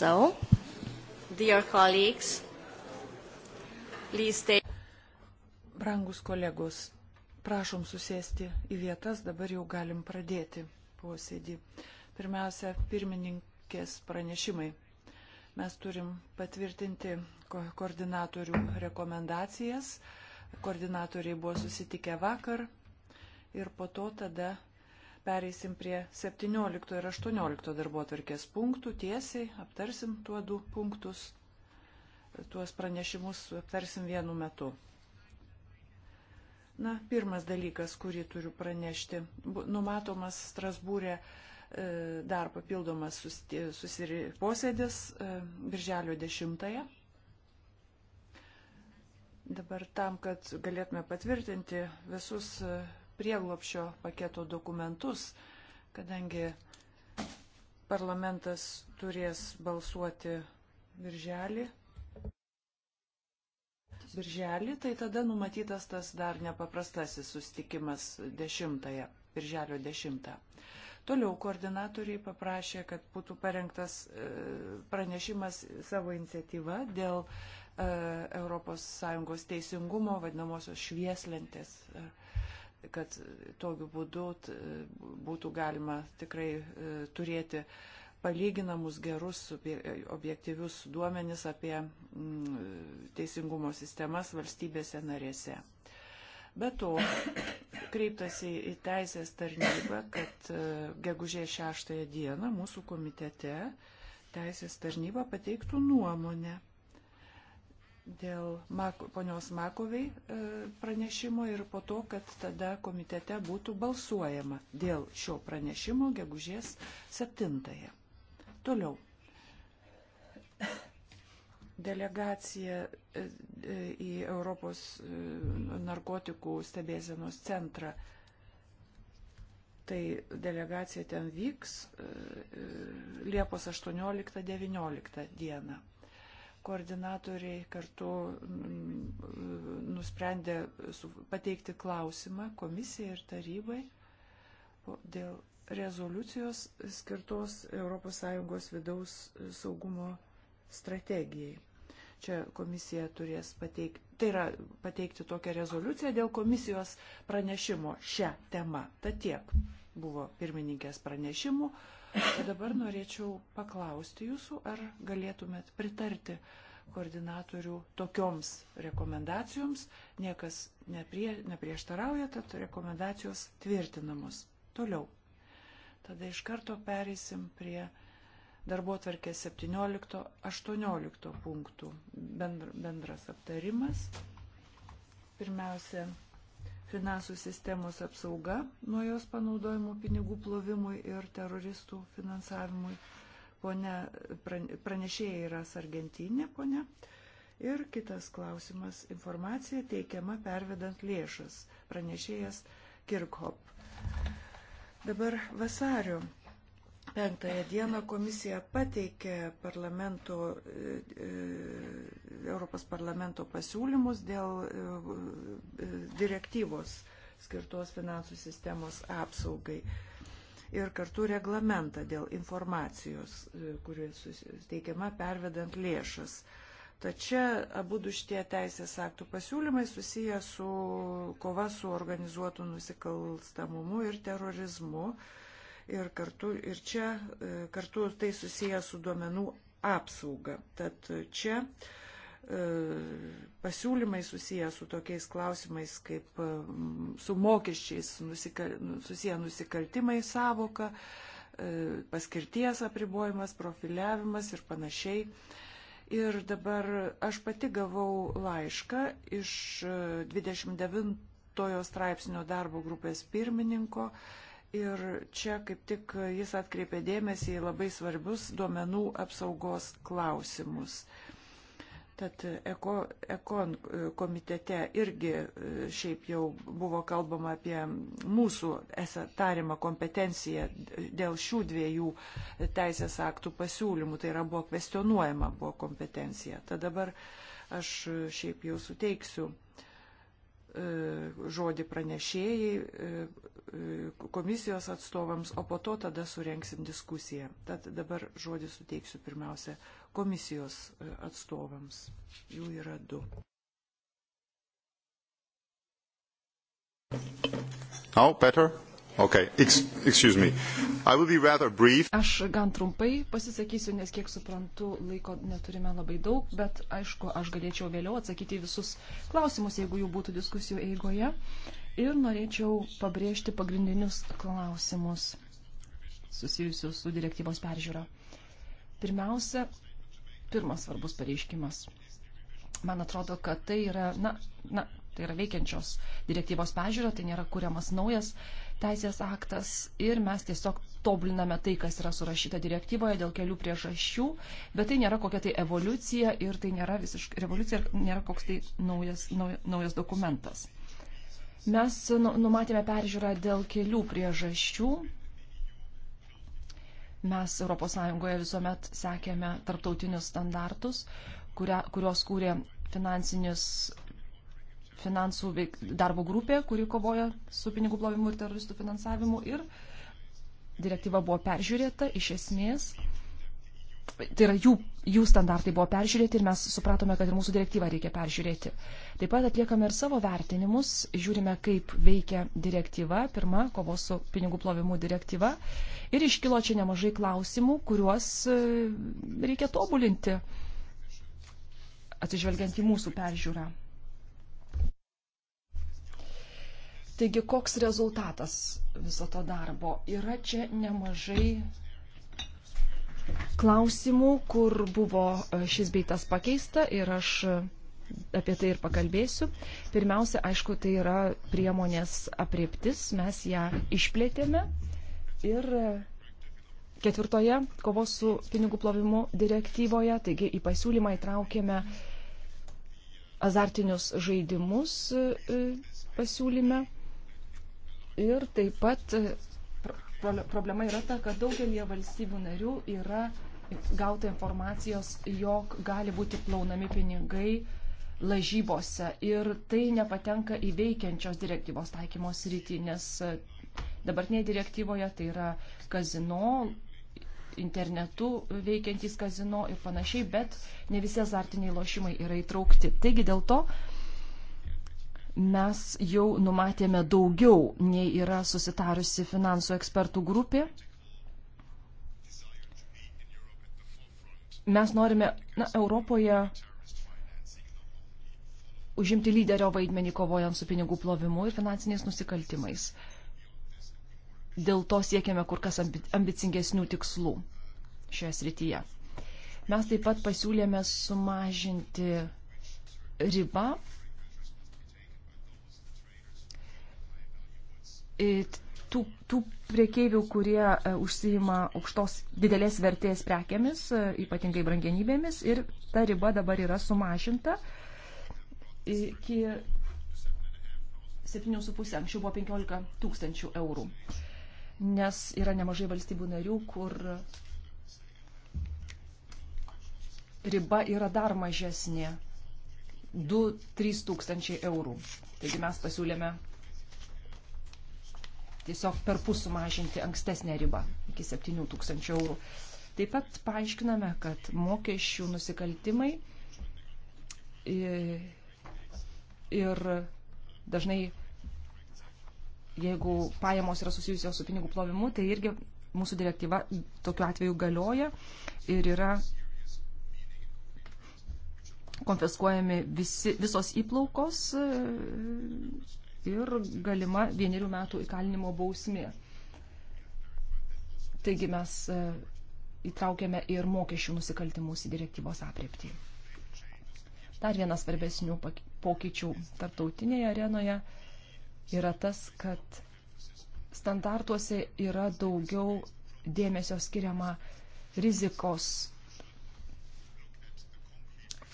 So, dear colleagues, please take. Brangus kolegos, prašom susėsti į vietas, dabar jau galim pradėti posėdį. Pirmiausia, pirmininkės pranešimai. Mes turim patvirtinti ko koordinatorių rekomendacijas. Koordinatoriai buvo susitikę vakar ir po to tada pereisim prie 17 ir 18 darbo atvarkės punktų, tiesiai aptarsim tuo du punktus, tuos pranešimus aptarsim vienu metu. Na, pirmas dalykas, kurį turiu pranešti, numatomas Strasbūrė e, dar papildomas posėdis e, birželio 10. Dabar tam, kad galėtume patvirtinti visus e, prieglopšio paketo dokumentus, kadangi parlamentas turės balsuoti birželį. Birželį, tai tada numatytas tas dar nepaprastasis sustikimas 10, birželio 10. Toliau koordinatoriai paprašė, kad būtų parengtas e, pranešimas savo iniciatyva dėl ES teisingumo vadinamosios švieslentės e, kad tokiu būdu būtų galima tikrai e, turėti palyginamus gerus objektyvius duomenis apie mm, teisingumo sistemas valstybėse narėse. Be to, kreiptasi į teisės tarnybą, kad e, gegužė 6 dieną mūsų komitete teisės tarnyba pateiktų nuomonę dėl Mako, ponios Makovai e, pranešimo ir po to, kad tada komitete būtų balsuojama dėl šio pranešimo gegužės 7. Toliau. Delegacija e, e, į Europos narkotikų stebėsenos centrą. Tai delegacija ten vyks Liepos 18-19 dieną koordinatoriai kartu mm, nusprendė pateikti klausimą komisijai ir tarybai dėl rezoliucijos skirtos ES vidaus saugumo strategijai. Čia komisija turės pateikti, tai yra pateikti tokią rezoliuciją dėl komisijos pranešimo šią temą. Ta tiek buvo pirmininkės pranešimų. O tai dabar norėčiau paklausti jūsų, ar galėtumėt pritarti koordinatorių tokioms rekomendacijoms. Niekas neprie, neprieštarauja, tad rekomendacijos tvirtinamos. Toliau. Tada iš karto pereisim prie darbo tvarkės 17-18 punktų bendras aptarimas. Pirmiausia, finansų sistemos apsauga nuo jos panaudojimų pinigų plovimui ir teroristų finansavimui. Pone, pranešėja yra Sargentinė, ponė. Ir kitas klausimas - informacija teikiama pervedant lėšas. Pranešėjas Kirkhop. Dabar vasario Penktąją dieną komisija pateikė parlamento, e, e, Europos parlamento pasiūlymus dėl e, direktyvos skirtos finansų sistemos apsaugai ir kartu reglamentą dėl informacijos, kuri suteikiama pervedant lėšas. Tačiau abu du šitie teisės aktų pasiūlymai susiję su kova su organizuotu nusikalstamumu ir terorizmu ir kartu, ir čia, e, kartu tai susiję su duomenų apsauga. Tad čia e, pasiūlymai susiję su tokiais klausimais kaip e, su mokesčiais nusikal, susiję nusikaltimai savoka, paskirties apribojimas, profiliavimas ir panašiai. Ir dabar aš pati gavau laišką iš 29 straipsnio darbo grupės pirmininko, Ir čia kaip tik jis atkreipė dėmesį į labai svarbius duomenų apsaugos klausimus. Tad eko, ekon komitete irgi e, šiaip jau buvo kalbama apie mūsų tarimą kompetenciją dėl šių dviejų teisės aktų pasiūlymų. Tai yra buvo kvestionuojama buvo kompetencija. Tad dabar aš šiaip jau suteiksiu E, žodį pranešėjai, e, e, komisijos atstovams, o po to tada surenksim diskusiją. Tad dabar žodį suteiksiu pirmiausia komisijos atstovams. Jų yra du. How better? Okay. Ex excuse me. I will be rather brief. Aš gan trumpai pasisakysiu, nes kiek suprantu, laiko neturime labai daug, bet aišku, aš galėčiau vėliau atsakyti į visus klausimus, jeigu jų būtų diskusijų eigoje. Ir norėčiau pabrėžti pagrindinius klausimus susijusius su direktyvos peržiūra. Pirmiausia, pirmas svarbus pareiškimas. Man atrodo, kad tai yra, na, na, tai yra veikiančios direktyvos peržiūra, tai nėra kuriamas naujas uh, teisės aktas ir mes tiesiog tobuliname tai, kas yra surašyta direktyvoje dėl kelių priežasčių, bet tai nėra kokia tai evoliucija ir tai nėra visiškai revoliucija ir nėra koks tai naujas, naujas, naujas dokumentas. Mes nu, numatėme peržiūrą dėl kelių priežasčių. Mes ES visuomet sekėme tarptautinius standartus, kuria, kurios kūrė finansinis finansų veik, darbo grupė, kuri kovoja su pinigų plovimu ir teroristų finansavimu. Ir direktyva buvo peržiūrėta iš esmės. Tai yra jų, jų standartai buvo peržiūrėti ir mes supratome, kad ir mūsų direktyvą reikia peržiūrėti. Taip pat atliekame ir savo vertinimus, žiūrime, kaip veikia direktyva, pirma, kovos su pinigų plovimu direktyva. Ir iškilo čia nemažai klausimų, kuriuos e, reikia tobulinti, atsižvelgiant į mūsų peržiūrą. Taigi, koks rezultatas viso to darbo? Yra čia nemažai klausimų, kur buvo e, šis beitas pakeista ir aš e, apie tai ir pakalbėsiu. Pirmiausia, aišku, tai yra priemonės apriptis, mes ją išplėtėme ir e, ketvirtoje kovos su pinigų plovimu direktyvoje, taigi į pasiūlymą įtraukėme azartinius žaidimus pasiūlyme. Ir taip pat e, problema yra ta, kad daugelie valstybių narių yra gauta informacijos, jog gali būti plaunami pinigai lažybose ir tai nepatenka į veikiančios direktyvos taikymos rytį, nes e, dabartinėje direktyvoje tai yra kazino, internetu veikiantys kazino ir panašiai, bet ne visi azartiniai lošimai yra įtraukti. Taigi dėl to mes jau numatėme daugiau, nei yra susitarusi finansų ekspertų grupė. Mes norime na, Europoje užimti lyderio vaidmenį kovojant su pinigų plovimu ir finansiniais nusikaltimais. Dėl to siekiame kur kas ambicingesnių tikslų šioje srityje. Mes taip pat pasiūlėme sumažinti ribą tų, tų priekeivių, kurie e, užsijima aukštos didelės vertės prekiamis, e, ypatingai brangenybėmis, ir ta riba dabar yra sumažinta iki 7,5, anksčiau buvo 15 tūkstančių eurų. Nes yra nemažai valstybių narių, kur riba yra dar mažesnė - 2-3 tūkstančiai eurų. Taigi mes pasiūlėme tiesiog per pus sumažinti ankstesnę ribą iki 7 tūkstančių eurų. Taip pat paaiškiname, kad mokesčių nusikaltimai ir dažnai, jeigu pajamos yra susijusios su pinigų plovimu, tai irgi mūsų direktyva tokiu atveju galioja ir yra konfiskuojami visi, visos įplaukos ir galima vienerių metų įkalinimo bausmė. Taigi mes e, įtraukėme ir mokesčių nusikaltimus į direktyvos aprieptį. Dar vienas svarbesnių pokyčių tarptautinėje arenoje yra tas, kad standartuose yra daugiau dėmesio skiriama rizikos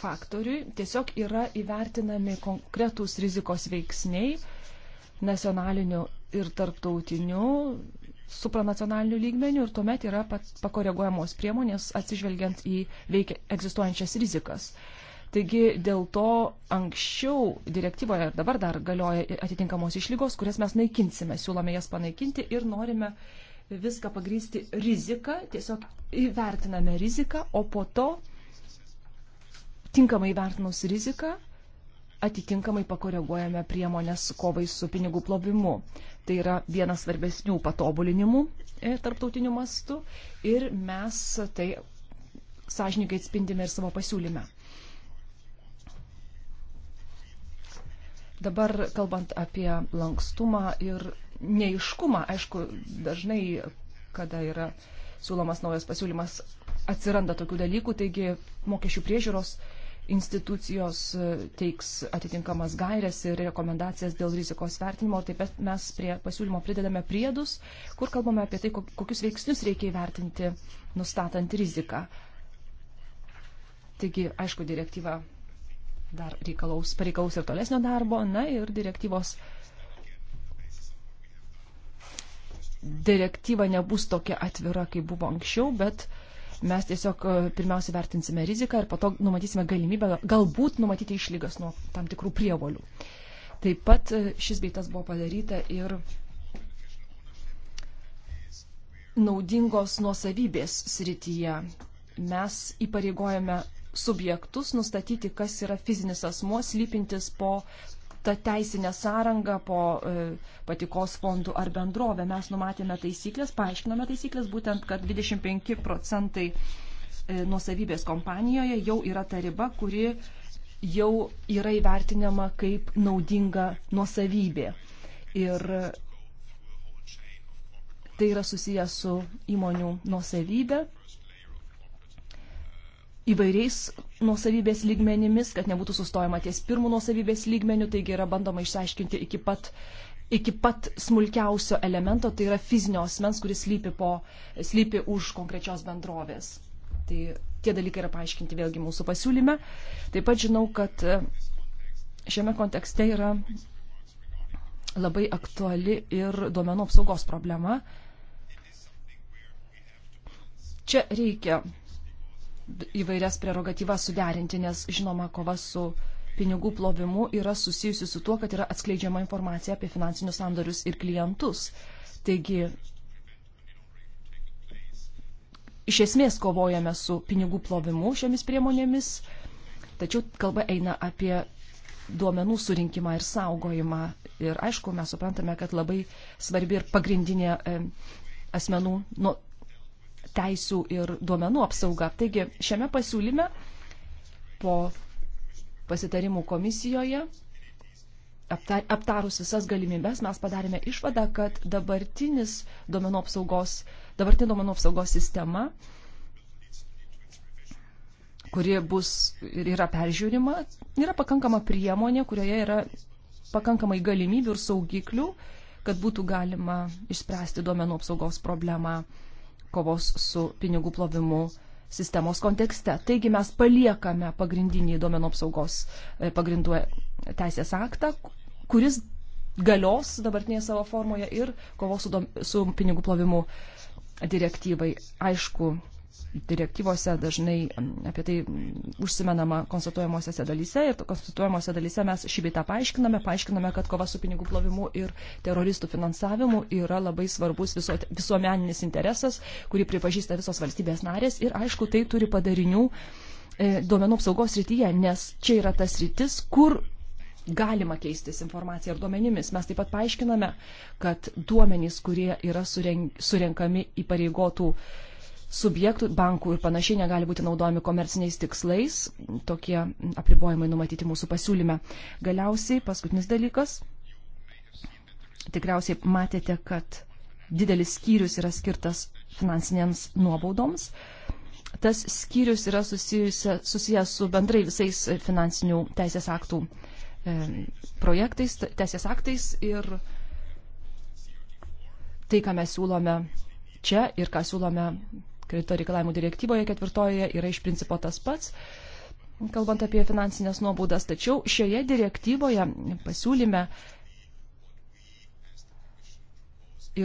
faktoriui. Tiesiog yra įvertinami konkretūs rizikos veiksniai, nacionaliniu ir tarptautiniu, supranacionaliniu lygmeniu ir tuomet yra pakoreguojamos priemonės atsižvelgiant į veikia, egzistuojančias rizikas. Taigi dėl to anksčiau direktyvoje ir dabar dar galioja atitinkamos išlygos, kurias mes naikinsime, siūlome jas panaikinti ir norime viską pagrysti riziką, tiesiog įvertiname riziką, o po to tinkamai įvertinus riziką atitinkamai pakoreguojame priemonės kovai su pinigų plovimu. Tai yra vienas svarbesnių patobulinimų e, tarptautiniu mastu ir mes tai sąžininkai atspindime ir savo pasiūlyme. Dabar kalbant apie lankstumą ir neiškumą, aišku, dažnai, kada yra siūlomas naujas pasiūlymas, atsiranda tokių dalykų, taigi mokesčių priežiūros uh, institucijos e, teiks atitinkamas gairias ir rekomendacijas dėl rizikos vertinimo, taip pat mes prie pasiūlymo pridedame priedus, kur kalbame apie tai, kokius veiksnius reikia įvertinti, nustatant riziką. Taigi, aišku, direktyva dar reikalaus, pareikalaus ir tolesnio darbo, na ir direktyvos direktyva nebus tokia atvira, kaip buvo anksčiau, bet uh, Mes tiesiog e, pirmiausia vertinsime riziką ir po to numatysime galimybę galbūt numatyti išlygas nuo tam tikrų prievolių. Taip pat e, šis beitas buvo padaryta ir naudingos nuosavybės srityje. Mes įpareigojame subjektus nustatyti, kas yra fizinis asmuo, slypintis po ta teisinė sąranga po e, patikos fondų ar bendrovę. Mes numatėme taisyklės, paaiškinome taisyklės, būtent, kad 25 procentai e, nuosavybės kompanijoje jau yra ta riba, kuri jau yra įvertinama kaip naudinga nuosavybė. Ir tai yra susijęs su įmonių nuosavybė įvairiais nuosavybės lygmenimis, kad nebūtų sustojama ties pirmų nuosavybės lygmenių, taigi yra bandoma išsiaiškinti iki pat, iki pat smulkiausio elemento, tai yra fizinio asmens, kuris slypi, po, slypi už konkrečios bendrovės. Tai tie dalykai yra paaiškinti vėlgi mūsų pasiūlyme. Taip pat žinau, kad e, šiame kontekste yra labai aktuali ir duomenų apsaugos problema. Čia reikia įvairias prerogatyvas suderinti, nes žinoma, kova su pinigų plovimu yra susijusi su tuo, kad yra atskleidžiama informacija apie finansinius sandorius ir klientus. Taigi, iš esmės kovojame su pinigų plovimu šiomis priemonėmis, tačiau kalba eina apie duomenų surinkimą ir saugojimą. Ir aišku, mes suprantame, kad labai svarbi ir pagrindinė e, asmenų nu, teisų ir duomenų apsauga. Taigi šiame pasiūlyme po pasitarimų komisijoje aptarus visas galimybes mes padarėme išvadą, kad dabartinis duomenų apsaugos, dabartinė duomenų apsaugos sistema kuri bus ir yra peržiūrima, yra pakankama priemonė, kurioje yra pakankamai galimybių ir saugiklių, kad būtų galima išspręsti duomenų apsaugos problemą kovos su pinigų plovimu sistemos kontekste. Taigi mes paliekame pagrindinį duomenų apsaugos e, pagrindų e, teisės aktą, kuris galios dabartinėje savo formoje ir kovos su, su pinigų plovimu direktyvai. Aišku, direktyvose dažnai apie tai užsimenama konstatuojamosiose dalyse ir konstatuojamosiose dalyse mes šį beitą paaiškiname, paaiškiname, kad kova su pinigų plovimu ir teroristų finansavimu yra labai svarbus viso, visuomeninis interesas, kurį pripažįsta visos valstybės narės ir aišku, tai turi padarinių e, duomenų apsaugos rytyje, nes čia yra tas rytis, kur galima keistis informacija ir duomenimis. Mes taip pat paaiškiname, kad duomenys, kurie yra surenk, surenkami įpareigotų subjektų, bankų ir panašiai negali būti naudojami komerciniais tikslais. Tokie apribojimai numatyti mūsų pasiūlyme. Galiausiai, paskutinis dalykas. Tikriausiai matėte, kad didelis skyrius yra skirtas finansinėms nuobaudoms. Tas skyrius yra susijęs su bendrai visais finansinių teisės aktų e, projektais, teisės aktais ir tai, ką mes siūlome čia ir ką siūlome kredito reikalavimų direktyvoje ketvirtoje yra iš principo tas pats, kalbant apie finansinės nuobaudas. Tačiau šioje direktyvoje pasiūlyme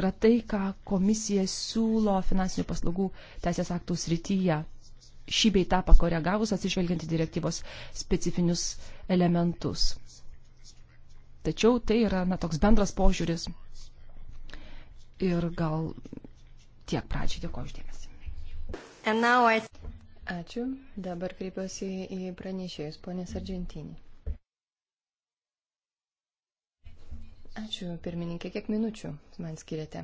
yra tai, ką komisija siūlo finansinių paslaugų teisės aktų srityje. Šį bei tą pakoregavus atsižvelgiant į direktyvos specifinius elementus. Tačiau tai yra na, toks bendras požiūris. Ir gal tiek pradžiai dėkoju uždėmesi. I... Ačiū. Dabar kreipiuosi į pranešėjus, ponės Argentinį. Ačiū, pirmininkė, kiek minučių man skiriate?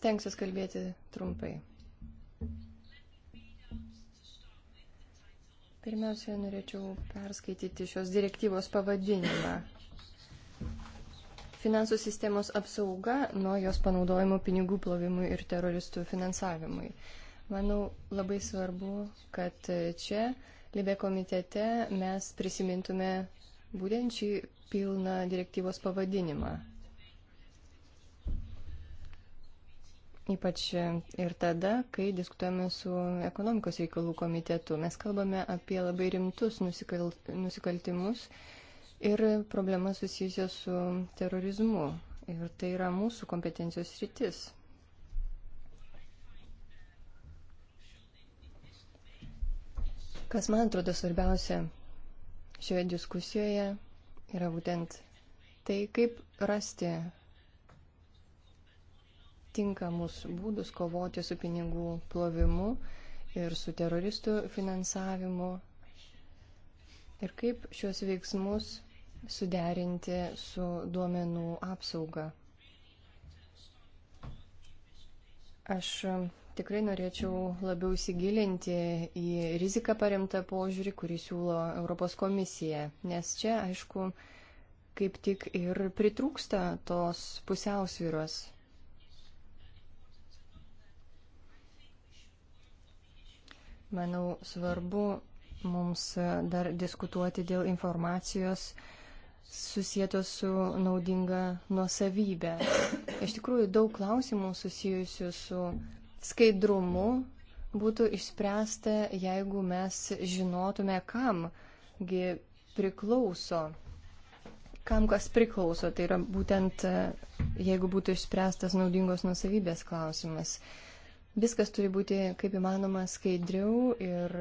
Stengsiu kalbėti trumpai. Pirmiausia, norėčiau perskaityti šios direktyvos pavadinimą. Finansų sistemos apsauga nuo jos panaudojimo pinigų plovimui ir teroristų finansavimui. Manau, labai svarbu, kad čia, Libė komitete, mes prisimintume būtent šį pilną direktyvos pavadinimą. Ypač ir tada, kai diskutuojame su ekonomikos reikalų komitetu, mes kalbame apie labai rimtus nusikal... nusikaltimus, ir problema susijusia su terorizmu. Ir tai yra mūsų kompetencijos rytis. Kas man atrodo svarbiausia šioje diskusijoje yra būtent tai, kaip rasti tinkamus būdus kovoti su pinigų plovimu ir su teroristų finansavimu ir kaip šios veiksmus suderinti su duomenų apsauga. Aš tikrai norėčiau labiau įsigilinti į riziką paremtą požiūrį, kurį siūlo Europos komisija, nes čia, aišku, kaip tik ir pritrūksta tos pusiausvyros. Manau, svarbu mums dar diskutuoti dėl informacijos, uh, susijęto su naudinga nuosavybė. Iš tikrųjų, daug klausimų susijusių su skaidrumu būtų išspręsta, jeigu mes žinotume, kamgi priklauso, kam kas priklauso. Tai yra būtent, e, jeigu būtų išspręstas naudingos nuosavybės klausimas. Viskas turi būti kaip įmanoma skaidriau ir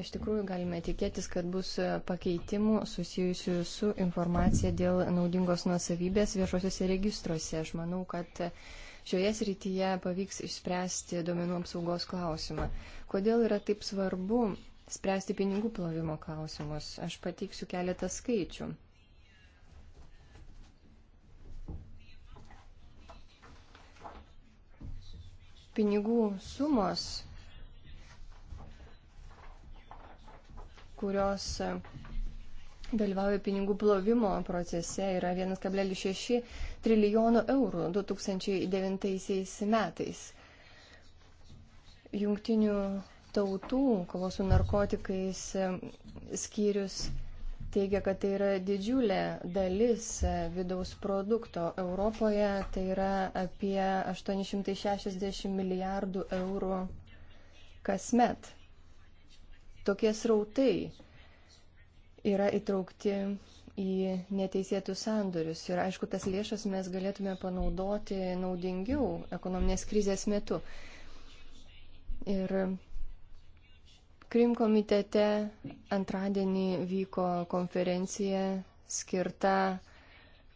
Iš tikrųjų galime tikėtis, kad bus e, pakeitimų susijusių su informacija dėl naudingos nuosavybės viešosiuose registruose. Aš manau, kad e, šioje srityje pavyks išspręsti duomenų apsaugos klausimą. Kodėl yra taip svarbu spręsti pinigų plovimo klausimus? Aš pateiksiu keletą skaičių. Pinigų sumos kurios e, dalyvauja pinigų plovimo procese, yra 1,6 trilijono eurų 2009 metais. Jungtinių tautų kovos su narkotikais e, skyrius teigia, kad tai yra didžiulė dalis e, vidaus produkto Europoje, tai yra apie 860 milijardų eurų kasmet tokie srautai yra įtraukti į neteisėtus sandorius. Ir aišku, tas lėšas mes galėtume panaudoti naudingiau ekonominės krizės metu. Ir Krim komitete antradienį vyko konferencija skirta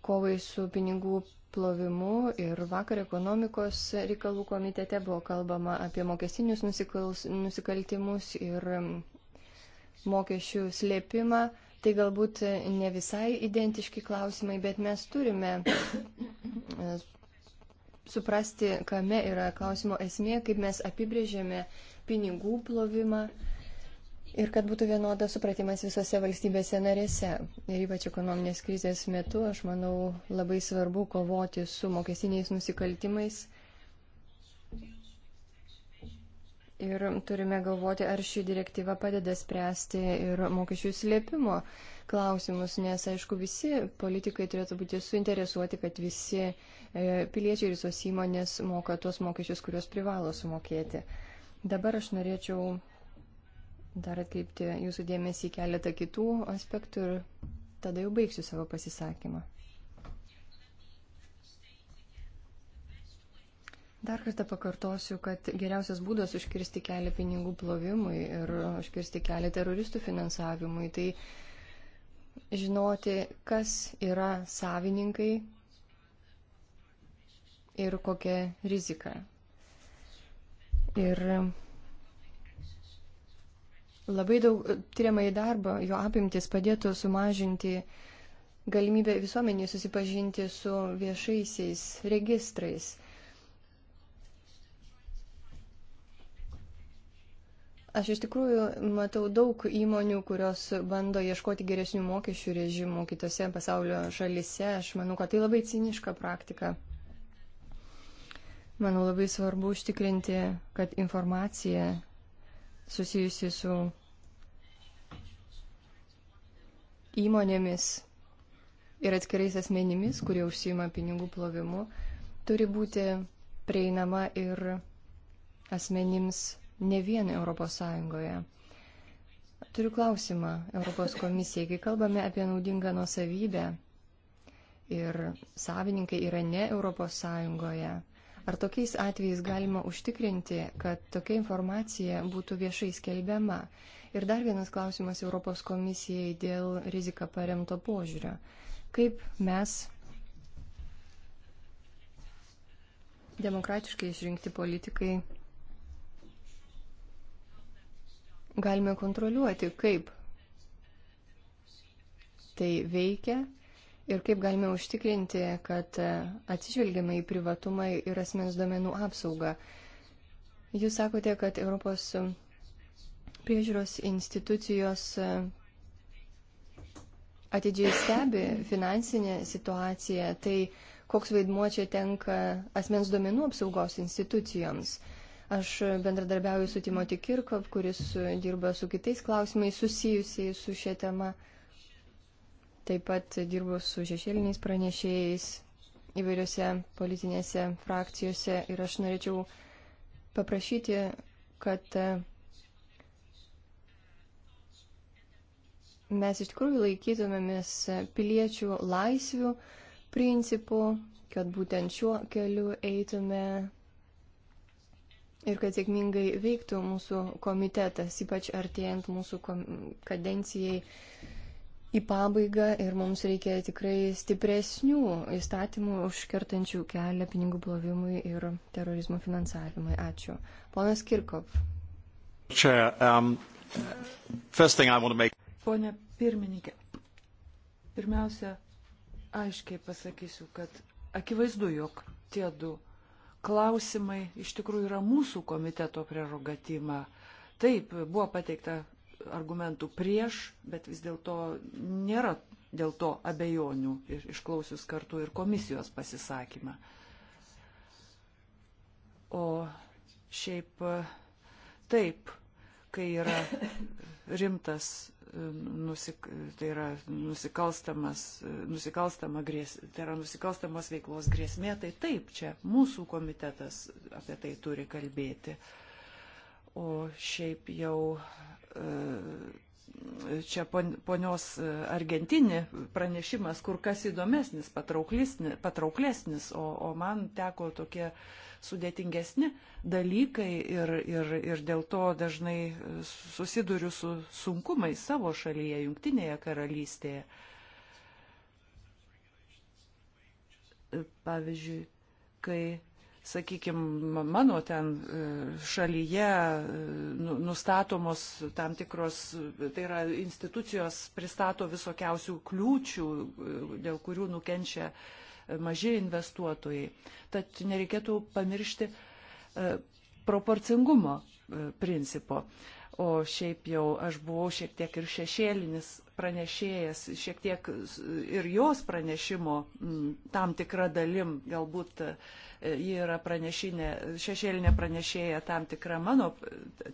kovai su pinigų plovimu ir vakar ekonomikos reikalų komitete buvo kalbama apie mokestinius nusikals, nusikaltimus ir mm, mokesčių slėpimą. Tai galbūt ne visai identiški klausimai, bet mes turime mm, suprasti, kame yra klausimo esmė, kaip mes apibrėžėme pinigų plovimą ir kad būtų vienodas supratimas visose valstybėse narėse. Ir ypač ekonominės krizės metu, aš manau, labai svarbu kovoti su mokestiniais nusikaltimais. Ir turime galvoti, ar ši direktyva padeda spręsti ir mokesčių slėpimo klausimus, nes, aišku, visi politikai turėtų būti suinteresuoti, kad visi e, piliečiai ir visos įmonės moka tuos mokesčius, kuriuos privalo sumokėti. Dabar aš norėčiau dar atkreipti jūsų dėmesį į keletą kitų aspektų ir tada jau baigsiu savo pasisakymą. Dar kartą pakartosiu, kad geriausias būdas užkirsti kelią pinigų plovimui ir užkirsti kelią teroristų finansavimui, tai žinoti, kas yra savininkai ir kokia rizika. Ir Labai daug e, tyriamai darbo, jo apimtis padėtų sumažinti galimybę visuomeniai susipažinti su viešaisiais registrais. Aš iš tikrųjų matau daug įmonių, kurios bando ieškoti geresnių mokesčių režimų kitose pasaulio šalise. Aš manau, kad tai labai ciniška praktika. Manau, labai svarbu užtikrinti, kad informacija susijusi su įmonėmis ir atskirais asmenimis, kurie užsima pinigų plovimu, turi būti prieinama ir asmenims ne vien ES. Turiu klausimą Europos komisijai, kai kalbame apie naudingą nuosavybę ir savininkai yra ne ES, Ar tokiais atvejais galima užtikrinti, kad tokia informacija būtų viešai skelbiama? Ir dar vienas klausimas Europos komisijai dėl riziką paremto požiūrio. Kaip mes, demokratiškai išrinkti politikai, galime kontroliuoti, kaip tai veikia ir kaip galime užtikrinti, kad atsižvelgiama į privatumą ir asmens duomenų apsaugą. Jūs sakote, kad Europos priežiūros institucijos atidžiai stebi finansinę situaciją, tai koks vaidmuo čia tenka asmens duomenų apsaugos institucijoms. Aš bendradarbiauju su Timoti Kirkov, kuris dirba su kitais klausimais susijusiais su šia tema. Taip pat dirbu su šešėliniais pranešėjais įvairiose politinėse frakcijose ir aš norėčiau paprašyti, kad e, mes iš tikrųjų laikytumėmės piliečių laisvių principų, kad būtent šiuo keliu eitume ir kad sėkmingai veiktų mūsų komitetas, ypač artėjant mūsų kadencijai į pabaigą ir mums reikia tikrai stipresnių įstatymų užkertančių kelią pinigų plovimui ir terorizmo finansavimui. Ačiū. Ponas Kirkov. Čia, um, make... Pone pirmininkė, pirmiausia, aiškiai pasakysiu, kad akivaizdu, jog tie du klausimai iš tikrųjų yra mūsų komiteto prerogatyva. Taip, buvo pateikta argumentų prieš, bet vis dėlto nėra dėl to abejonių, išklausius kartu ir komisijos pasisakymą. O šiaip taip, kai yra rimtas, nusik, tai yra nusikalstamas, nusikalstama grės, tai yra nusikalstamos veiklos grėsmė, tai taip, čia mūsų komitetas apie tai turi kalbėti. O šiaip jau E, čia ponios e, Argentinė pranešimas kur kas įdomesnis, patrauklesnis, o, o man teko tokie sudėtingesni dalykai ir, ir, ir dėl to dažnai susiduriu su sunkumais savo šalyje, jungtinėje karalystėje. E, pavyzdžiui, kai sakykime, mano ten e, šalyje e, nu, nustatomos tam tikros, tai yra institucijos pristato visokiausių kliūčių, e, dėl kurių nukenčia maži investuotojai. Tad nereikėtų pamiršti proporcingumo principo. O šiaip jau aš buvau šiek tiek ir šešėlinis pranešėjas, šiek tiek ir jos pranešimo tam tikra dalim, galbūt e, ji yra pranešinė, šešėlinė pranešėja tam tikra mano,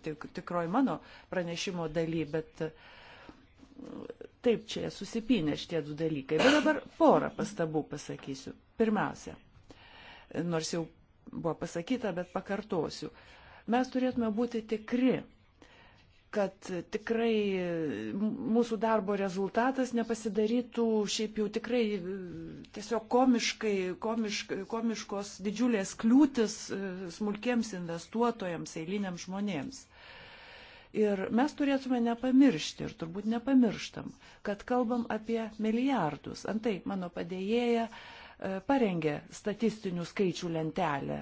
tik, tikroji mano pranešimo daly, bet e, taip čia susipinė šitie du dalykai. Bet dabar porą pastabų pasakysiu. Pirmiausia, nors jau buvo pasakyta, bet pakartosiu. Mes turėtume būti tikri, kad tikrai mūsų darbo rezultatas nepasidarytų šiaip jau tikrai e, tiesiog komiškai, komišk, komiškos didžiulės kliūtis e, smulkiems investuotojams, eiliniams žmonėms. Ir mes turėtume nepamiršti, ir turbūt nepamirštam, kad kalbam apie milijardus. Antai mano padėjėja e, parengė statistinių skaičių lentelę,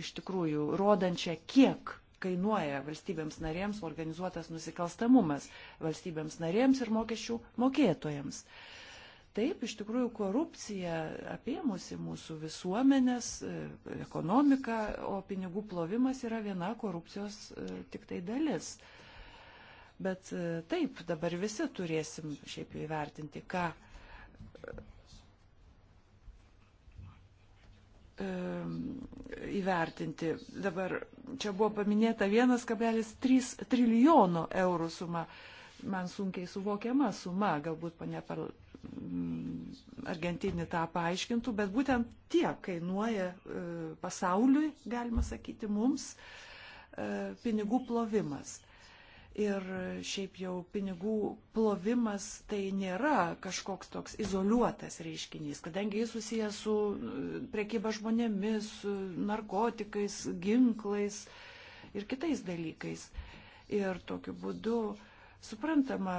iš tikrųjų, rodančią, kiek kainuoja valstybėms narėms organizuotas nusikalstamumas, valstybėms narėms ir mokesčių mokėtojams. Taip, iš tikrųjų, korupcija apėmusi mūsų visuomenės, e, ekonomiką, o pinigų plovimas yra viena korupcijos e, tik tai dalis. Bet e, taip, dabar visi turėsim šiaip įvertinti, ką įvertinti. Dabar čia buvo paminėta 1,3 trilijono eurų suma. Man sunkiai suvokiama suma, galbūt pane par... Mm, Argentinį tą paaiškintų, bet būtent tiek kainuoja e, pasauliui, galima sakyti, mums e, pinigų plovimas. Ir šiaip jau pinigų plovimas tai nėra kažkoks toks izoliuotas reiškinys, kadangi jis susijęs su e, priekyba žmonėmis, narkotikais, ginklais ir kitais dalykais. Ir tokiu būdu, suprantama,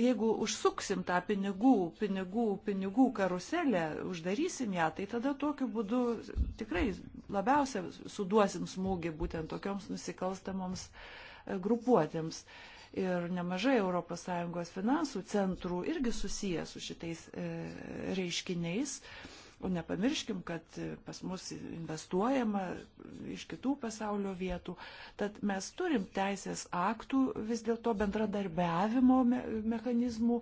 jeigu užsuksim tą pinigų, pinigų, pinigų karuselę, uždarysim ją, tai tada tokiu būdu tikrai labiausia suduosim smūgį būtent tokioms nusikalstamoms uh, grupuotėms. Ir nemažai ES finansų centrų irgi susiję su šitais e, reiškiniais. O nepamirškim, kad pas mus investuojama iš kitų pasaulio vietų. Tad mes turim teisės aktų vis dėlto bendradarbiavimo me mechanizmų,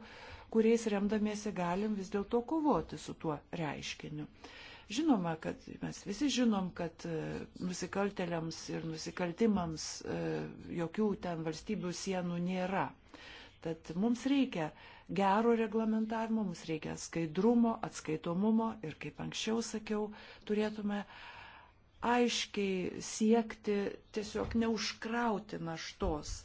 kuriais remdamiesi galim vis dėlto kovoti su tuo reiškiniu. Uh, Žinoma, kad mes visi žinom, kad e, nusikaltėliams ir nusikaltimams e, jokių ten valstybių sienų nėra. Tad mums reikia gero reglamentavimo, mums reikia skaidrumo, atskaitomumo ir, kaip anksčiau sakiau, turėtume aiškiai siekti tiesiog neužkrauti naštos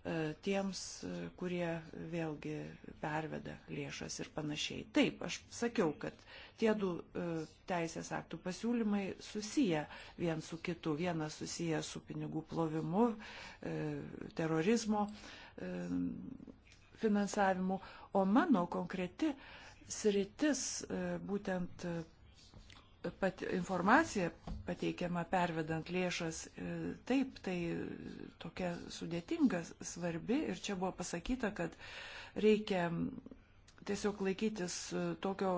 E, tiems, e, kurie vėlgi perveda lėšas ir panašiai. Taip, aš sakiau, kad tie du e, teisės aktų pasiūlymai susiję vien su kitu. Vienas susiję su pinigų plovimu, terorizmo finansavimu, o mano konkreti sritis būtent pat, informacija pateikiama pervedant lėšas, e, taip, tai tokia sudėtinga, svarbi ir čia buvo pasakyta, kad reikia tiesiog laikytis tokio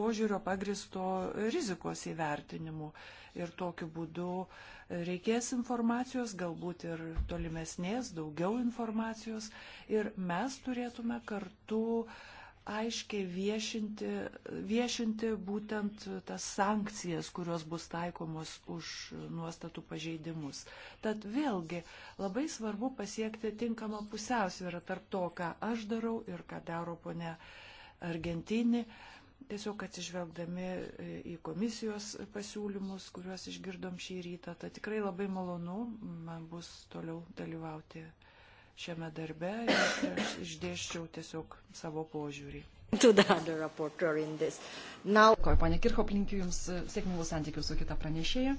požiūrio pagristo rizikos įvertinimu ir tokiu būdu reikės informacijos, galbūt ir tolimesnės, daugiau informacijos ir mes turėtume kartu uh, aiškiai viešinti, viešinti būtent tas sankcijas, kurios bus taikomos už nuostatų pažeidimus. Tad vėlgi labai svarbu pasiekti tinkamą pusiausvyrą tarp to, ką aš darau ir ką daro ponė Argentinė tiesiog atsižvelgdami į komisijos pasiūlymus, kuriuos išgirdom šį rytą, tai tikrai labai malonu man bus toliau dalyvauti šiame darbe ir aš išdėščiau tiesiog savo požiūrį. Now... Pane Kirchhoff, linkiu Jums e, sėkmingų santykių su kita pranešėja.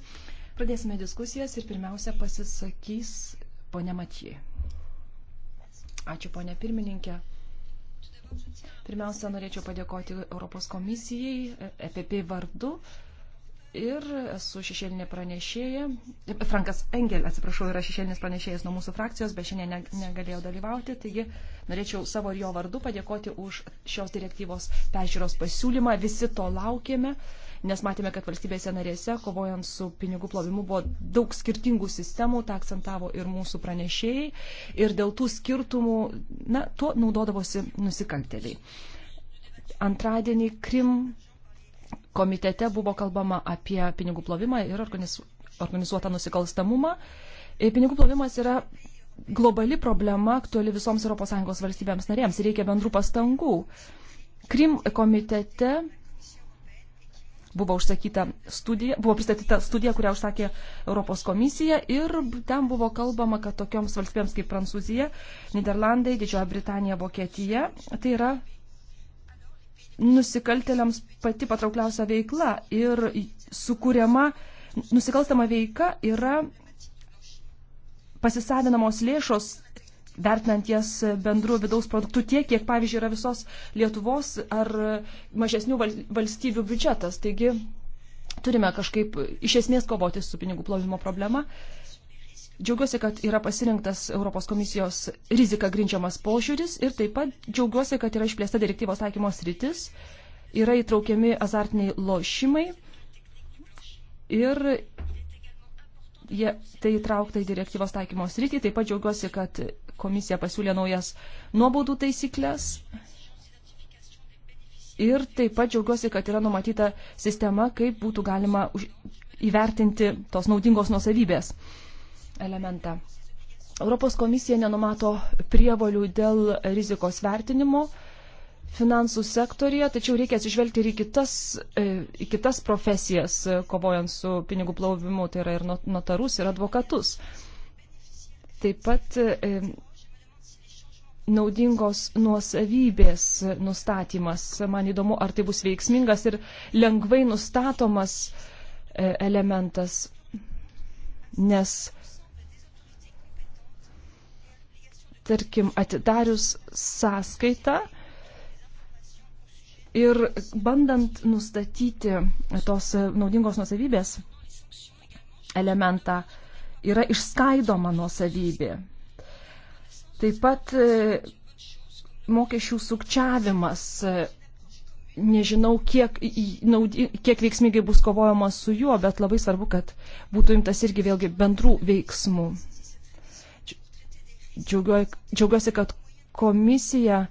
Pradėsime diskusijas ir pirmiausia pasisakys ponė Matijai. Ačiū ponė pirmininkė. Pirmiausia, norėčiau padėkoti Europos komisijai, EPP vardu. Uh, ir esu šešėlinė pranešėja. Frankas Engel, atsiprašau, yra šešėlinis pranešėjas nuo mūsų frakcijos, bet šiandien negalėjau dalyvauti. Taigi norėčiau savo ir jo vardu padėkoti už šios direktyvos peržiūros pasiūlymą. Visi to laukėme, nes matėme, kad valstybėse narėse, kovojant su pinigų plovimu, buvo daug skirtingų sistemų, tą akcentavo ir mūsų pranešėjai. Ir dėl tų skirtumų, na, tuo naudodavosi nusikalteliai. Antradienį Krim komitete buvo kalbama apie pinigų plovimą ir organizuotą nusikalstamumą. E, pinigų plovimas yra globali problema, aktuali visoms ES valstybėms narėms ir reikia bendrų pastangų. Krim komitete buvo, studija, buvo pristatyta studija, kurią užsakė Europos komisija ir ten buvo kalbama, kad tokioms valstybėms kaip Prancūzija, Niderlandai, Didžioji Britanija, Vokietija, tai yra nusikaltėliams pati patraukliausia veikla ir sukūriama nusikalstama veika yra pasisavinamos lėšos, vertinant jas bendru vidaus produktu tiek, kiek, pavyzdžiui, yra visos Lietuvos ar mažesnių valstybių biudžetas. Taigi turime kažkaip iš esmės kovoti su pinigų plovimo problema. Uh, Džiaugiuosi, kad yra pasirinktas Europos komisijos rizika grindžiamas požiūris ir taip pat džiaugiuosi, kad yra išplėsta direktyvos taikymos rytis, yra įtraukiami azartiniai lošimai ir jie, tai įtraukta į direktyvos taikymos rytį. Taip pat džiaugiuosi, kad komisija pasiūlė naujas nuobaudų taisyklės. Ir taip pat džiaugiuosi, kad yra numatyta sistema, kaip būtų galima įvertinti tos naudingos nuosavybės elementą. Europos komisija nenumato prievolių dėl rizikos vertinimo finansų sektorija, tačiau reikia atsižvelgti ir į kitas, e, į kitas profesijas, e, kovojant su pinigų plovimu, tai yra ir notarus, ir advokatus. Taip pat e, naudingos nuosavybės nustatymas. Man įdomu, ar tai bus veiksmingas ir lengvai nustatomas elementas, nes tarkim, atidarius sąskaitą ir bandant nustatyti tos naudingos nusavybės elementą, yra išskaidoma nusavybė. Taip pat e, mokesčių sukčiavimas. E, nežinau, kiek, naudi, kiek veiksmingai bus kovojama su juo, bet labai svarbu, kad būtų imtas irgi vėlgi bendrų veiksmų. Džiaugiuosi, kad komisija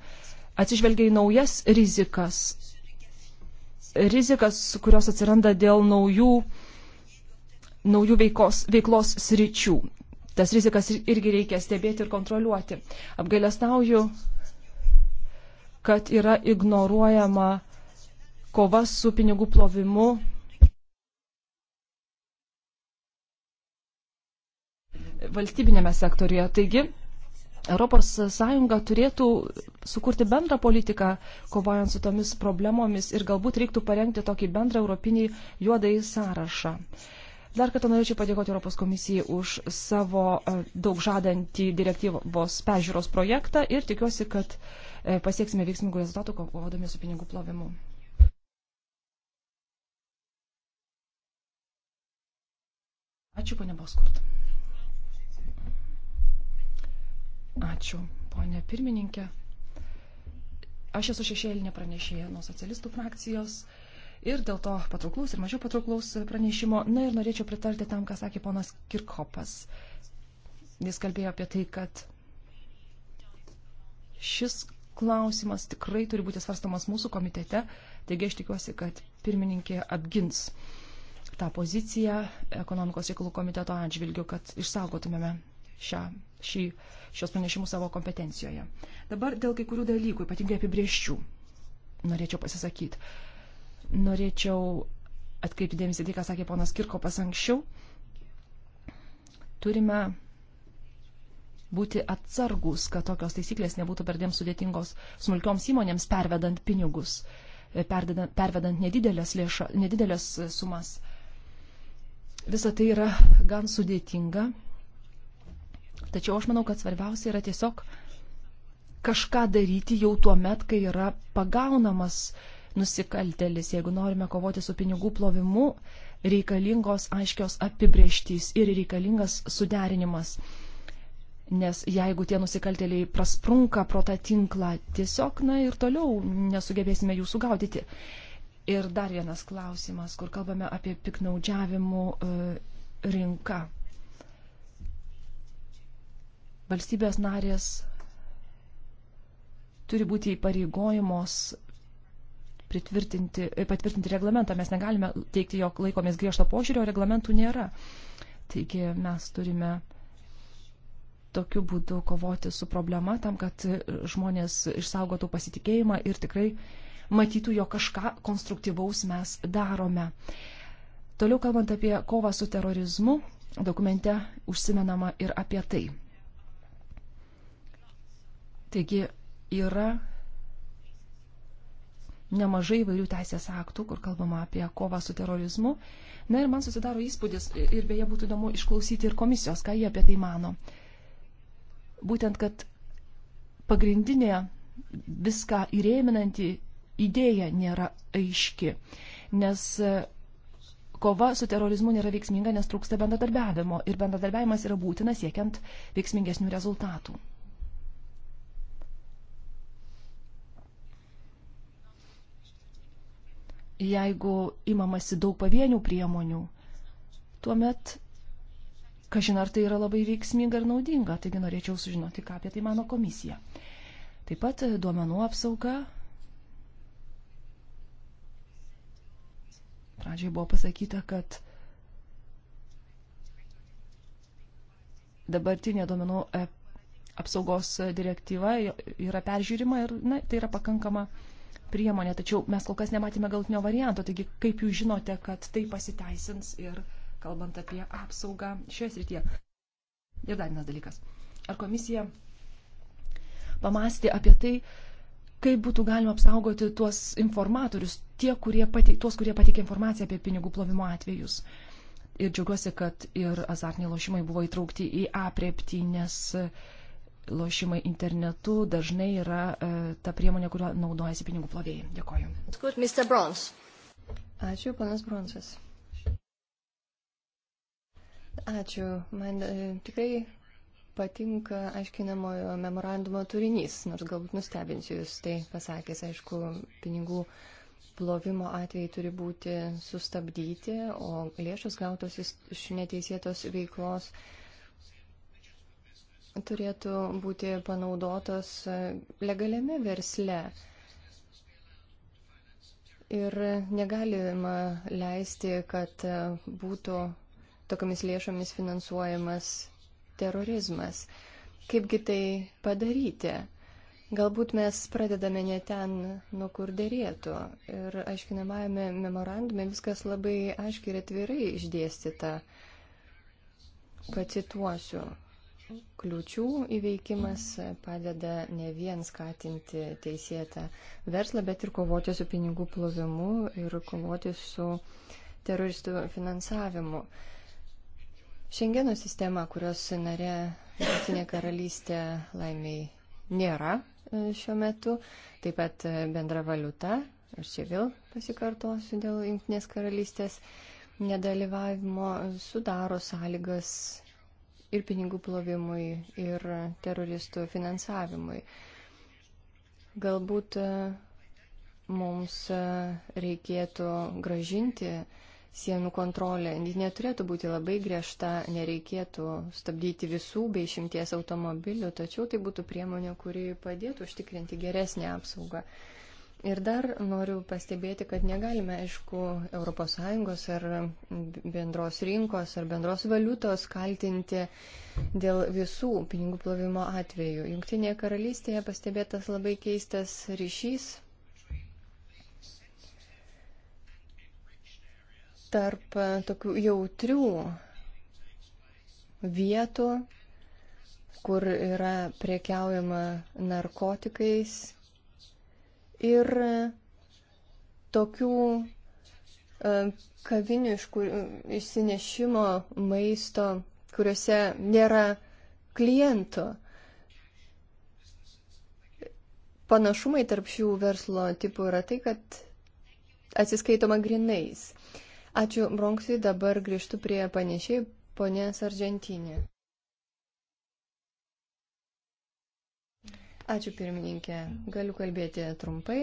atsižvelgia į naujas rizikas. Rizikas, kurios atsiranda dėl naujų, naujų veikos, veiklos sričių. Tas rizikas irgi reikia stebėti ir kontroliuoti. Apgailestauju, kad yra ignoruojama kova su pinigų plovimu. Valstybinėme sektoriuje. Taigi, ES turėtų sukurti bendrą politiką, kovojant su tomis problemomis ir galbūt reiktų parengti tokį bendrą europinį juodąjį sąrašą. Dar kartą norėčiau padėkoti Europos komisijai už savo e, daug žadantį direktyvos pežiūros projektą ir tikiuosi, kad e, pasieksime veiksmingų rezultatų kovodami su pinigų plovimu. Ačiū, ponia Boskurt. Ačiū, ponė pirmininkė. Aš esu šešėlinė pranešėja nuo socialistų frakcijos ir dėl to patrauklaus ir mažiau patrauklaus pranešimo. Na ir norėčiau pritarti tam, ką sakė ponas Kirkopas. Jis kalbėjo apie tai, kad šis klausimas tikrai turi būti svarstamas mūsų komitete, taigi aš tikiuosi, kad pirmininkė apgins tą poziciją ekonomikos reikalų komiteto atžvilgiu, kad išsaugotumėme šią šį, šios pranešimus savo kompetencijoje. Dabar dėl kai kurių dalykų, ypatingai apibrieščių, norėčiau pasisakyti. Norėčiau atkreipti dėmesį tai, ką sakė ponas Kirkopas anksčiau. Turime būti atsargus, kad tokios taisyklės nebūtų perdėm sudėtingos smulkioms įmonėms pervedant pinigus, e, pervedant, pervedant nedidelės, lėša, nedidelės sumas. Visa tai yra gan sudėtinga Tačiau aš manau, kad svarbiausia yra tiesiog kažką daryti jau tuo met, kai yra pagaunamas nusikaltelis. Jeigu norime kovoti su pinigų plovimu, reikalingos aiškios apibrieštys ir reikalingas suderinimas. Nes jeigu tie nusikalteliai prasprunka pro tą tinklą, tiesiog, na ir toliau nesugebėsime jų sugaudyti. Ir dar vienas klausimas, kur kalbame apie piknaudžiavimų e, rinką valstybės narės turi būti įpareigojimos e, patvirtinti reglamentą. Mes negalime teikti, jog laikomės griežto požiūrio, reglamentų nėra. Taigi mes turime tokiu būdu kovoti su problema tam, kad žmonės išsaugotų pasitikėjimą ir tikrai matytų, jog kažką konstruktyvaus mes darome. Toliau kalbant apie kovą su terorizmu, dokumente užsimenama ir apie tai. Taigi yra nemažai įvairių teisės aktų, kur kalbama apie kovą su terorizmu. Na ir man susidaro įspūdis, ir beje būtų įdomu išklausyti ir komisijos, ką jie apie tai mano. Būtent, kad pagrindinė viską įrėminanti idėja nėra aiški, nes kova su terorizmu nėra veiksminga, nes trūksta bendradarbiavimo ir bendradarbiavimas yra būtinas siekiant veiksmingesnių rezultatų. jeigu imamasi daug pavienių priemonių, tuomet, kažin ar tai yra labai veiksminga ir naudinga, taigi norėčiau sužinoti, ką apie tai mano komisija. Taip pat e, duomenų apsauga. Pradžiai buvo pasakyta, kad dabartinė duomenų e, apsaugos e, direktyva yra peržiūrima ir na, tai yra pakankama uh, priemonė, tačiau mes kol kas nematėme galtinio varianto, taigi kaip jūs žinote, kad tai pasiteisins ir kalbant apie apsaugą šioje srityje. Ir dar vienas dalykas. Ar komisija pamastė apie tai, kaip būtų galima apsaugoti tuos informatorius, tie, kurie pateik, tuos, kurie pateikia informaciją apie pinigų plovimo atvejus. Ir džiaugiuosi, kad ir azartiniai lošimai buvo įtraukti į aprieptį, nes uh, lošimai internetu dažnai yra e, ta priemonė, kuriuo naudojasi pinigų plovėjai. Dėkoju. Ačiū, panas Bronsas. Ačiū. Man e, tikrai patinka aiškinamojo memorandumo turinys, nors galbūt nustebinsiu jūs tai pasakęs, aišku, pinigų plovimo atvejai turi būti sustabdyti, o lėšos gautos iš neteisėtos veiklos turėtų būti panaudotos legaliame versle. Ir negalima leisti, kad būtų tokiamis lėšomis finansuojamas terorizmas. Kaipgi tai padaryti? Galbūt mes pradedame ne ten, nuo kur dėrėtų. Ir aiškinamajame memorandume viskas labai aiškiai ir atvirai išdėstyta. Pacituosiu kliučių įveikimas padeda ne vien skatinti teisėtą verslą, bet ir kovoti su pinigų plovimu ir kovoti su teroristų finansavimu. Šengeno sistema, kurios narė Jungtinė karalystė laimiai nėra e, šiuo metu, taip pat e, bendra valiuta, aš čia vėl pasikartosiu dėl Jungtinės karalystės nedalyvavimo, sudaro sąlygas ir pinigų plovimui, ir teroristų finansavimui. Galbūt e, mums e, reikėtų gražinti sienų kontrolę. Ji neturėtų būti labai griežta, nereikėtų stabdyti visų bei šimties automobilių, tačiau tai būtų priemonė, kuri padėtų užtikrinti geresnį apsaugą. Uh, Ir dar noriu pastebėti, kad negalime, aišku, ES ar bendros rinkos ar bendros valiutos kaltinti dėl visų pinigų plovimo atvejų. Junktinėje karalystėje pastebėtas labai keistas ryšys tarp tokių jautrių vietų, kur yra priekiaujama narkotikais ir e, tokių e, kavinių iš kur, išsinešimo maisto, kuriuose nėra klientų. Panašumai tarp šių verslo tipų yra tai, kad atsiskaitoma grinais. Ačiū Bronksui, dabar grįžtu prie panešiai ponės Argentinė. Ačiū pirmininkė. Galiu kalbėti trumpai.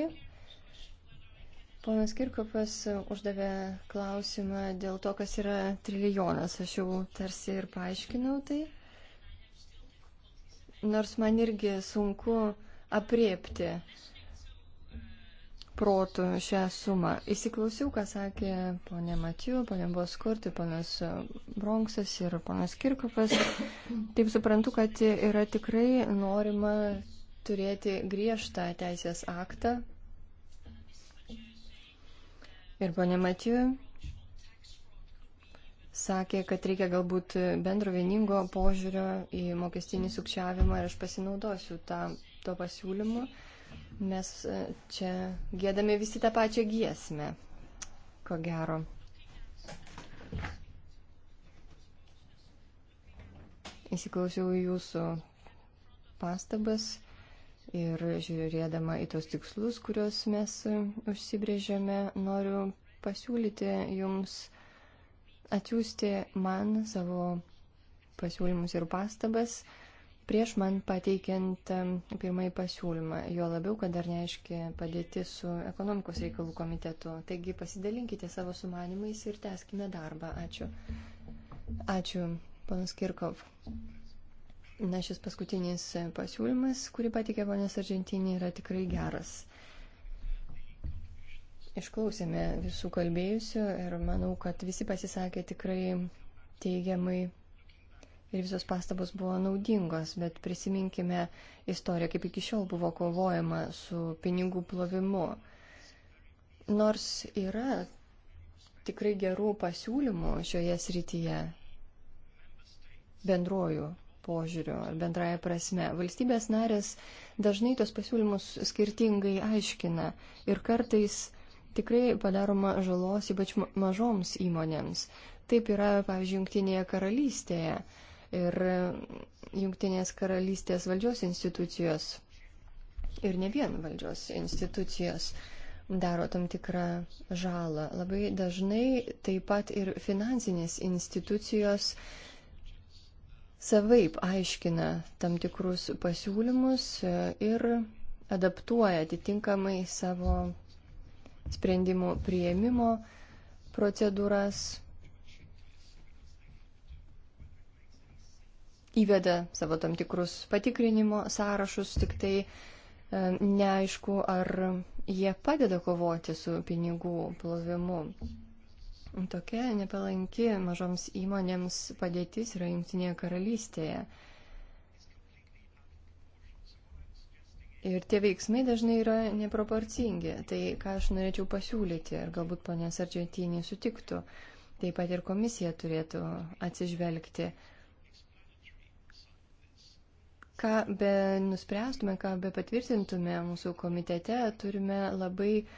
Ponas Kirkopas uždavė klausimą dėl to, kas yra trilijonas. Aš jau tarsi ir paaiškinau tai. Nors man irgi sunku apriepti protų šią sumą. Įsiklausiau, ką sakė ponė Matijų, ponė Boskurti, ponas Bronksas ir ponas Kirkopas. Taip suprantu, kad yra tikrai norima turėti griežtą teisės aktą. Ir ponė Matijų sakė, kad reikia galbūt bendro vieningo požiūrio į mokestinį sukčiavimą ir aš pasinaudosiu tą, to pasiūlymu. Mes e, čia gėdame visi tą pačią giesmę, ko gero. Įsiklausiau jūsų pastabas. Ir žiūrėdama į tos tikslus, kuriuos mes užsibrėžėme, noriu pasiūlyti jums atsiųsti man savo pasiūlymus ir pastabas prieš man pateikiant pirmąjį pasiūlymą, jo labiau, kad dar neaiški padėti su ekonomikos reikalų komitetu. Taigi pasidalinkite savo sumanimais ir teskime darbą. Ačiū. Ačiū, panas Kirkov. Na, šis paskutinis e, pasiūlymas, kurį patikė ponės Argentinė, yra tikrai geras. Išklausėme visų kalbėjusių ir manau, kad visi pasisakė tikrai teigiamai ir visos pastabos buvo naudingos, bet prisiminkime istoriją, kaip iki šiol buvo kovojama su pinigų plovimu. Nors yra tikrai gerų pasiūlymų šioje srityje bendruoju požiūriu ar bendraja prasme. Valstybės narės dažnai tos pasiūlymus skirtingai aiškina ir kartais tikrai padaroma žalos ypač mažoms įmonėms. Taip yra, pavyzdžiui, Junktinėje karalystėje ir Junktinės karalystės valdžios institucijos ir ne vien valdžios institucijos daro tam tikrą žalą. Labai dažnai taip pat ir finansinės institucijos uh, savaip aiškina tam tikrus pasiūlymus ir adaptuoja atitinkamai savo sprendimų prieimimo procedūras, įveda savo tam tikrus patikrinimo sąrašus, tik tai e, neaišku, ar jie padeda kovoti su pinigų plovimu. Tokia nepalanki mažoms įmonėms padėtis yra Junktinėje karalystėje. Ir tie veiksmai dažnai yra neproporcingi. Tai ką aš norėčiau pasiūlyti, ir galbūt ponės Argentinį sutiktų, taip pat ir komisija turėtų atsižvelgti. Ką be nuspręstume, ką be patvirtintume mūsų komitete, turime labai uh,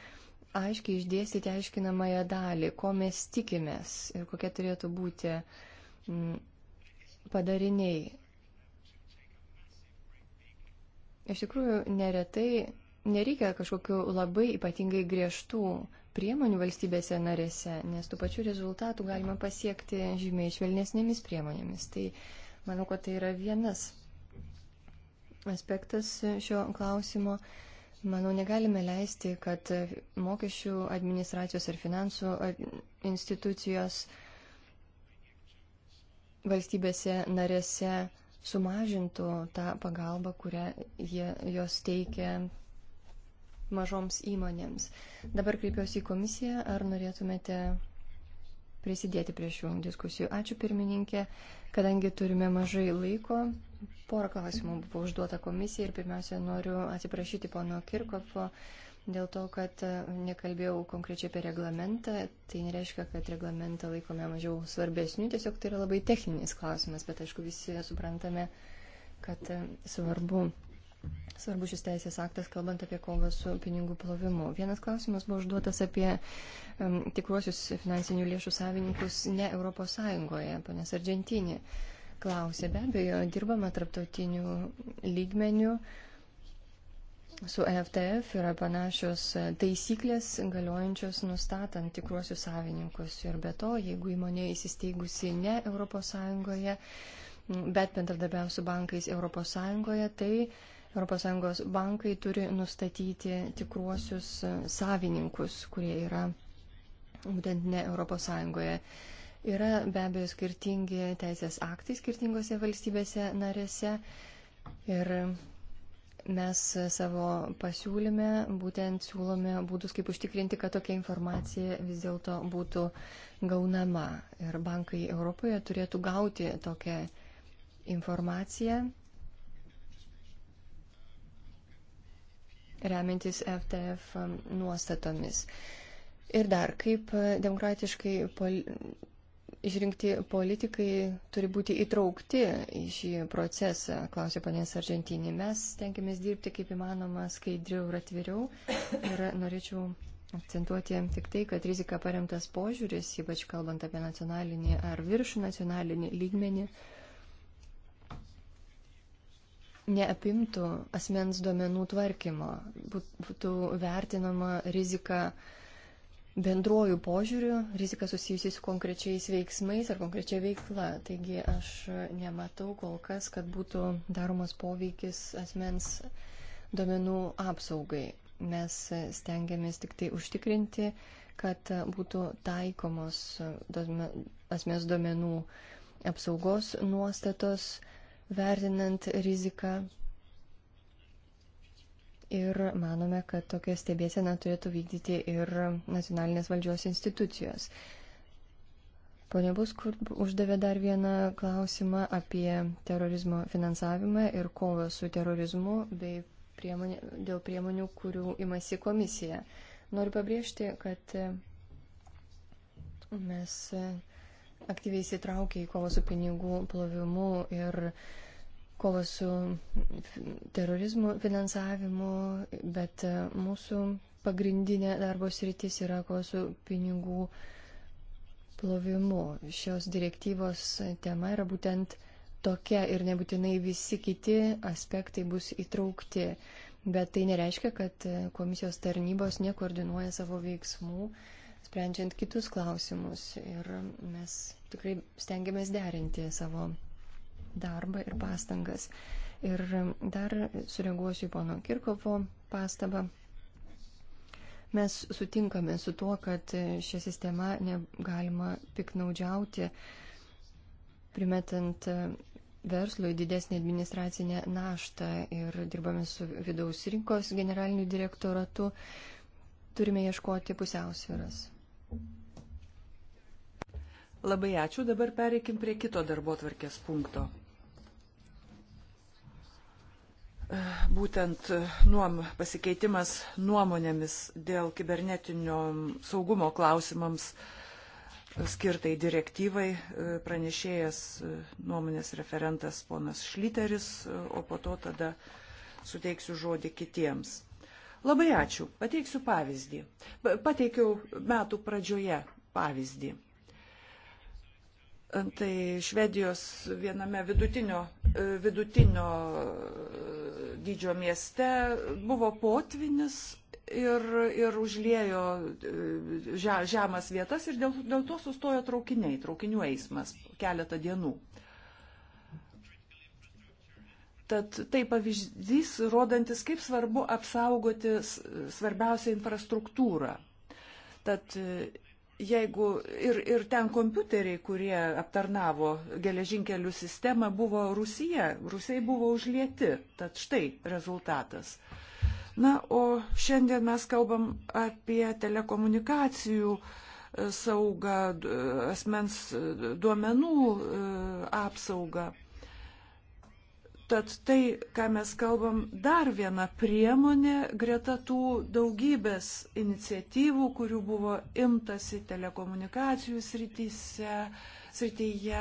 aiškiai išdėstyti aiškinamąją dalį, ko mes tikimės ir kokie turėtų būti mm, padariniai. Iš tikrųjų, neretai nereikia kažkokiu labai ypatingai griežtų priemonių valstybėse narėse, nes tų pačių rezultatų galima pasiekti žymiai švelnesnėmis priemonėmis. Tai manau, kad tai yra vienas aspektas šio klausimo. Uh, Manau, negalime leisti, kad mokesčių administracijos ir finansų institucijos valstybėse narėse sumažintų tą pagalbą, kurią jie, jos teikia mažoms įmonėms. Dabar kreipiuosi į komisiją, ar norėtumėte prisidėti prie šių diskusijų. Ačiū pirmininkė, kadangi turime mažai laiko. Porą klausimų buvo užduota komisija ir pirmiausia noriu atsiprašyti pono Kirkopo dėl to, kad e, nekalbėjau konkrečiai apie reglamentą. Tai nereiškia, kad reglamentą laikome mažiau svarbesniu, tiesiog tai yra labai techninis klausimas, bet aišku visi suprantame, kad e, svarbu svarbu šis teisės aktas, kalbant apie kovą su pinigų plovimu. Vienas klausimas buvo užduotas apie um, tikruosius finansinių lėšų savininkus ne ES, panas Argentinį. Klausė, be abejo, dirbama tarptautinių lygmenių. Su FTF e yra panašios taisyklės galiojančios nustatant tikruosius savininkus. Ir be to, jeigu įmonė įsisteigusi ne ES, bet bendradarbiausių bankais ES, tai ES bankai turi nustatyti tikruosius e, savininkus, kurie yra būtent ne ES. Yra be abejo skirtingi teisės aktai skirtingose valstybėse narėse ir mes savo pasiūlyme būtent siūlome būdus, kaip užtikrinti, kad tokia informacija vis dėlto būtų gaunama. Ir bankai Europoje turėtų gauti tokią informaciją remiantis FTF um, nuostatomis. Ir dar, kaip uh, demokratiškai pol išrinkti politikai turi būti įtraukti į šį procesą, klausė panės Argentinį. Mes tenkimės dirbti kaip įmanoma skaidriau ir atviriau. Ir norėčiau akcentuoti tik tai, kad rizika paremtas požiūris, ypač kalbant apie nacionalinį ar virš nacionalinį lygmenį, uh, neapimtų asmens duomenų tvarkymo, būtų vertinama rizika bendruoju požiūriu, rizika susijusi su konkrečiais veiksmais ar konkrečia veikla. Taigi aš nematau kol kas, kad būtų daromas poveikis asmens duomenų apsaugai. Mes stengiamės tik tai užtikrinti, kad būtų taikomos asmens duomenų apsaugos nuostatos vertinant riziką. Ir manome, kad tokią stebėseną turėtų vykdyti ir nacionalinės valdžios institucijos. Pone Buskur uždavė dar vieną klausimą apie terorizmo finansavimą ir kovą su terorizmu bei priemonė, dėl priemonių, kurių imasi komisija. Noriu pabrėžti, kad mes aktyviai įsitraukė į kovą su pinigų plovimu ir kovą su terorizmu finansavimu, bet e, mūsų pagrindinė darbo sritis yra kova su pinigų plovimu. Šios direktyvos tema yra būtent tokia ir nebūtinai visi kiti aspektai bus įtraukti. Bet tai nereiškia, kad e, komisijos tarnybos nekoordinuoja savo veiksmų sprendžiant kitus klausimus. Ir mes tikrai stengiamės derinti savo darbą ir pastangas. Ir dar sureaguosiu į pono Kirkovo pastabą. Mes sutinkame su tuo, kad šią sistemą negalima piknaudžiauti, primetant verslui didesnį administracinę naštą ir dirbame su vidaus rinkos generaliniu direktoratu, turime ieškoti pusiausviras. Labai ačiū, dabar pereikim prie kito darbo tvarkės punkto. Būtent nuom, pasikeitimas nuomonėmis dėl kibernetinio saugumo klausimams skirtai direktyvai pranešėjas nuomonės referentas ponas Šliteris, o po to tada suteiksiu žodį kitiems. Labai ačiū. Pateiksiu pavyzdį. Pateikiau metų pradžioje pavyzdį tai Švedijos viename vidutinio, e, vidutinio e, dydžio mieste buvo potvinis ir, ir užliejo e, žemas vietas ir dėl, dėl to sustojo traukiniai, traukinių eismas keletą dienų. Tad tai pavyzdys, rodantis, kaip svarbu apsaugoti svarbiausią infrastruktūrą. Tad jeigu ir, ir ten kompiuteriai, kurie aptarnavo geležinkelių sistemą, buvo Rusija, Rusiai buvo užlieti. Tad štai rezultatas. Na, o šiandien mes kalbam apie telekomunikacijų e, saugą, asmens duomenų e, apsaugą. Tad tai, ką mes kalbam, dar viena priemonė greta tų daugybės iniciatyvų, kurių buvo imtasi telekomunikacijų srityse, uh, srityje,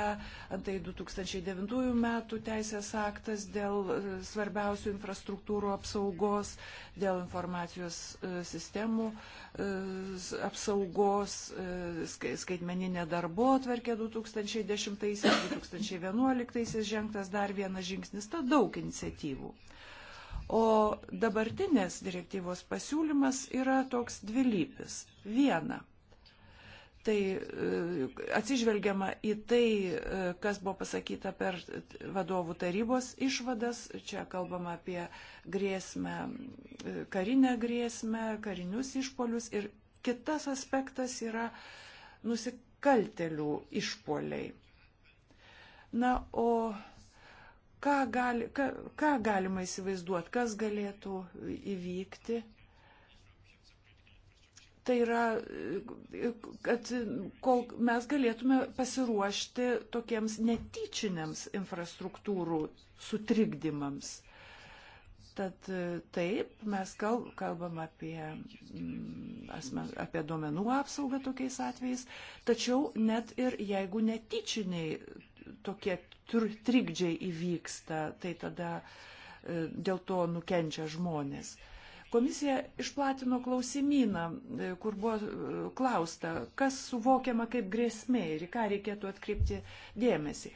antai 2009 metų teisės aktas dėl e, svarbiausių infrastruktūrų apsaugos, dėl informacijos e, sistemų e, apsaugos, skaitmeninė darbo atverkė 2010-2011 žengtas dar vienas žingsnis, ta daug iniciatyvų. O dabartinės direktyvos pasiūlymas yra toks dvilypis. Viena, tai e, atsižvelgiama į tai, e, kas buvo pasakyta per vadovų tarybos išvadas. Čia kalbama apie grėsmę, e, karinę grėsmę, karinius išpolius ir kitas aspektas yra nusikaltelių išpoliai. Na, o ką, gali, ką, ką galima įsivaizduoti, kas galėtų įvykti Tai yra, kad kol mes galėtume pasiruošti tokiems netyčiniams infrastruktūrų sutrikdymams. Tad e, taip, mes kalbam apie, mm, asmen, apie duomenų apsaugą tokiais atvejais, tačiau net ir jeigu netyčiniai tokie trikdžiai įvyksta, tai tada e, dėl to nukenčia žmonės. Komisija išplatino klausimyną, e, kur buvo e, klausta, kas suvokiama kaip grėsmė ir į ką reikėtų atkreipti dėmesį.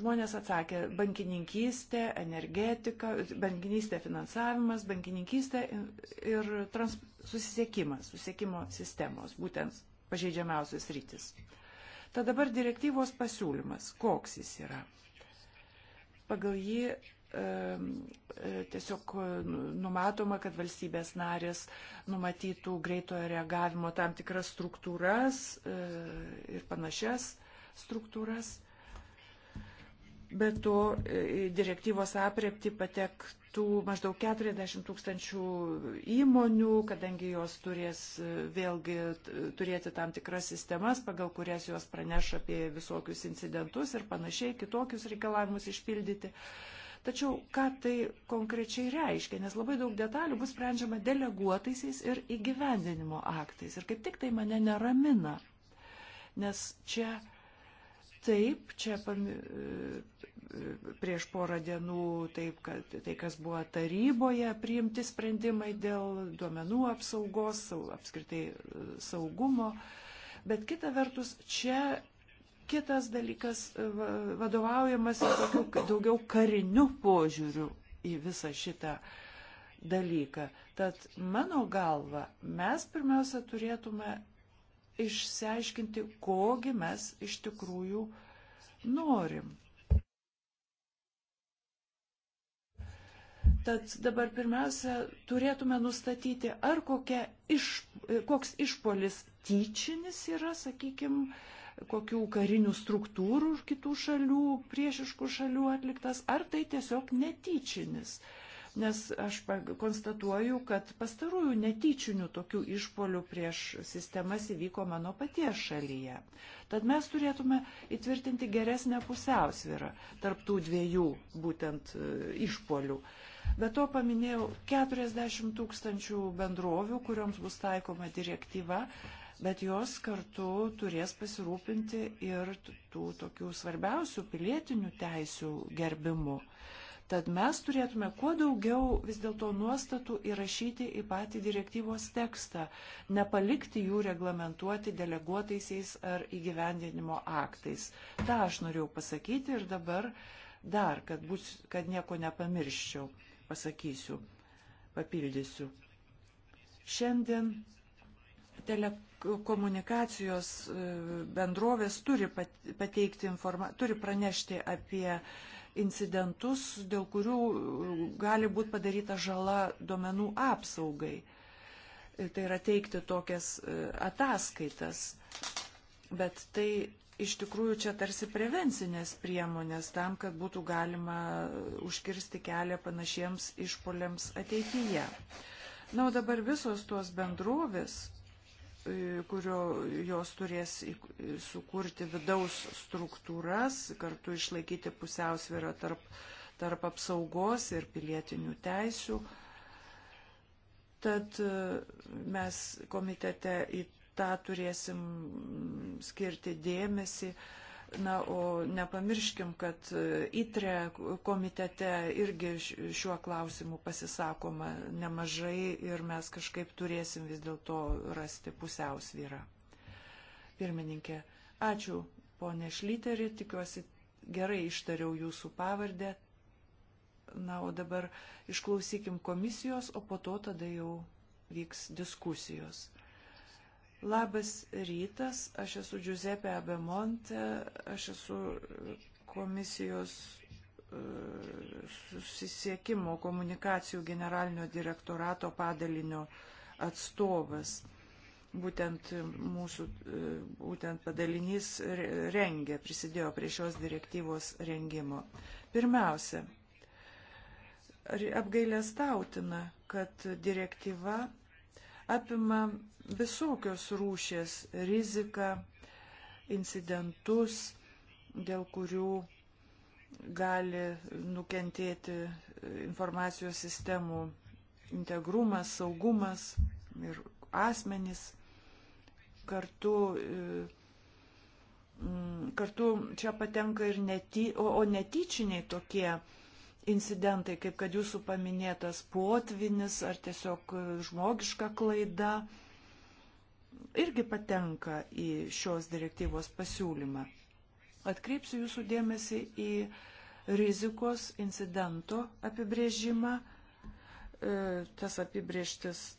Žmonės atsakė - bankininkystė, energetika, bankininkystė finansavimas, bankininkystė ir trans, susisiekimas, susisiekimo sistemos, būtent pažeidžiamiausias rytis. Tad dabar direktyvos pasiūlymas, koks jis yra. Pagal jį E, tiesiog e, numatoma, kad valstybės narės numatytų greitojo reagavimo tam tikras struktūras e, ir panašias struktūras. Be to, direktyvos apriepti patektų maždaug 40 tūkstančių įmonių, kadangi jos turės vėlgi turėti tam tikras sistemas, pagal kurias jos praneš apie visokius incidentus ir panašiai, kitokius reikalavimus išpildyti. Uh, Tačiau ką tai konkrečiai reiškia, nes labai daug detalių bus sprendžiama deleguotaisiais ir įgyvendinimo aktais. Ir kaip tik tai mane neramina, nes čia taip, čia pami, prieš porą dienų taip, kad tai, kas buvo taryboje, priimti sprendimai dėl duomenų apsaugos, apskritai saugumo. Bet kita vertus, čia Kitas dalykas vadovaujamas tokiu daugiau kariniu požiūriu į visą šitą dalyką. Tad mano galva, mes pirmiausia turėtume išsiaiškinti, kogi mes iš tikrųjų norim. Tad dabar pirmiausia, turėtume nustatyti, ar kokia iš, koks išpolis tyčinis yra, sakykime, kokių karinių struktūrų kitų šalių, priešiškų šalių atliktas, ar tai tiesiog netyčinis. Nes aš konstatuoju, kad pastarųjų netyčinių tokių išpolių prieš sistemas įvyko mano paties šalyje. Tad mes turėtume įtvirtinti geresnę pusiausvyrą tarptų dviejų būtent e, išpolių. Be to paminėjau 40 tūkstančių bendrovių, kuriuoms bus taikoma direktyva bet jos kartu turės pasirūpinti ir tų tokių svarbiausių pilietinių teisių gerbimu. Tad mes turėtume kuo daugiau vis dėlto nuostatų įrašyti į patį direktyvos tekstą, nepalikti jų reglamentuoti deleguotaisiais ar įgyvendinimo aktais. Ta aš norėjau pasakyti ir dabar dar, kad, bus, kad nieko nepamirščiau, pasakysiu, papildysiu. Šiandien telekomunikacijos e, bendrovės turi, pateikti informa turi pranešti apie incidentus, dėl kurių gali būti padaryta žala duomenų apsaugai. E, tai yra teikti tokias e, ataskaitas. Bet tai iš tikrųjų čia tarsi prevencinės priemonės tam, kad būtų galima užkirsti kelią panašiems išpoliams ateityje. Na, o dabar visos tuos bendrovės E, kurio jos turės sukurti vidaus struktūras, kartu išlaikyti pusiausvyrą tarp, tarp apsaugos ir pilietinių teisių. Tad e, mes komitete į tą turėsim skirti dėmesį. Uh, Na, o nepamirškim, kad e, ITRE komitete irgi šiuo klausimu pasisakoma nemažai ir mes kažkaip turėsim vis dėlto rasti pusiausvyrą. Pirmininkė, ačiū ponė Šlyterį, tikiuosi gerai ištariau jūsų pavardę. Na, o dabar išklausykim komisijos, o po to tada jau vyks diskusijos. Labas rytas, aš esu Giuseppe Abemonte, aš esu komisijos e, susisiekimo komunikacijų generalinio direktorato padalinio atstovas. Būtent mūsų e, būtent padalinys rengė, prisidėjo prie šios direktyvos rengimo. Pirmiausia, apgailestautina, kad direktyva apima visokios rūšės riziką, incidentus, dėl kurių gali nukentėti informacijos sistemų integrumas, saugumas ir asmenys. Kartu, e, kartu čia patenka ir nety, o, o netyčiniai tokie incidentai, kaip kad jūsų paminėtas potvinis ar tiesiog žmogiška klaida, irgi patenka į šios direktyvos pasiūlymą. Atkreipsiu jūsų dėmesį į rizikos incidento apibrėžimą. E, tas apibrėžtis e,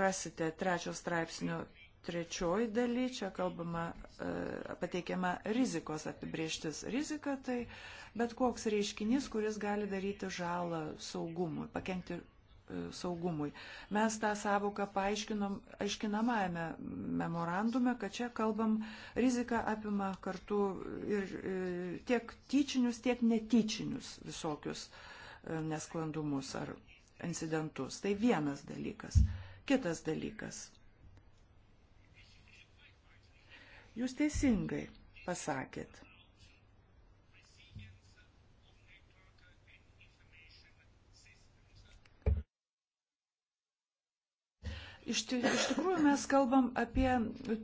rasite trečio straipsnio trečioji daly, čia kalbama, e, pateikiama rizikos apibrieštis. Rizika tai bet koks reiškinys, kuris gali daryti žalą saugumui, pakengti e, saugumui. Mes tą savoką paaiškinom aiškinamajame memorandume, kad čia kalbam, rizika apima kartu ir e, tiek tyčinius, tiek netyčinius visokius nesklandumus ar incidentus. Tai vienas dalykas. Kitas dalykas Jūs teisingai pasakėt. Iš, iš tikrųjų mes kalbam apie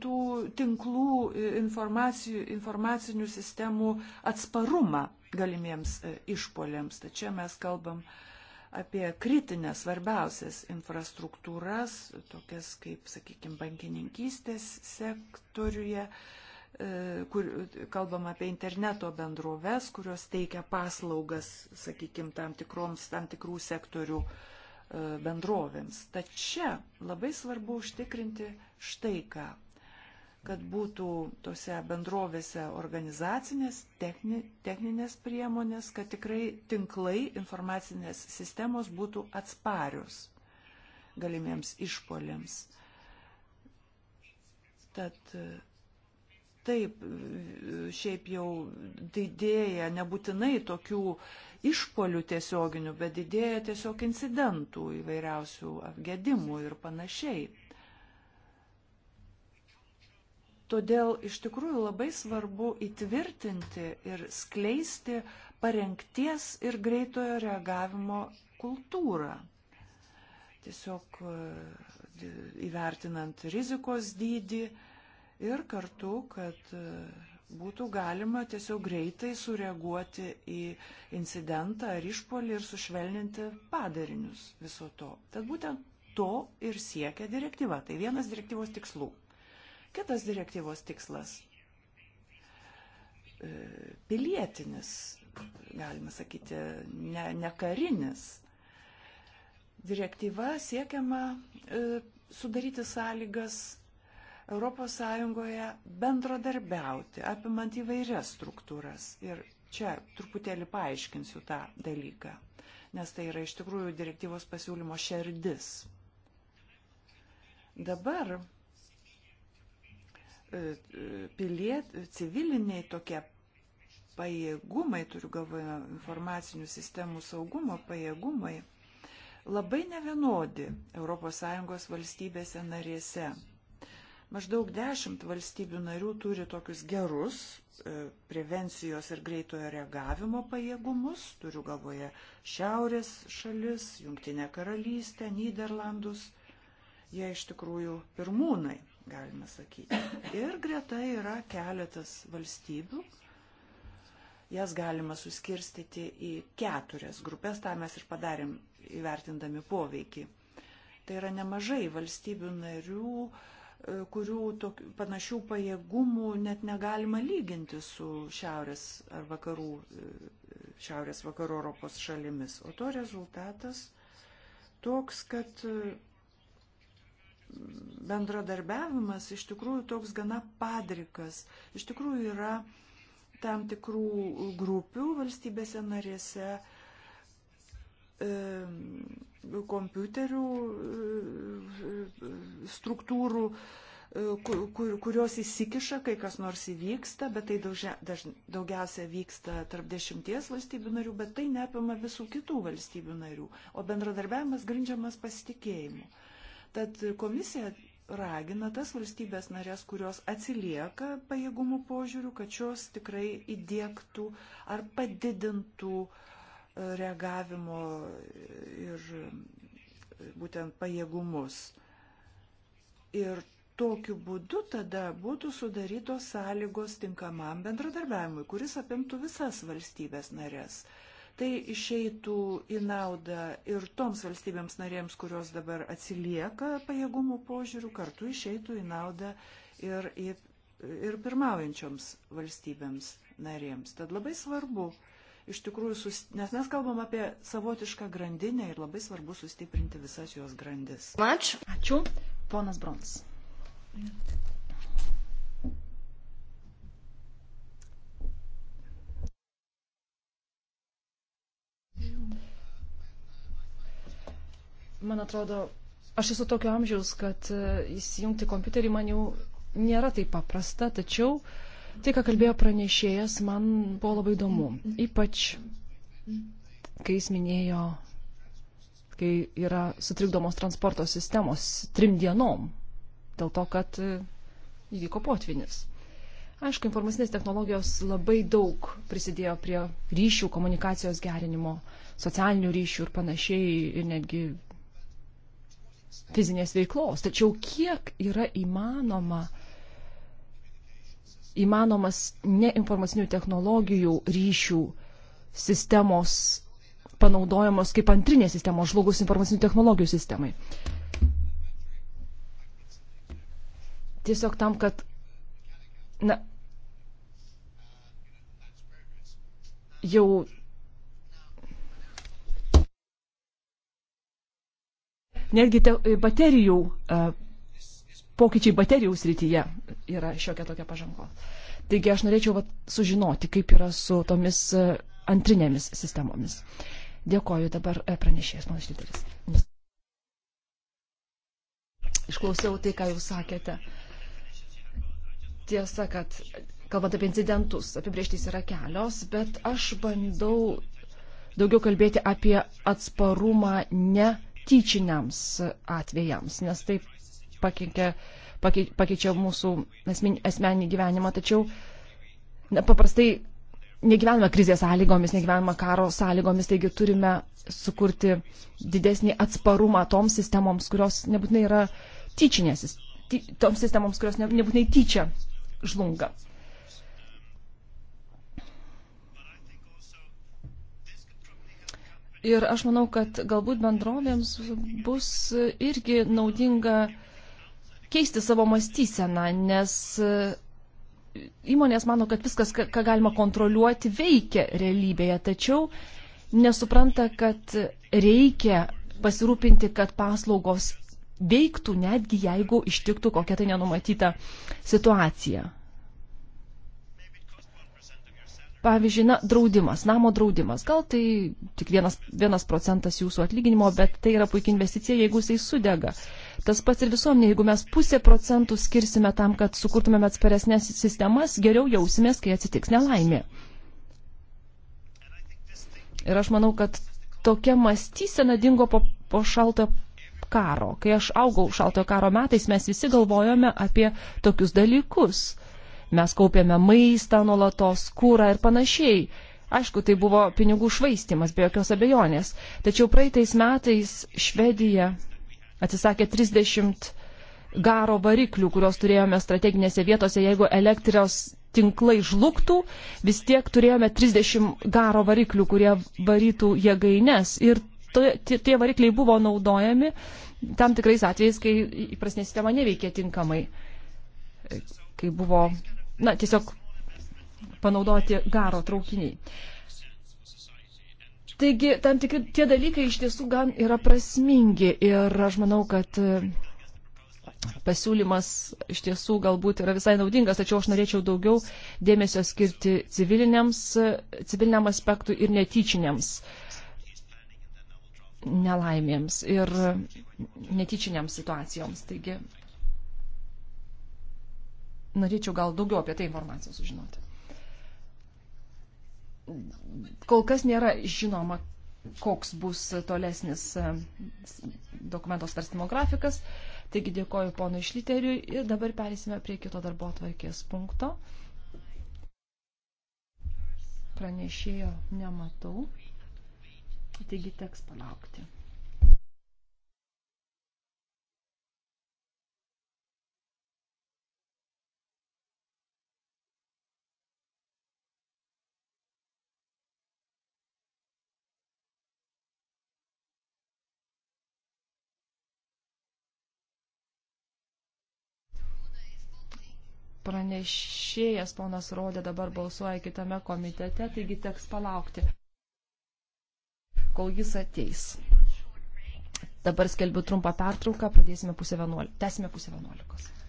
tų tinklų informacinių sistemų atsparumą galimiems e, išpoliams. Tačiau mes kalbam uh, apie kritinės svarbiausias infrastruktūras, tokias kaip, sakykime, bankininkystės sektoriuje, e, kur kalbam apie interneto bendroves, kurios teikia paslaugas, sakykime, tam, tikroms, tam tikrų sektorių e, bendrovėms. Tačiau labai svarbu užtikrinti štai ką kad būtų tose bendrovėse organizacinės, techni, techninės priemonės, kad tikrai tinklai informacinės sistemos būtų atsparius galimiems išpoliams. Tad taip, šiaip jau didėja nebūtinai tokių išpolių tiesioginių, bet didėja tiesiog incidentų įvairiausių apgedimų ir panašiai. Todėl iš tikrųjų labai svarbu įtvirtinti ir skleisti parengties ir greitojo reagavimo kultūrą. Tiesiog e, įvertinant rizikos dydį ir kartu, kad e, būtų galima tiesiog greitai sureaguoti į incidentą ar išpolį ir sušvelninti padarinius viso to. Tad būtent to ir siekia direktyva. Tai vienas direktyvos tikslų. Kitas direktyvos tikslas e, - pilietinis, galima sakyti, ne, ne karinis. Direktyva siekiama e, sudaryti sąlygas ES bendradarbiauti, apimant įvairias struktūras. Ir čia truputėlį paaiškinsiu tą dalyką, nes tai yra iš tikrųjų direktyvos pasiūlymo šerdis. Dabar piliet, civiliniai tokie pajėgumai, turiu galvoje informacinių sistemų saugumo pajėgumai, labai nevienodi ES valstybėse narėse. Maždaug dešimt valstybių narių turi tokius gerus e, prevencijos ir greitojo reagavimo pajėgumus, turiu galvoje Šiaurės šalis, Junktinę karalystę, Niderlandus, jie iš tikrųjų pirmūnai galima sakyti. Ir greta yra keletas valstybių. Jas galima suskirstyti į keturias grupės, tą mes ir padarėm įvertindami poveikį. Tai yra nemažai valstybių narių, e, kurių tok, panašių pajėgumų net negalima lyginti su šiaurės ar vakarų, e, šiaurės vakarų Europos šalimis. O to rezultatas toks, kad e, bendradarbiavimas iš tikrųjų toks gana padrikas. Iš tikrųjų yra tam tikrų grupių valstybėse narėse e, kompiuterių e, struktūrų, e, kur, kurios įsikiša, kai kas nors įvyksta, bet tai daugia, daž, daugiausia vyksta tarp dešimties valstybių narių, bet tai neapima visų kitų valstybių narių, o bendradarbiavimas grindžiamas pasitikėjimu. E, Tad komisija ragina tas valstybės narės, kurios atsilieka pajėgumų požiūrių, kad šios tikrai įdėktų ar padidintų e, reagavimo ir e, būtent pajėgumus. Ir tokiu būdu tada būtų sudarytos sąlygos tinkamam bendradarbiavimui, kuris apimtų visas valstybės narės. Uh, Tai išeitų į naudą ir toms valstybėms narėms, kurios dabar atsilieka pajėgumų požiūrių, kartu išeitų į naudą ir, ir pirmaujančioms valstybėms narėms. Tad labai svarbu iš tikrųjų, sus... nes mes kalbam apie savotišką grandinę ir labai svarbu sustiprinti visas jos grandis. Ačiū. Ačiū. Ponas Brons. man atrodo, aš esu tokio amžiaus, kad e, įsijungti kompiuterį man jau nėra taip paprasta, tačiau tai, ką kalbėjo pranešėjas, man buvo labai įdomu. Ypač, kai jis minėjo, kai yra sutrikdomos transporto sistemos trim dienom, dėl to, kad e, įvyko potvinis. Aišku, informacinės technologijos labai daug prisidėjo prie ryšių, komunikacijos gerinimo, socialinių ryšių ir panašiai, ir netgi fizinės veiklos. Tačiau kiek yra įmanoma, įmanomas neinformacinių technologijų ryšių sistemos panaudojamos kaip antrinės sistemos žlugus informacinių technologijų sistemai. Tiesiog tam, kad na, jau Netgi te, e, baterijų, e, pokyčiai baterijų srityje yra šiokia tokia pažango. Taigi aš norėčiau vat, sužinoti, kaip yra su tomis e, antrinėmis sistemomis. Dėkoju dabar pranešėjas, man išdėlis. Išklausiau tai, ką jūs sakėte. Tiesa, kad kalbant apie incidentus, apibrieštys yra kelios, bet aš bandau daugiau kalbėti apie atsparumą ne tyčiniams atvejams, nes tai pakeikia, pakeičia mūsų asmeninį gyvenimą, tačiau na, paprastai negyvename krizės sąlygomis, negyvename karo sąlygomis, taigi turime sukurti didesnį atsparumą toms sistemoms, kurios nebūtinai yra tyčinės, ty, toms sistemoms, kurios nebūtinai tyčia žlunga. Ir aš manau, kad galbūt bendrovėms bus irgi naudinga keisti savo mąstyseną, nes e, įmonės mano, kad viskas, ką galima kontroliuoti, veikia realybėje, tačiau nesupranta, kad reikia pasirūpinti, kad paslaugos veiktų, netgi jeigu ištiktų kokia tai nenumatyta situacija. Pavyzdžiui, na, draudimas, namo draudimas. Gal tai tik vienas, vienas procentas jūsų atlyginimo, bet tai yra puikia investicija, jeigu jisai sudega. Tas pats ir visuomenė, jeigu mes pusę procentų skirsime tam, kad sukurtumėme atsparesnės sistemas, geriau jausimės, kai atsitiks nelaimė. Ir aš manau, kad tokia mąstysena dingo po, po šaltojo karo. Kai aš augau šaltojo karo metais, mes visi galvojome apie tokius dalykus mes kaupėme maistą nuolatos, kūrą ir panašiai. Aišku, tai buvo pinigų švaistimas, be jokios abejonės. Tačiau praeitais metais Švedija atsisakė 30 garo variklių, kuriuos turėjome strateginėse vietose, jeigu elektros tinklai žlugtų, vis tiek turėjome 30 garo variklių, kurie varytų jėgaines. Ir to, tie, tie varikliai buvo naudojami tam tikrais atvejais, kai įprasnė sistema neveikė tinkamai, kai buvo na, tiesiog panaudoti garo traukiniai. Taigi, tam tikri tie dalykai iš tiesų gan yra prasmingi ir aš manau, kad e, pasiūlymas iš tiesų galbūt yra visai naudingas, tačiau aš norėčiau daugiau dėmesio skirti e, civiliniam aspektui ir netyčiniams nelaimėms ir e, netyčiniams situacijoms. Taigi, norėčiau gal daugiau apie tai informacijos sužinoti. Kol kas nėra žinoma, koks bus tolesnis e, dokumento svarstymo grafikas. Taigi dėkoju ponui Šliteriui ir dabar perėsime prie kito darbo atvarkės punkto. Pranešėjo nematau. Taigi teks palaukti. pranešėjas ponas Rodė dabar balsuoja kitame komitete, taigi teks palaukti, kol jis ateis. Dabar skelbiu trumpą pertrauką, pradėsime pusę 11. Tęsime pusę 11.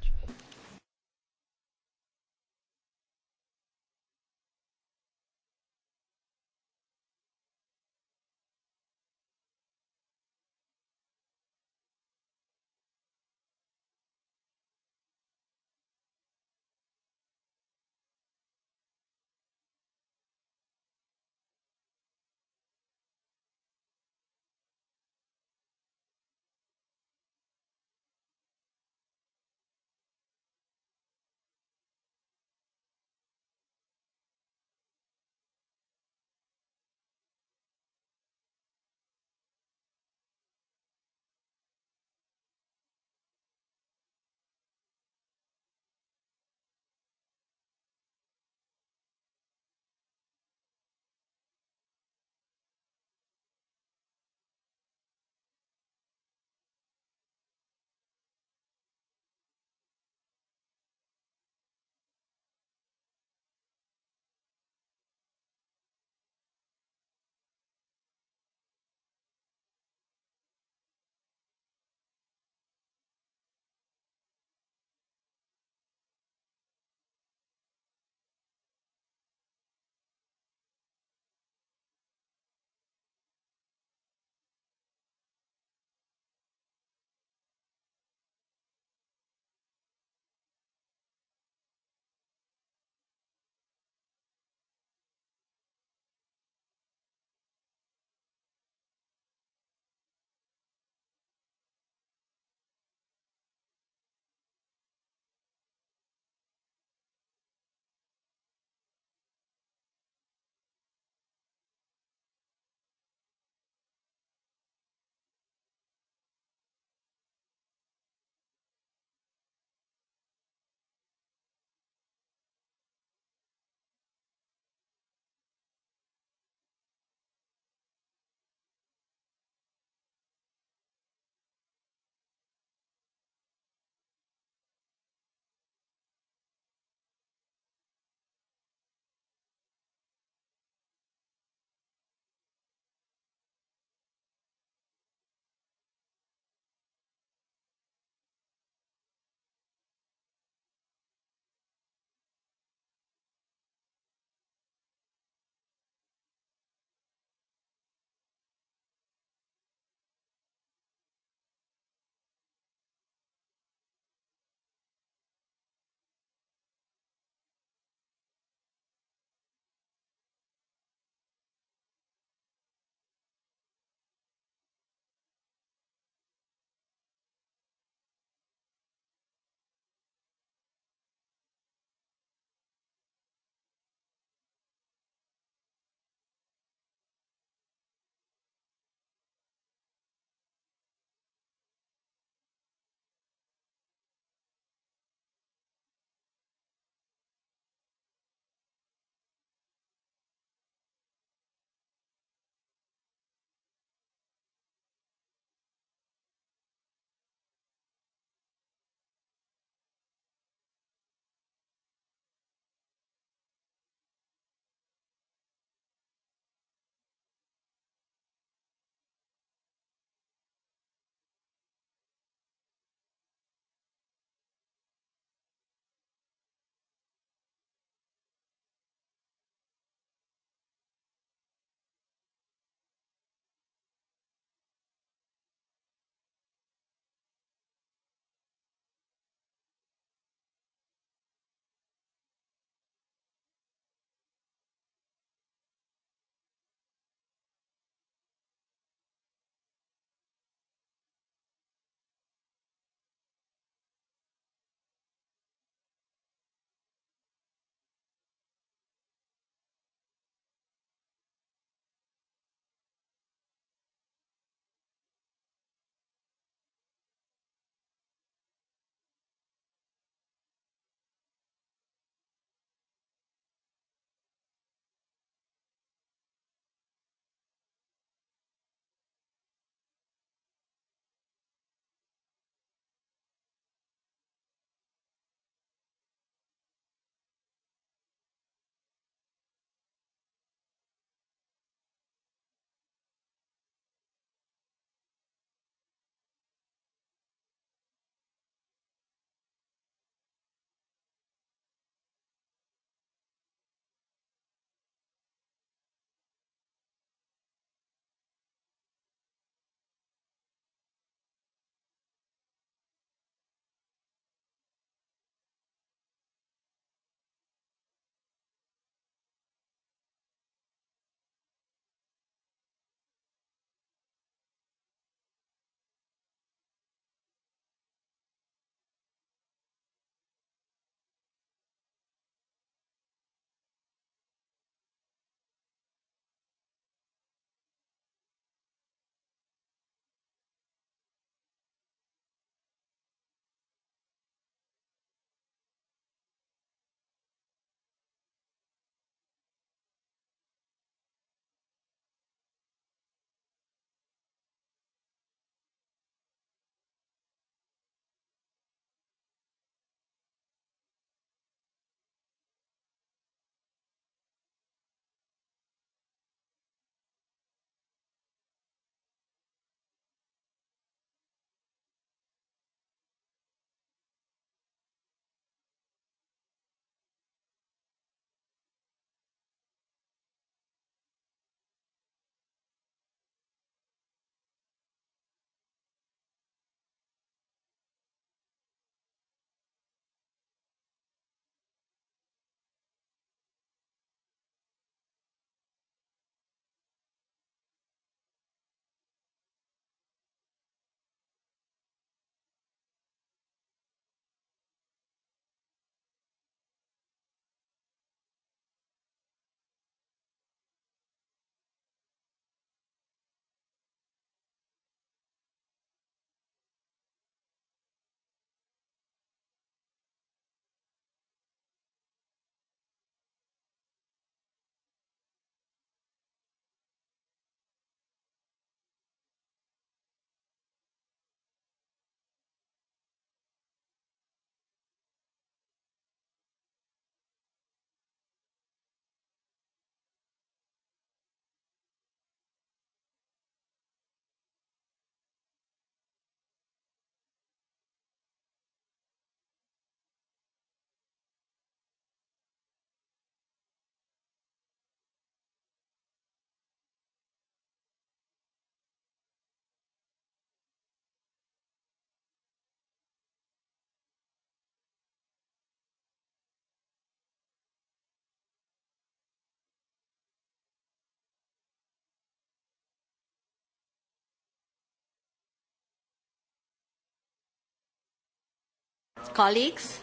Colleagues,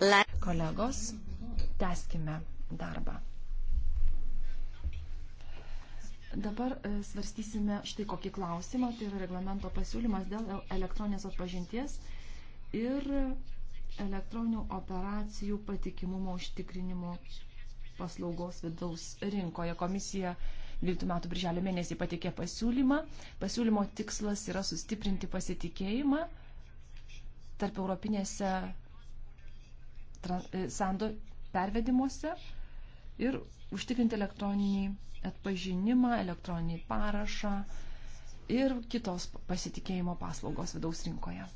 let... Kolegos, tęskime darbą. Dabar e, svarstysime štai kokį klausimą, tai yra reglamento pasiūlymas dėl elektroninės atpažinties ir elektroninių operacijų patikimumo užtikrinimo paslaugos vidaus rinkoje. Komisija 12 metų birželio mėnesį patikė pasiūlymą. Pasiūlymo tikslas yra sustiprinti pasitikėjimą tarp europinėse e, sando pervedimuose ir užtikrinti elektroninį atpažinimą, elektroninį parašą ir kitos pasitikėjimo paslaugos vidaus rinkoje.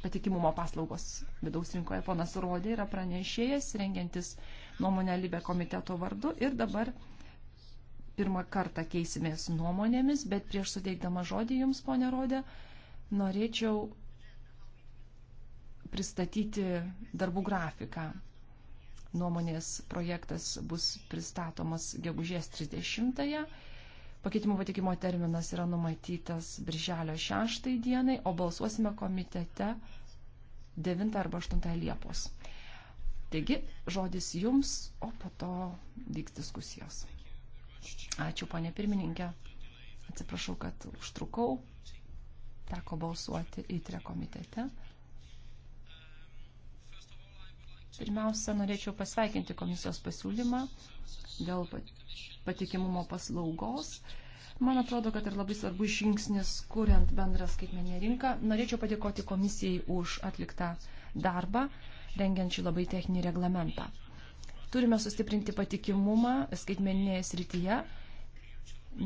Patikimumo paslaugos vidaus rinkoje ponas Rodė yra pranešėjas, rengiantis nuomonę Libė komiteto vardu ir dabar pirmą kartą keisimės nuomonėmis, bet prieš suteikdama žodį jums, ponė Rodė, norėčiau pristatyti darbų grafiką. Nuomonės projektas bus pristatomas gegužės 30-ąją. Pakeitimų patikimo terminas yra numatytas birželio 6 dienai, o balsuosime komitete 9 arba 8 Liepos. Taigi, žodis jums, o po to vyks diskusijos. Ačiū, ponė pirmininkė. Atsiprašau, kad užtrukau. Teko balsuoti įtre komitete. Pirmiausia, norėčiau pasveikinti komisijos pasiūlymą dėl patikimumo paslaugos. Man atrodo, kad ir labai svarbu žingsnis, kuriant bendrą skaitmenį rinką. Norėčiau padėkoti komisijai už atliktą darbą, rengiant šį labai techninį reglamentą. Turime sustiprinti patikimumą skaitmeninėje srityje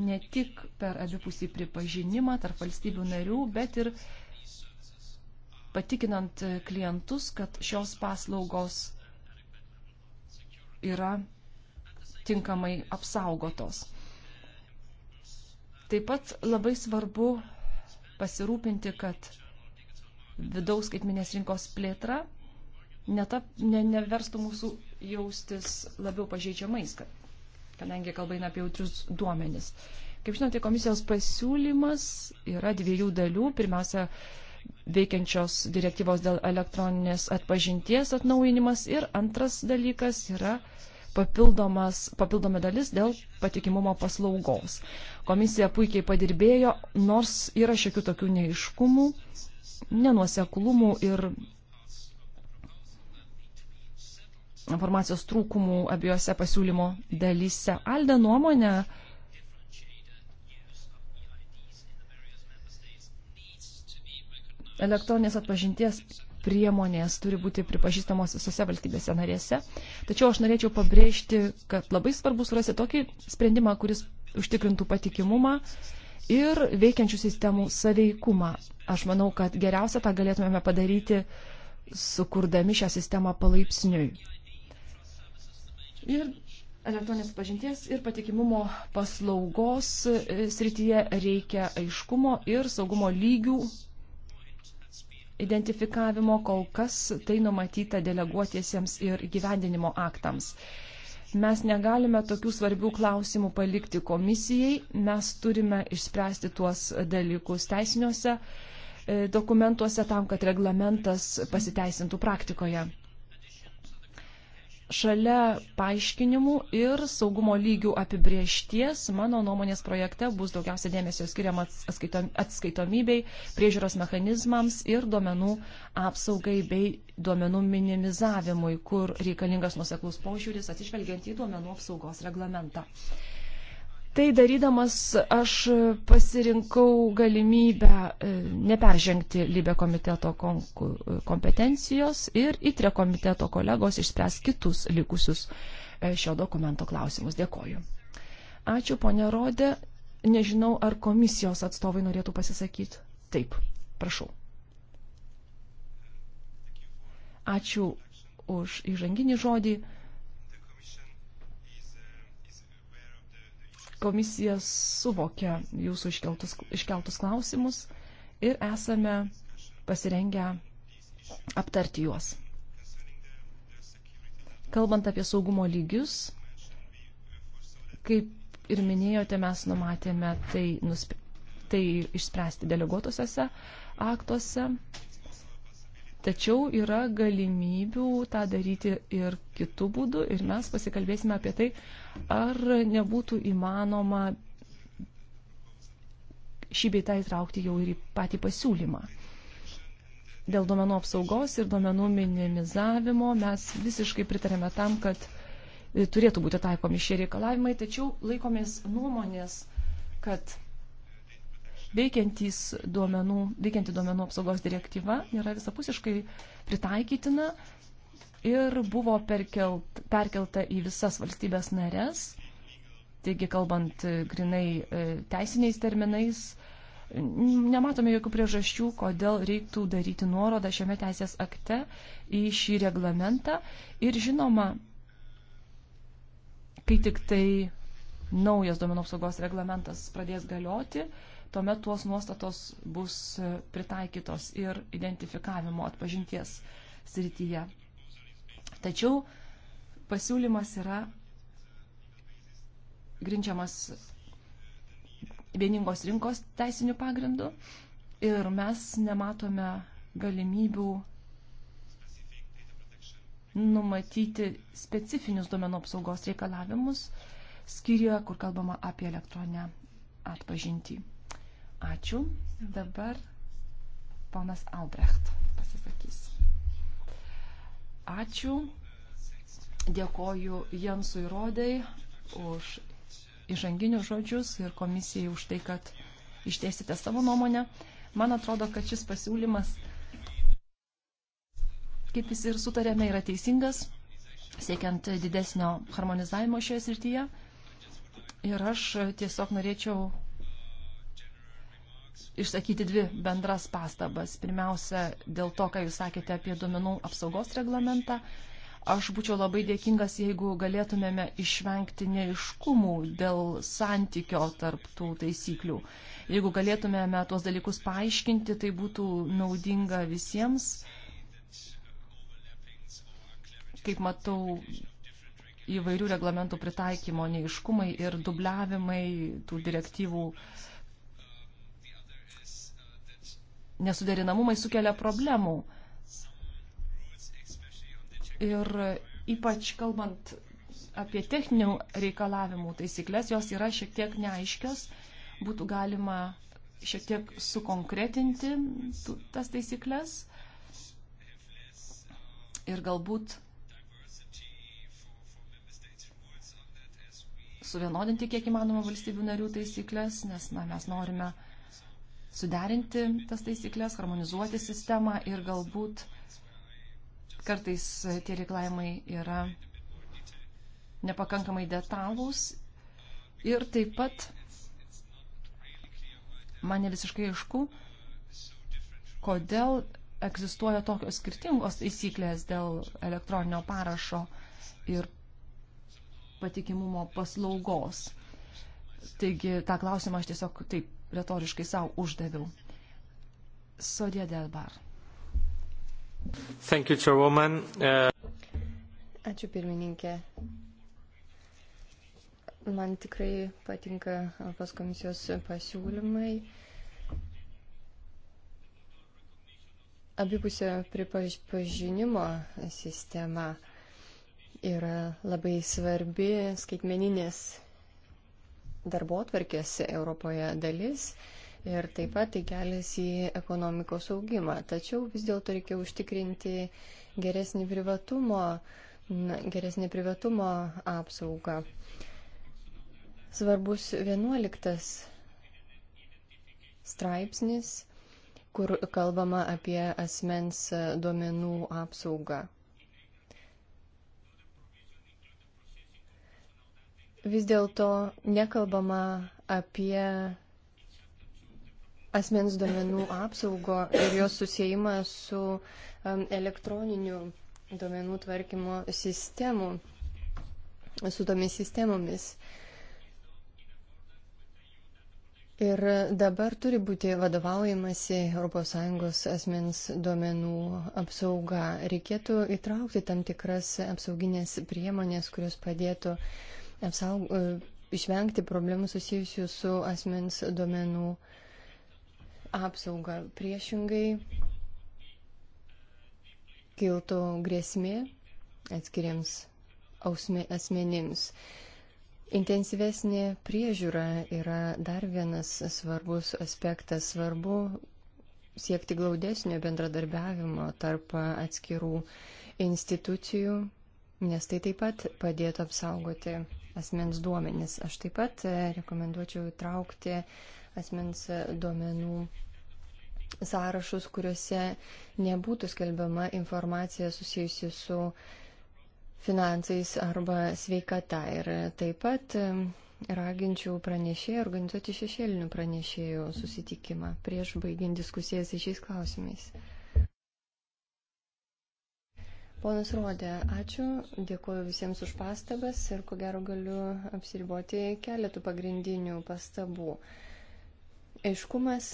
ne tik per abipusį pripažinimą tarp valstybių narių, bet ir patikinant e, klientus, kad šios paslaugos yra tinkamai apsaugotos. Taip pat labai svarbu pasirūpinti, kad vidaus skaitminės rinkos plėtra netap, ne, neverstų mūsų jaustis labiau pažeidžiamais, kad, kadangi kalba eina apie jautrius duomenis. Kaip žinote, komisijos pasiūlymas yra dviejų dalių. Pirmiausia, veikiančios direktyvos dėl elektroninės atpažinties atnaujinimas ir antras dalykas yra papildoma dalis dėl patikimumo paslaugos. Komisija puikiai padirbėjo, nors yra šiokių tokių neiškumų, nenuoseklumų ir informacijos trūkumų abiejose pasiūlymo dalyse. Alde nuomonė, elektroninės atpažinties priemonės turi būti pripažįstamos visose valstybėse narėse. Tačiau aš norėčiau pabrėžti, kad labai svarbu surasti tokį sprendimą, kuris užtikrintų patikimumą ir veikiančių sistemų saveikumą. Aš manau, kad geriausia tą galėtumėme padaryti, sukurdami šią sistemą palaipsniui. Ir elektroninės pažinties ir patikimumo paslaugos e, srityje reikia aiškumo ir saugumo lygių identifikavimo, kol kas tai numatyta deleguotiesiems ir gyvendinimo aktams. Mes negalime tokių svarbių klausimų palikti komisijai, mes turime išspręsti tuos dalykus teisiniuose e, dokumentuose tam, kad reglamentas pasiteisintų praktikoje. Šalia paaiškinimų ir saugumo lygių apibriešties mano nuomonės projekte bus daugiausia dėmesio skiriama atskaitomybei, priežiūros mechanizmams ir duomenų apsaugai bei duomenų minimizavimui, kur reikalingas nuseklus požiūris atsižvelgiant į duomenų apsaugos reglamentą. Tai darydamas aš pasirinkau galimybę e, neperžengti Libė komiteto kompetencijos ir ITRE komiteto kolegos išspręs kitus likusius e, šio dokumento klausimus. Dėkoju. Ačiū, ponė Rodė. Nežinau, ar komisijos atstovai norėtų pasisakyti. Taip, prašau. Ačiū už įžanginį žodį. Komisija suvokia jūsų iškeltus, iškeltus klausimus ir esame pasirengę aptarti juos. Kalbant apie saugumo lygius, kaip ir minėjote, mes numatėme tai, nusp... tai išspręsti deleguotosiuose aktuose Tačiau yra galimybių tą daryti ir kitų būdų ir mes pasikalbėsime apie tai, ar nebūtų įmanoma šį beitą įtraukti jau ir į patį pasiūlymą. Dėl duomenų apsaugos ir duomenų minimizavimo mes visiškai pritarėme tam, kad e, turėtų būti taikomi šie reikalavimai, tačiau laikomės nuomonės, kad veikiantys duomenų, veikianti duomenų apsaugos direktyva yra visapusiškai pritaikytina ir buvo perkelt, perkelta į visas valstybės narės. Taigi, kalbant e, grinai e, teisiniais terminais, nematome jokių priežasčių, kodėl reiktų daryti nuorodą šiame teisės akte į šį reglamentą. Ir žinoma, kai tik tai naujas duomenų apsaugos reglamentas pradės galioti, uh, tuomet tuos nuostatos bus e, pritaikytos ir identifikavimo atpažinties srityje. Tačiau pasiūlymas yra grindžiamas vieningos rinkos teisinių pagrindų ir mes nematome galimybių numatyti specifinius duomenų apsaugos reikalavimus skyriuje, kur kalbama apie elektroninę atpažintį. Ačiū. Dabar ponas Albrecht pasisakys. Ačiū. Dėkoju Jensui Rodai už įžanginius žodžius ir komisijai už tai, kad išdėsite savo nuomonę. Man atrodo, kad šis pasiūlymas, kaip visi ir sutarėme, yra teisingas, siekiant didesnio harmonizavimo šioje srityje. Ir aš tiesiog norėčiau išsakyti dvi bendras pastabas. Pirmiausia, dėl to, ką jūs sakėte apie duomenų apsaugos reglamentą. Aš būčiau labai dėkingas, jeigu galėtumėme išvengti neiškumų dėl santykio tarp tų taisyklių. Jeigu galėtumėme tuos dalykus paaiškinti, tai būtų naudinga visiems. Kaip matau, įvairių reglamentų pritaikymo neiškumai ir dubliavimai tų direktyvų uh, nesuderinamumai sukelia problemų. Ir ypač kalbant apie techninių reikalavimų taisyklės, jos yra šiek tiek neaiškios, būtų galima šiek tiek sukonkretinti tas taisyklės ir galbūt suvienodinti kiek įmanoma valstybių narių taisyklės, nes na, mes norime uh, suderinti tas taisyklės, harmonizuoti sistemą ir galbūt kartais tie reikalavimai yra nepakankamai detalūs ir taip pat man ne visiškai aišku, kodėl egzistuoja tokios skirtingos taisyklės dėl elektroninio parašo ir patikimumo paslaugos. Taigi tą klausimą aš tiesiog taip retoriškai savo uždaviau. Sodė Delbar. Thank you, Chairwoman. Uh... Ačiū pirmininkė. Man tikrai patinka Europos komisijos pasiūlymai. Abipusio pripažinimo sistema yra labai svarbi skaitmeninės darbo atvarkės Europoje dalis ir taip pat tai kelias į ekonomikos augimą. Tačiau vis dėlto reikia užtikrinti geresnį privatumo, geresnį privatumo apsaugą. Svarbus 11 straipsnis, kur kalbama apie asmens duomenų apsaugą. vis dėlto nekalbama apie asmens duomenų apsaugo ir jos susijimą su um, elektroniniu duomenų tvarkymo sistemų, su tomis sistemomis. Ir dabar turi būti vadovaujamasi ES asmens duomenų apsauga. Reikėtų įtraukti tam tikras apsauginės priemonės, kurios padėtų uh, apsaugo, e, išvengti problemų susijusių su asmens duomenų apsauga. Priešingai kiltų grėsmė atskiriams asmenims. Intensyvesnė priežiūra yra dar vienas svarbus aspektas. Svarbu siekti glaudesnio bendradarbiavimo tarp atskirų institucijų, nes tai taip pat padėtų apsaugoti asmens duomenis. Aš taip pat e, rekomenduočiau įtraukti asmens duomenų sąrašus, kuriuose nebūtų skelbiama informacija susijusi su finansais arba sveikata. Ir taip pat e, raginčiau pranešėjų organizuoti šešėlinių pranešėjų susitikimą prieš baigiant diskusijas šiais klausimais. Ponas Rodė, ačiū, dėkuoju visiems už pastabas ir ko gero galiu apsiriboti keletų pagrindinių pastabų. Aiškumas,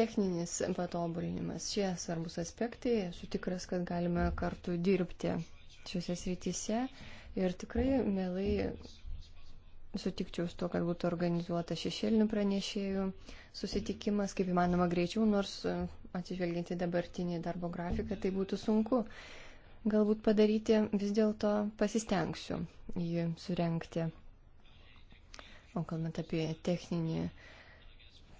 techninis patobulinimas, šie svarbus aspektai, esu tikras, kad galime kartu dirbti šiuose srityse ir tikrai mielai sutikčiau su to, kad būtų organizuota šešėlinių pranešėjų susitikimas, kaip įmanoma greičiau, nors e, atsižvelginti dabartinį darbo grafiką, tai būtų sunku galbūt padaryti, vis dėlto pasistengsiu jį surenkti. O kalbant apie techninį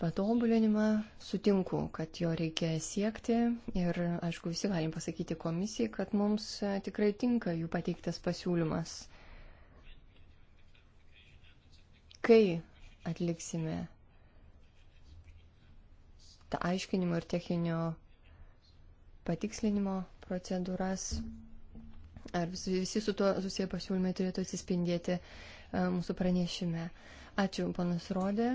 patobulinimą, sutinku, kad jo reikia siekti ir, aišku, visi galim pasakyti komisijai, kad mums e, tikrai tinka jų pateiktas pasiūlymas. Kai atliksime tą aiškinimo ir techninio patikslinimo procedūras ar visi su tuo susiję pasiūlymai turėtų atsispindėti e, mūsų pranešime. Ačiū, panas Rodė.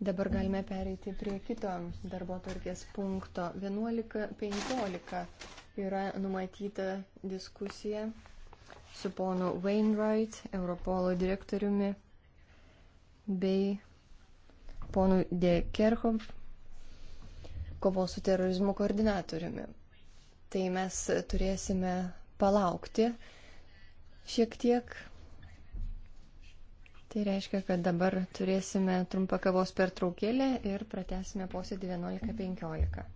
Dabar galime pereiti prie kito darbo tvarkės punkto. 11.15 yra numatyta diskusija su ponu Wainwright, Europolo direktoriumi, bei ponu De Kerhoff, kovos su terorizmu koordinatoriumi. Tai mes turėsime palaukti šiek tiek. Tai reiškia, kad dabar turėsime trumpą kavos pertraukėlę ir pratesime posėdį 11.15.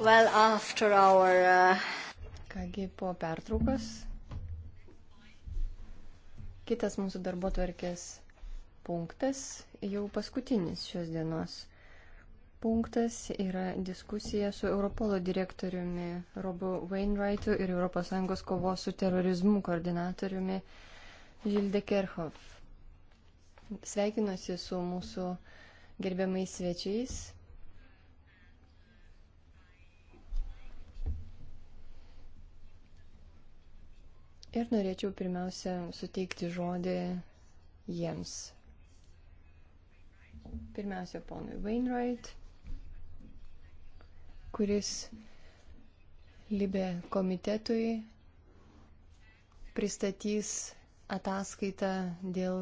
Well, after our... Uh... Kągi po pertraukos. Kitas mūsų darbo tvarkės punktas, jau paskutinis šios dienos punktas yra diskusija su Europolo direktoriumi Robu Wainwrightu ir ES kovos su terorizmu koordinatoriumi Žilde Kerhoff sveikinuosi su mūsų gerbiamais svečiais. Ir norėčiau pirmiausia suteikti žodį jiems. Pirmiausia, ponui Wainwright, kuris Libė komitetui pristatys ataskaitą dėl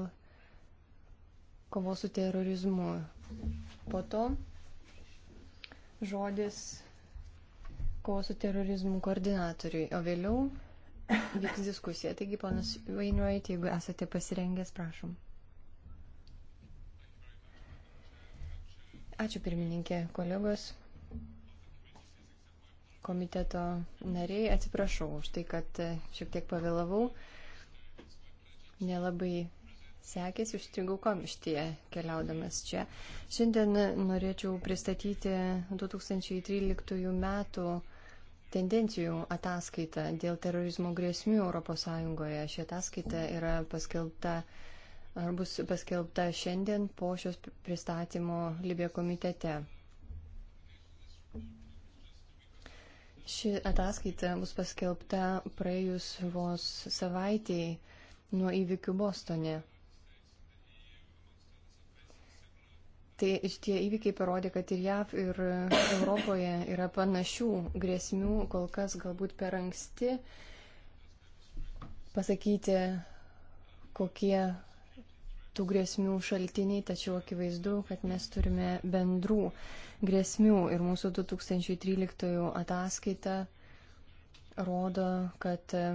kovos su terorizmu. Po to žodis kovos su terorizmu koordinatoriui, o vėliau vyks diskusija. Taigi, ponas Vainiuojit, jeigu esate pasirengęs, prašom. Ačiū pirmininkė, kolegos, komiteto nariai. Atsiprašau už tai, kad e, šiek tiek pavėlavau. Nelabai sekėsi, užstrigau kamštyje keliaudamas čia. Šiandien norėčiau pristatyti 2013 metų tendencijų ataskaita dėl terorizmo grėsmių ES. Ši ataskaita yra paskelbta ar bus paskelbta šiandien po šios pristatymo Libė komitete. Ši ataskaita bus paskelbta praėjus vos savaitėjai nuo įvykių Bostone. Tai šitie įvykiai parodė, kad ir JAV, ir Europoje yra panašių grėsmių, kol kas galbūt per anksti pasakyti, kokie tų grėsmių šaltiniai, tačiau akivaizdu, kad mes turime bendrų grėsmių ir mūsų 2013 ataskaita rodo, kad e,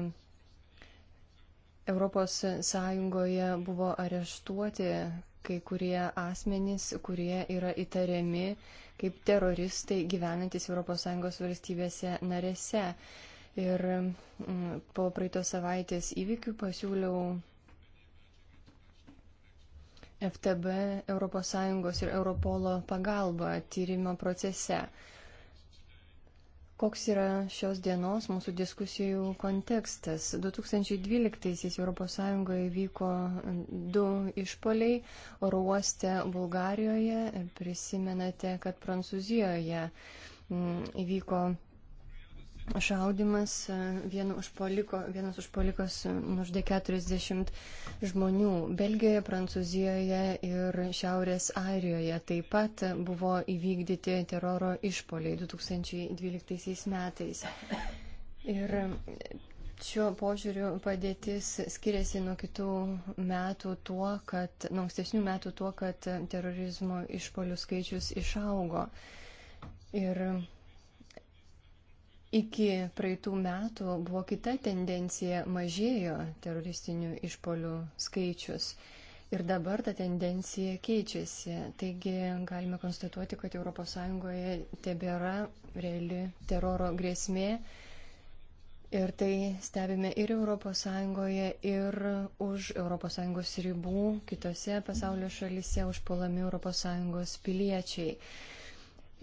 Europos Sąjungoje buvo areštuoti kai kurie asmenys, kurie yra įtariami kaip teroristai gyvenantis ES valstybėse narėse. Ir mm, po praeito savaitės įvykių pasiūliau FTB ES ir Europolo pagalbą tyrimo procese. Koks yra šios dienos mūsų diskusijų kontekstas? 2012-aisiais ES įvyko du išpoliai oro uoste Bulgarijoje ir prisimenate, kad Prancūzijoje mm, įvyko šaudimas, e, vienu užpoliko, vienas užpolikas nužudė 40 žmonių. Belgijoje, Prancūzijoje ir Šiaurės Airijoje taip pat buvo įvykdyti teroro išpoliai 2012 metais. Ir šiuo požiūriu padėtis skiriasi nuo kitų metų tuo, kad, nuo ankstesnių metų tuo, kad terorizmo išpolių skaičius išaugo. Ir Iki praeitų metų buvo kita tendencija, mažėjo teroristinių išpolių skaičius. Ir dabar ta tendencija keičiasi. Taigi galime konstatuoti, kad ES tebėra reali teroro grėsmė. Ir tai stebime ir ES, ir už ES ribų kitose pasaulio šalyse užpuolami ES piliečiai.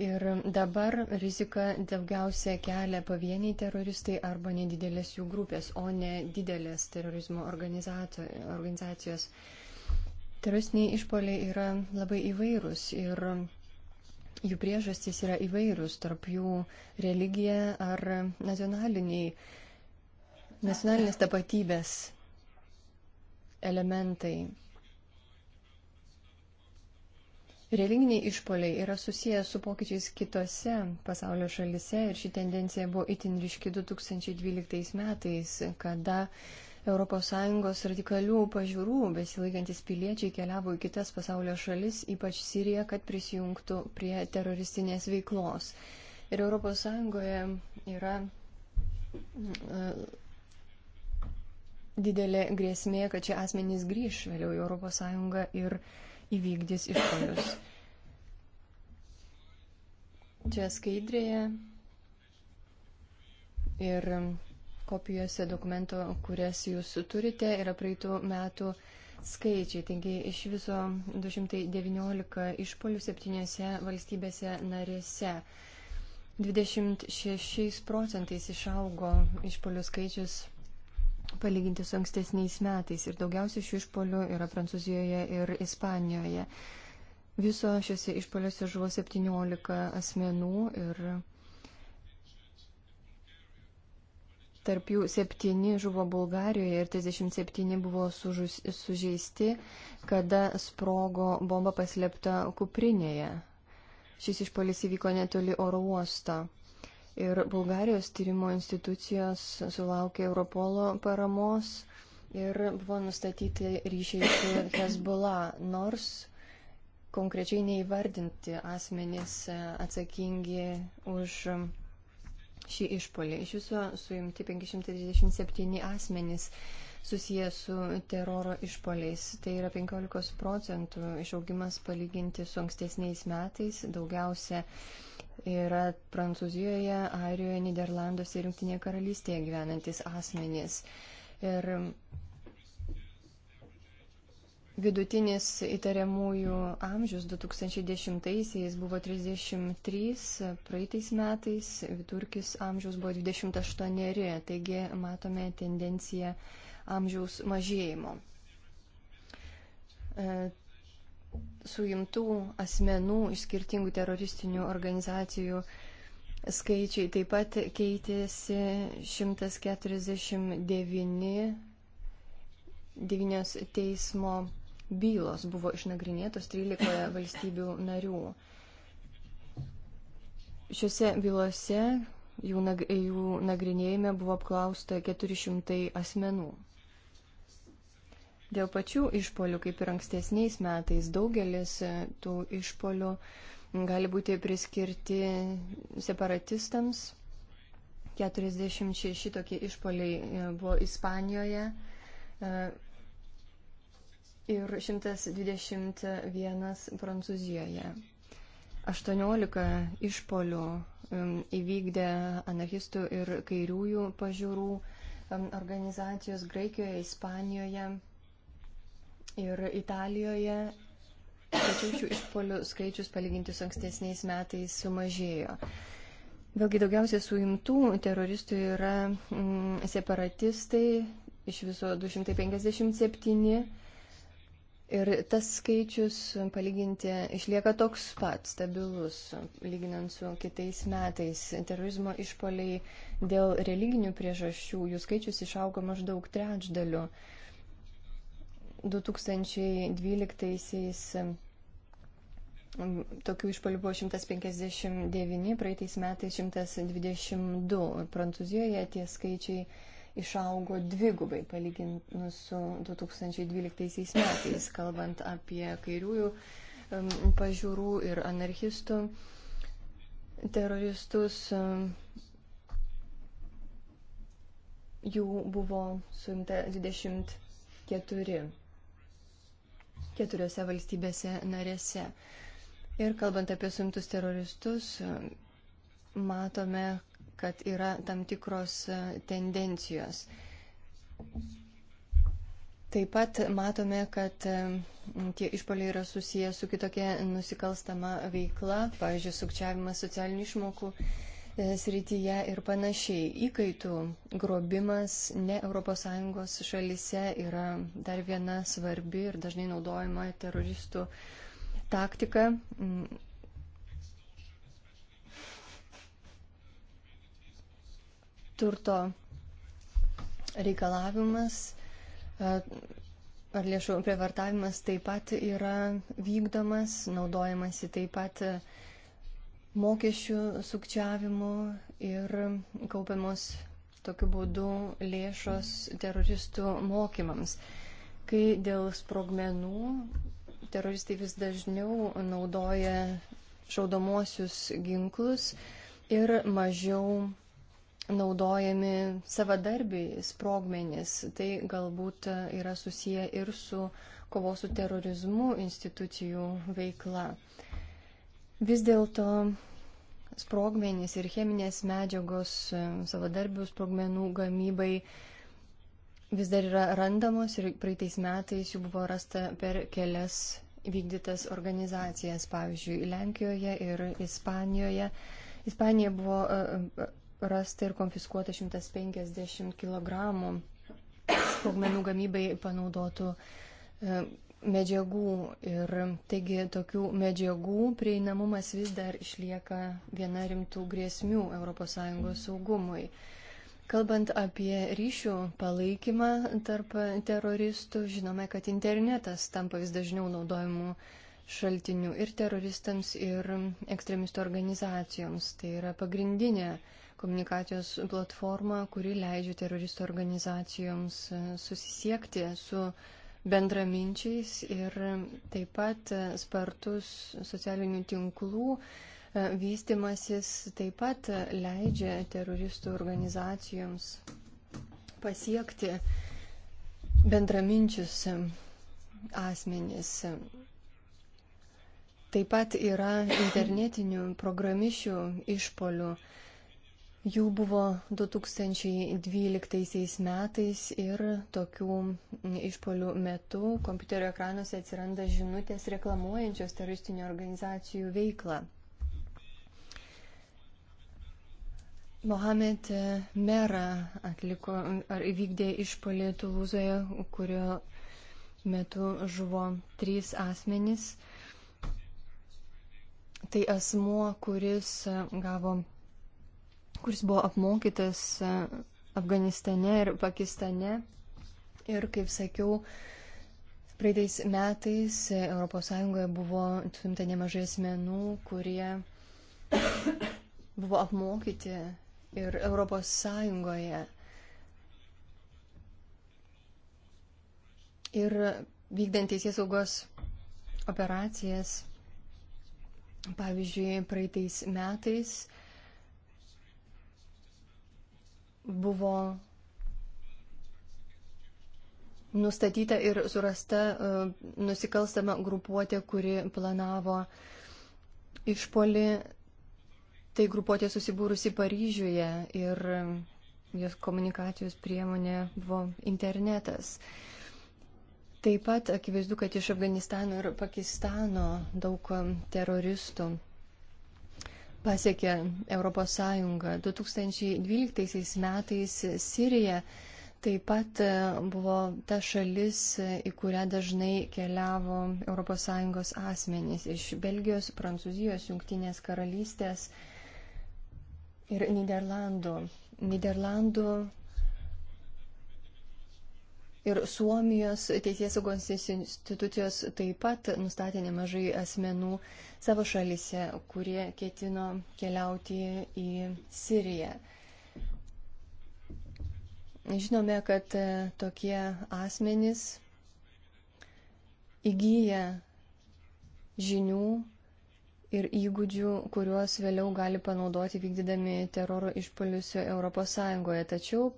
Ir dabar rizika daugiausia kelia pavieniai teroristai arba nedidelės jų grupės, o ne didelės terorizmo organizacijos. Teroristiniai išpoliai yra labai įvairūs ir jų priežastys yra įvairūs, tarp jų religija ar nacionaliniai, nacionalinės tapatybės elementai. Religiniai išpoliai yra susijęs su pokyčiais kitose pasaulio šalise ir ši tendencija buvo itin ryški 2012 metais, kada ES radikalių pažiūrų besilaikantis piliečiai keliavo į kitas pasaulio šalis, ypač Siriją, kad prisijungtų prie teroristinės veiklos. Ir ES yra e, didelė grėsmė, kad šie asmenys grįž vėliau į ES ir įvykdys išpolius. Čia skaidrėje ir kopijose dokumento, kurias jūs turite, yra praeitų metų skaičiai. Taigi iš viso 219 išpolių septyniose valstybėse narėse. 26 procentais išaugo išpolių skaičius palyginti su ankstesniais metais ir daugiausia šių išpolių yra Prancūzijoje ir Ispanijoje. Viso šiuose išpoliuose žuvo 17 asmenų ir tarp jų 7 žuvo Bulgarijoje ir 37 buvo sužus, sužeisti, kada sprogo bomba paslėpta kuprinėje. Šis išpolis įvyko netoli oro uosto. Ir Bulgarijos tyrimo institucijos sulaukė Europolo paramos ir buvo nustatyti ryšiai su Hezbollah, nors konkrečiai neįvardinti asmenys atsakingi už šį išpolį. Iš viso suimti 527 asmenys susijęs su teroro išpoliais. Tai yra 15 procentų išaugimas palyginti su ankstesniais metais, daugiausia yra Prancūzijoje, Airijoje, Niderlanduose ir Junktinėje karalystėje gyvenantis asmenys. Ir vidutinis įtariamųjų amžius 2010-aisiais buvo 33, praeitais metais vidurkis amžiaus buvo 28, taigi matome tendenciją amžiaus mažėjimo e, suimtų asmenų iš skirtingų teroristinių organizacijų skaičiai taip pat keitėsi 149 devynios teismo bylos buvo išnagrinėtos 13 valstybių narių. Šiuose bylose jų, nag, jų nagrinėjime buvo apklausta 400 asmenų. Dėl pačių išpolių, kaip ir ankstesniais metais, daugelis e, tų išpolių gali būti priskirti separatistams. 46 tokie išpoliai e, buvo Ispanijoje e, ir 121 Prancūzijoje. 18 išpolių įvykdė anarchistų ir kairiųjų pažiūrų organizacijos Graikijoje, Ispanijoje ir Italijoje, tačiau šių išpolių skaičius palyginti su ankstesniais metais sumažėjo. Vėlgi daugiausiai suimtų teroristų yra mm, separatistai, iš viso 257. Ir tas skaičius palyginti išlieka toks pat stabilus, lyginant su kitais metais. Terorizmo išpoliai dėl religinių priežasčių, jų skaičius išaugo maždaug trečdaliu. 2012 tokių išpolių buvo 159, praeitais metais 122. Prancūzijoje tie skaičiai išaugo dvigubai palyginus su 2012 metais, kalbant apie kairiųjų pažiūrų ir anarchistų teroristus. Jų buvo suimta 24 keturiose valstybėse narėse. Ir kalbant apie suimtus teroristus, matome, kad yra tam tikros e, tendencijos. Taip pat matome, kad e, tie išpoliai yra susiję su kitokia nusikalstama veikla, pavyzdžiui, sukčiavimas socialinių išmokų E, srityje ir panašiai. Įkaitų grobimas ne ES šalise yra dar viena svarbi ir dažnai naudojama teroristų taktika. Turto reikalavimas e, ar lėšų prievartavimas taip pat yra vykdomas, naudojamasi taip pat mokesčių sukčiavimu ir kaupiamos tokiu būdu lėšos teroristų mokymams. Kai dėl sprogmenų teroristai vis dažniau naudoja šaudomosius ginklus ir mažiau naudojami savadarbiai sprogmenys. Tai galbūt yra susiję ir su kovos su terorizmu institucijų veikla. Vis dėlto sprogmenys ir cheminės medžiagos savadarbių sprogmenų gamybai vis dar yra randamos ir praeitais metais jų buvo rasta per kelias vykdytas organizacijas, pavyzdžiui, Lenkijoje ir Ispanijoje. Ispanija buvo e, e, rasta ir konfiskuota 150 kg sprogmenų gamybai panaudotų e, medžiagų ir taigi tokių medžiagų prieinamumas vis dar išlieka viena rimtų grėsmių ES saugumui. Kalbant apie ryšių palaikymą tarp teroristų, žinome, kad internetas tampa vis dažniau naudojimų šaltinių ir teroristams, ir ekstremistų organizacijoms. Tai yra pagrindinė komunikacijos platforma, kuri leidžia teroristų organizacijoms susisiekti su uh, bendraminčiais ir taip pat spartus socialinių tinklų e, vystimasis taip pat leidžia teroristų organizacijoms pasiekti bendraminčius asmenys. Taip pat yra internetinių programišių išpolių Jų buvo 2012 metais ir tokių išpolių metu kompiuterio ekranuose atsiranda žinutės reklamuojančios teroristinių organizacijų veiklą. Mohamed Mera atliko ar įvykdė išpolį Tulūzoje, kurio metu žuvo trys asmenys. Tai asmuo, kuris gavo kuris buvo apmokytas e, Afganistane ir Pakistane. Ir, kaip sakiau, praeitais metais ES buvo suimta nemažai asmenų, kurie buvo apmokyti ir ES. Ir vykdant teisės saugos operacijas, pavyzdžiui, praeitais metais buvo nustatyta ir surasta e, nusikalstama grupuotė, kuri planavo išpolį. Tai grupuotė susibūrusi Paryžiuje ir jos komunikacijos priemonė buvo internetas. Taip pat akivaizdu, kad iš Afganistano ir Pakistano daug teroristų pasiekė ES. 2012 metais Sirija taip pat e, buvo ta šalis, e, į kurią dažnai keliavo ES asmenys iš Belgijos, Prancūzijos, Junktinės karalystės ir Niderlandų. Niderlandų Ir Suomijos teisėsaugos institucijos taip pat nustatė nemažai asmenų savo šalise, kurie ketino keliauti į Siriją. Žinome, kad e, tokie asmenys įgyja žinių ir įgūdžių, kuriuos vėliau gali panaudoti vykdydami teroro išpolius ES. Tačiau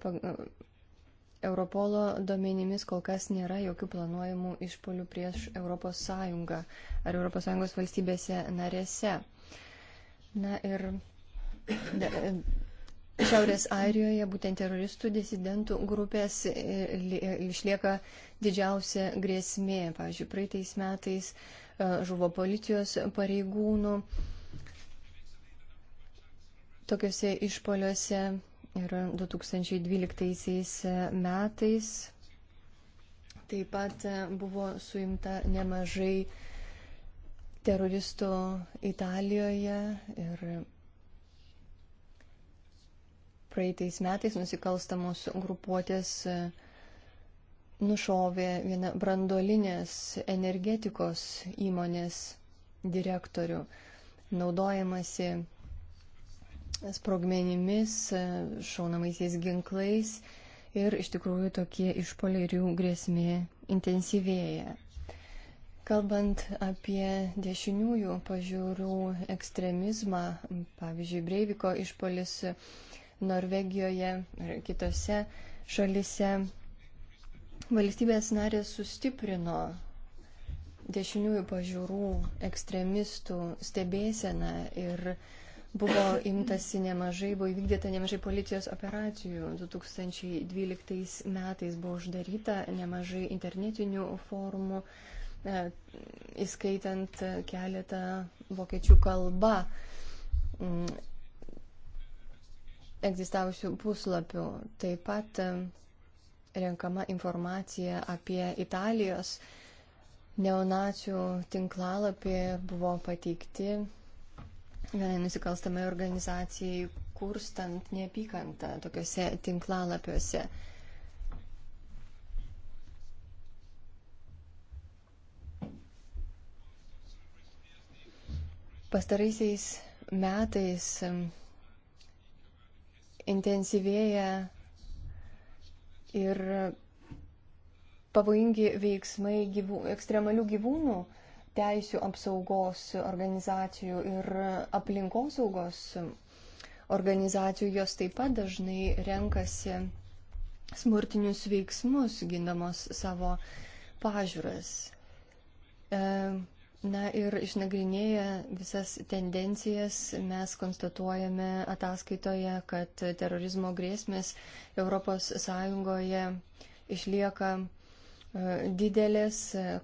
Europolo duomenimis kol kas nėra jokių planuojamų išpolių prieš ES ar ES valstybėse narėse. Na ir e, Šiaurės Airijoje būtent teroristų disidentų grupės e, e, išlieka didžiausia grėsmė. Pavyzdžiui, praeitais metais žuvo policijos pareigūnų. Tokiuose išpoliuose ir 2012 e, metais taip pat e, buvo suimta nemažai teroristų Italijoje ir praeitais metais nusikalstamos grupuotės e, nušovė vieną brandolinės energetikos įmonės direktorių, naudojamasi sprogmenimis, e, šaunamaisiais ginklais ir iš tikrųjų tokie išpoliai ir jų grėsmė intensyvėja. Kalbant apie dešiniųjų pažiūrų ekstremizmą, pavyzdžiui, Breiviko išpolis Norvegijoje ir kitose šalise, valstybės narės sustiprino dešiniųjų pažiūrų ekstremistų stebėseną ir uh, buvo imtasi nemažai, buvo įvykdyta nemažai policijos operacijų. 2012 metais buvo uždaryta nemažai internetinių forumų, e, įskaitant keletą vokiečių kalba mm, egzistavusių puslapių. Taip pat e, renkama informacija apie Italijos neonacijų tinklalapį buvo pateikti vienai nusikalstamai organizacijai, kurstant neapykantą tokiuose tinklalapiuose. Pastaraisiais metais um, intensyvėja ir pavojingi veiksmai gyvų, ekstremalių gyvūnų teisų apsaugos organizacijų ir aplinkosaugos organizacijų, jos taip pat dažnai renkasi smurtinius veiksmus, gindamos savo pažiūras. E, na ir išnagrinėję visas tendencijas mes konstatuojame ataskaitoje, kad terorizmo grėsmės ES išlieka didelės,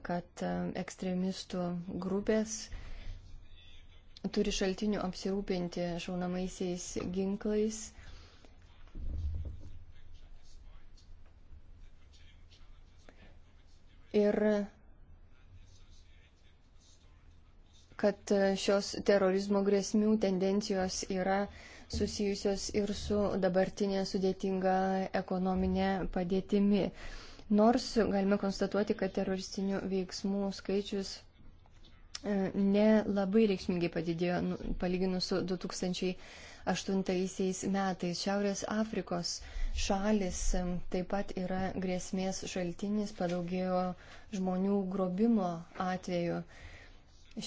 kad e, ekstremistų grupės turi šaltinių apsirūpinti šaunamaisiais ginklais. Ir kad šios terorizmo grėsmių tendencijos yra susijusios ir su dabartinė sudėtinga ekonominė padėtimi. Uh, nors galime konstatuoti, kad teroristinių veiksmų skaičius e, nelabai reikšmingai padidėjo nu, palyginus su 2008 metais. Šiaurės Afrikos šalis e, taip pat yra grėsmės šaltinis, padaugėjo žmonių grobimo atveju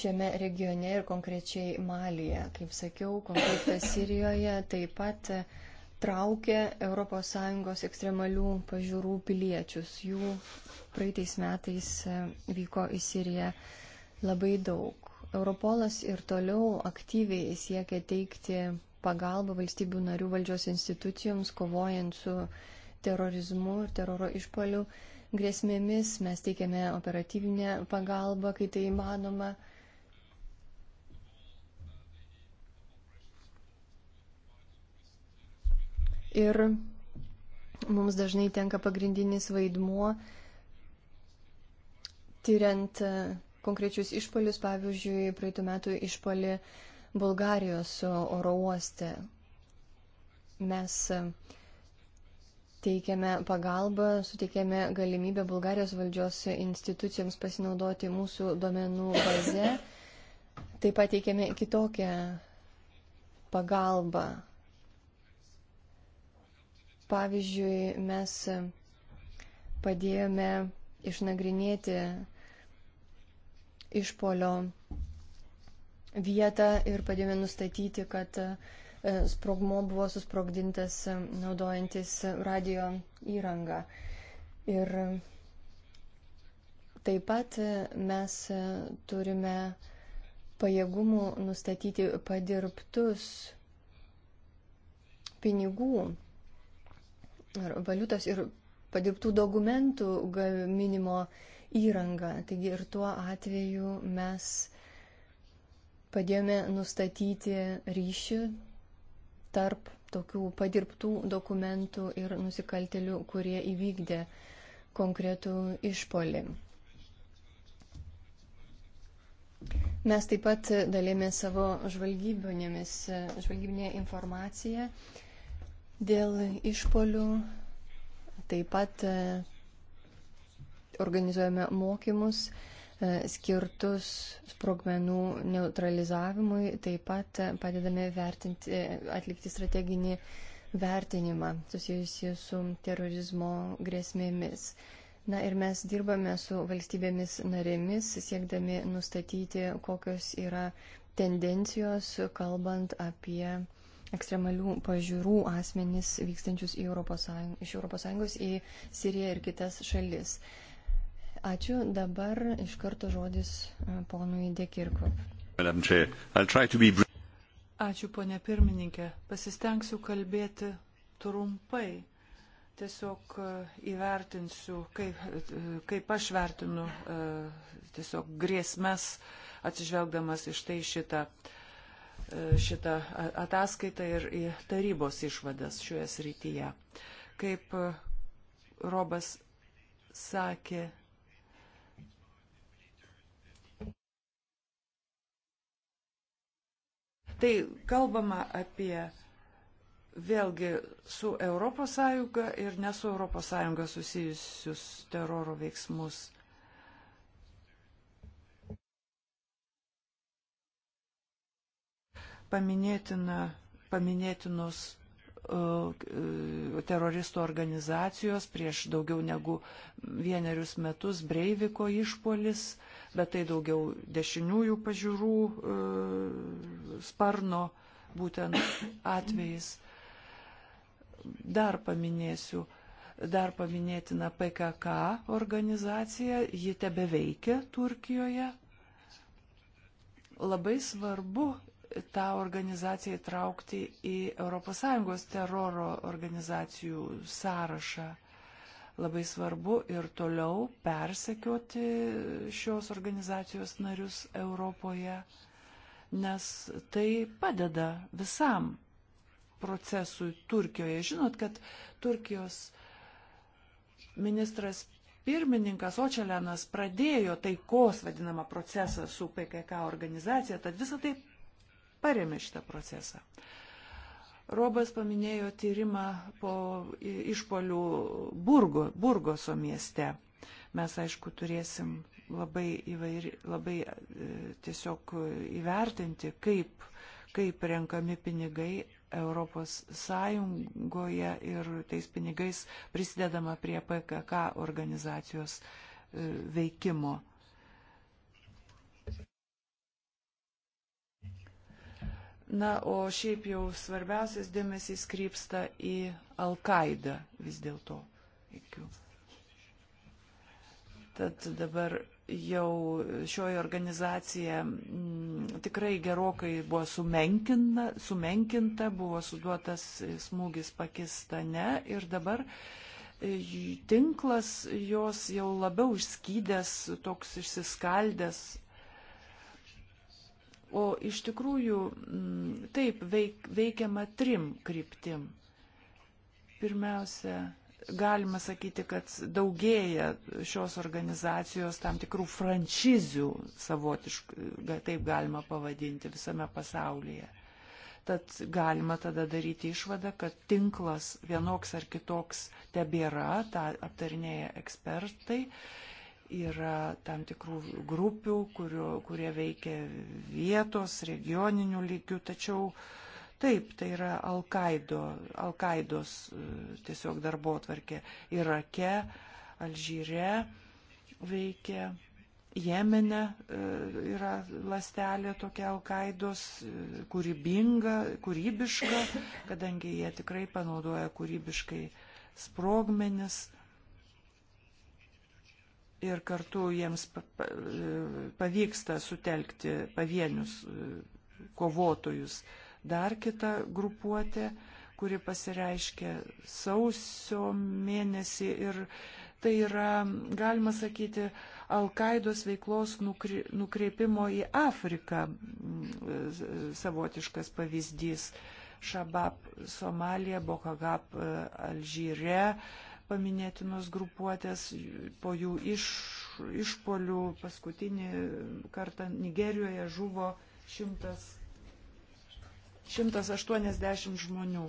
šiame regione ir konkrečiai Malyje. Kaip sakiau, konfliktas Sirijoje taip pat e, traukia ES ekstremalių pažiūrų piliečius. Jų praeitais metais e, vyko į Siriją labai daug. Europolas ir toliau aktyviai siekia teikti pagalbą valstybių narių valdžios institucijoms, kovojant su terorizmu ir teroro išpoliu grėsmėmis. Mes teikiame operatyvinę pagalbą, kai tai įmanoma. ir mums dažnai tenka pagrindinis vaidmuo tyriant e, konkrečius išpolius, pavyzdžiui, praeitų metų išpolį Bulgarijos oro uoste. Mes e, teikiame pagalbą, suteikėme galimybę Bulgarijos valdžios institucijoms pasinaudoti mūsų duomenų bazę, taip pat teikėme kitokią pagalbą Pavyzdžiui, mes padėjome išnagrinėti išpolio vietą ir padėjome nustatyti, kad e, sprogmo buvo susprogdintas e, naudojantis radio įrangą. Ir taip pat e, mes turime pajėgumų nustatyti padirbtus pinigų valiutos ir padirbtų dokumentų gaminimo įrangą. Taigi ir tuo atveju mes padėjome nustatyti ryšį tarp tokių padirbtų dokumentų ir nusikaltelių, kurie įvykdė konkretų išpolį. Mes taip pat dalėmės savo žvalgybinė informacija dėl išpolių. Taip pat e, organizuojame mokymus e, skirtus sprogmenų neutralizavimui, taip pat e, padedame vertinti, atlikti strateginį vertinimą susijusi su terorizmo grėsmėmis. Na ir mes dirbame su valstybėmis narėmis, siekdami nustatyti, kokios yra tendencijos, kalbant apie ekstremalių pažiūrų asmenys vykstančius Europos Sąjung, iš ES į Siriją ir kitas šalis. Ačiū. Dabar iš karto žodis e, ponui Dekirkov. Ačiū, ponė pirmininkė. Pasistengsiu kalbėti trumpai. Tiesiog e, įvertinsiu, kaip, e, kaip aš vertinu tiesiog grėsmes atsižvelgdamas iš tai šitą. Uh, šitą ataskaitą ir į tarybos išvadas šioje srityje. Kaip e, Robas sakė, tai kalbama apie vėlgi su ES ir ne su ES susijusius teroro veiksmus. paminėtina, paminėtinos e, teroristų organizacijos prieš daugiau negu vienerius metus Breiviko išpolis, bet tai daugiau dešiniųjų pažiūrų e, sparno būtent atvejais. Dar paminėsiu, dar paminėtina PKK organizacija, ji tebe veikia Turkijoje. Labai svarbu tą organizaciją įtraukti į ES teroro organizacijų sąrašą. Labai svarbu ir toliau persekioti šios organizacijos narius Europoje, nes tai padeda visam procesui Turkijoje. Žinot, kad Turkijos ministras pirmininkas Očelenas pradėjo taikos vadinamą procesą su PKK organizacija, tad visą tai paremė šitą procesą. Robas paminėjo tyrimą po išpolių Burgo, Burgoso mieste. Mes, aišku, turėsim labai, įvairi, labai e, tiesiog įvertinti, kaip, kaip renkami pinigai Europos Sąjungoje ir tais pinigais prisidedama prie PKK organizacijos e, veikimo. Na, o šiaip jau svarbiausias dėmesys krypsta į Al-Qaidą vis dėlto. Tad dabar jau šioji organizacija m, mm, tikrai gerokai buvo sumenkinta, sumenkinta, buvo suduotas smūgis Pakistane ir dabar e, tinklas jos jau labiau išskydęs, toks išsiskaldęs O iš tikrųjų mm, taip veik, veikiama trim kryptim. Pirmiausia, galima sakyti, kad daugėja šios organizacijos tam tikrų franšizių savotiškų, taip galima pavadinti, visame pasaulyje. Tad galima tada daryti išvadą, kad tinklas vienoks ar kitoks tebėra, tą aptarinėja ekspertai yra tam tikrų grupių, kurio, kurie veikia vietos, regioninių lygių, tačiau taip, tai yra Al-Qaido, Al-Qaidos e, tiesiog darbo atvarkė Irake, Alžyre veikia. Jemene e, yra lastelė tokia Alkaidos, e, kūrybinga, kūrybiška, kadangi jie tikrai panaudoja kūrybiškai sprogmenis ir kartu jiems pavyksta sutelkti pavienius e, kovotojus. Dar kita grupuotė, kuri pasireiškia sausio mėnesį ir tai yra, galima sakyti, Al-Qaidos veiklos nukreipimo į Afriką e, savotiškas pavyzdys. Šabab Somalija, Bokagap e, Alžyre, paminėtinos grupuotės po jų iš, išpolių. Paskutinį kartą Nigerijoje žuvo 100, 180 žmonių.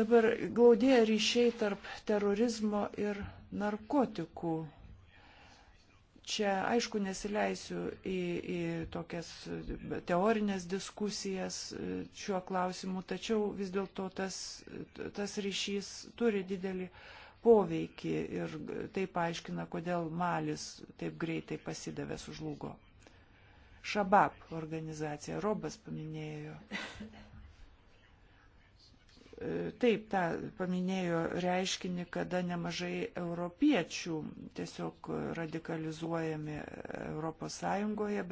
Dabar glaudėja ryšiai tarp terorizmo ir narkotikų Čia, aišku, nesileisiu į, į tokias teorinės diskusijas e, šiuo klausimu, tačiau vis dėlto tas, e, tas ryšys turi didelį poveikį ir tai paaiškina, kodėl Malis taip greitai pasidavė sužlugo. Šabab organizacija, Robas paminėjo. taip, tą paminėjo reiškinį, kada nemažai europiečių tiesiog radikalizuojami ES,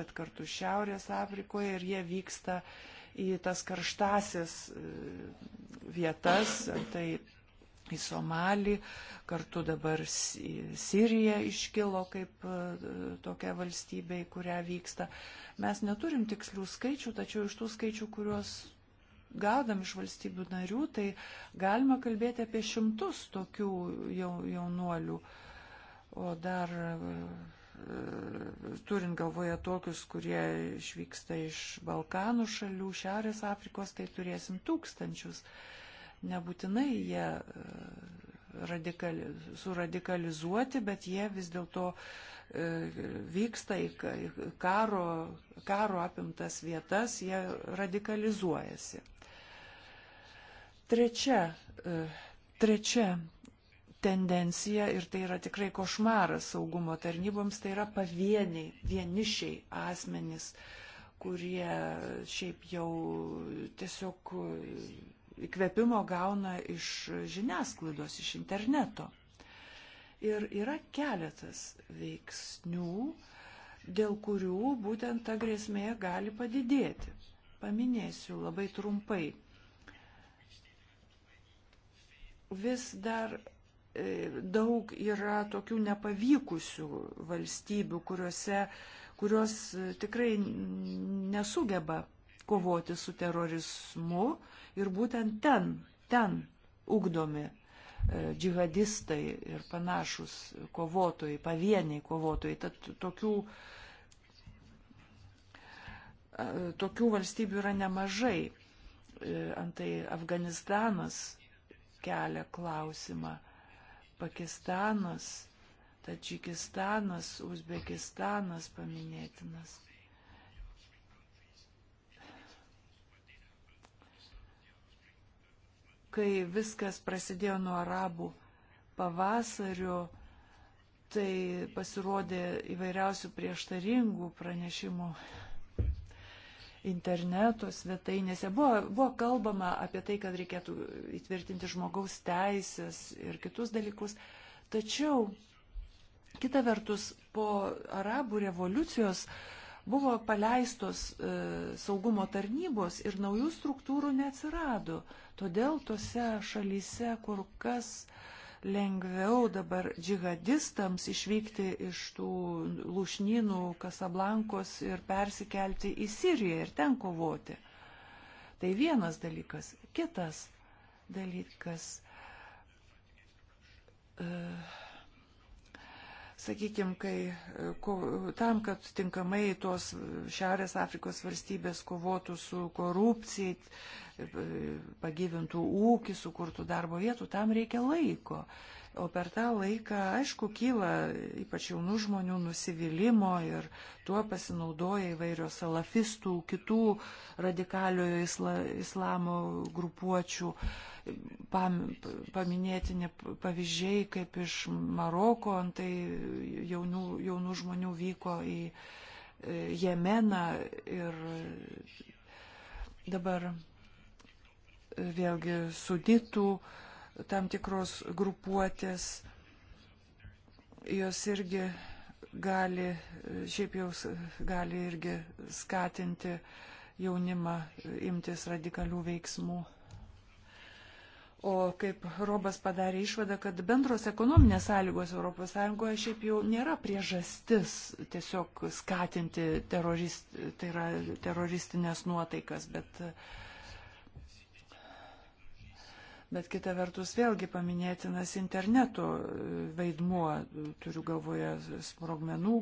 bet kartu Šiaurės Afrikoje ir jie vyksta į tas karštasias e, vietas, tai į Somalį, kartu dabar Sirija iškilo kaip e, tokia valstybė, į kurią vyksta. Mes neturim tikslių skaičių, tačiau iš tų skaičių, kuriuos gaudam iš valstybių narių, tai galima kalbėti apie šimtus tokių jaunuolių. O dar e, turint galvoje tokius, kurie išvyksta iš Balkanų šalių, Šiaurės Afrikos, tai turėsim tūkstančius. Nebūtinai jie e, radikali, suradikalizuoti, bet jie vis dėlto e, vyksta į karo, karo apimtas vietas, jie radikalizuojasi. Trečia, e, trečia tendencija, ir tai yra tikrai košmaras saugumo tarnyboms, tai yra pavieniai, vienišiai asmenys, kurie šiaip jau tiesiog įkvėpimo gauna iš žiniasklaidos, iš interneto. Ir yra keletas veiksnių, dėl kurių būtent ta grėsmė gali padidėti. Paminėsiu labai trumpai vis dar e, daug yra tokių nepavykusių valstybių, kuriuose, kurios e, tikrai nesugeba kovoti su terorizmu ir būtent ten, ten ugdomi e, džihadistai ir panašus kovotojai, pavieniai kovotojai. Tad tokių, tokių valstybių yra nemažai. Antai Afganistanas kelia klausimą. Pakistanas, Tadžikistanas, Uzbekistanas paminėtinas. Kai viskas prasidėjo nuo arabų pavasario, tai pasirodė įvairiausių prieštaringų pranešimų interneto svetainėse buvo, buvo kalbama apie tai, kad reikėtų įtvirtinti žmogaus teisės ir kitus dalykus. Tačiau, kita vertus, po arabų revoliucijos buvo paleistos e, saugumo tarnybos ir naujų struktūrų neatsirado. Todėl tose šalyse kur kas e, lengviau dabar džihadistams išvykti iš tų lūšnynų Kasablankos ir persikelti į Siriją ir ten kovoti. Tai vienas dalykas. Kitas dalykas. Uh sakykime, kai tam, kad tinkamai tos Šiaurės Afrikos valstybės kovotų su korupcija, pagyvintų ūkį, sukurtų darbo vietų, tam reikia laiko. O per tą laiką, aišku, kyla ypač jaunų žmonių nusivylimo ir tuo pasinaudoja įvairios salafistų, kitų radikaliojo isla, islamo grupuočių pam, paminėtini pavyzdžiai, kaip iš Maroko antai jaunų, jaunų žmonių vyko į e, Jemeną ir dabar e, vėlgi suditų tam tikros grupuotės, jos irgi gali, šiaip jau gali irgi skatinti jaunimą imtis radikalių veiksmų. O kaip Robas padarė išvadą, kad bendros ekonominės sąlygos ES šiaip jau nėra priežastis tiesiog skatinti terorist, tai yra, teroristinės nuotaikas, bet uh, Bet kita vertus vėlgi paminėtinas interneto e, vaidmuo, e, turiu galvoje sprogmenų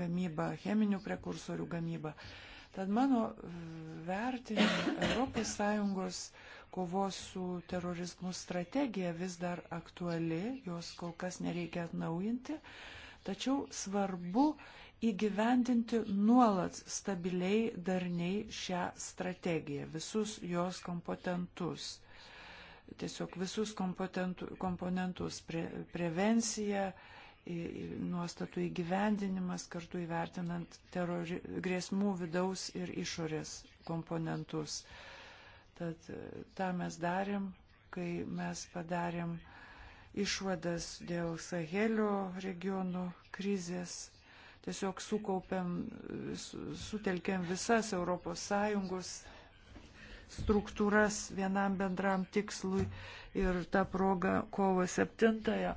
gamybą, cheminių prekursorių gamybą. Tad mano e, vertinimu ES kovos su terorizmu strategija vis dar aktuali, jos kol kas nereikia atnaujinti, tačiau svarbu įgyvendinti nuolat stabiliai, darniai šią strategiją, visus jos kompetentus tiesiog visus komponentus pre, - prevencija, nuostatų įgyvendinimas, kartu įvertinant terori, grėsmų vidaus ir išorės komponentus. Tad tą mes darėm, kai mes padarėm išvadas dėl Sahelio regionų krizės. Tiesiog sukaupėm, sutelkėm visas ES struktūras vienam bendram tikslui ir tą progą kovo 7-ąją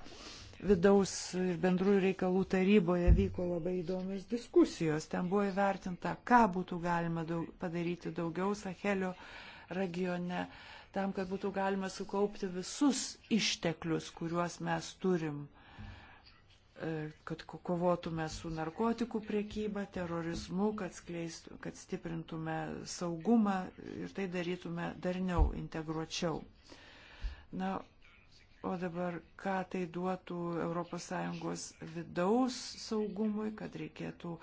vidaus ir bendrųjų reikalų taryboje vyko labai įdomios diskusijos. Ten buvo įvertinta, ką būtų galima daug, padaryti daugiau Sahelio regione, tam, kad būtų galima sukaupti visus išteklius, kuriuos mes turim E, kad kovotume su narkotikų priekyba, terorizmu, kad, skleistų, kad stiprintume saugumą ir tai darytume darniau, integruočiau. Na, o dabar ką tai duotų ES vidaus saugumui, kad reikėtų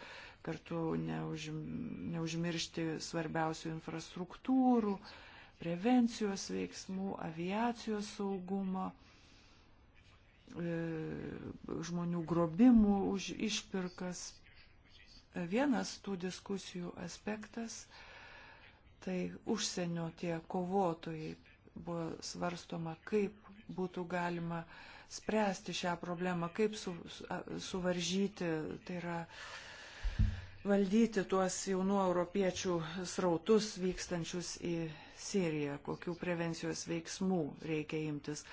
kartu neužim, neužmiršti svarbiausių infrastruktūrų, prevencijos veiksmų, aviacijos saugumo E, žmonių grobimų už išpirkas. Vienas tų diskusijų aspektas - tai užsienio tie kovotojai buvo svarstoma, kaip būtų galima spręsti šią problemą, kaip su, suvaržyti, tai yra valdyti tuos jaunų europiečių srautus vykstančius į Siriją, kokių prevencijos veiksmų reikia imtis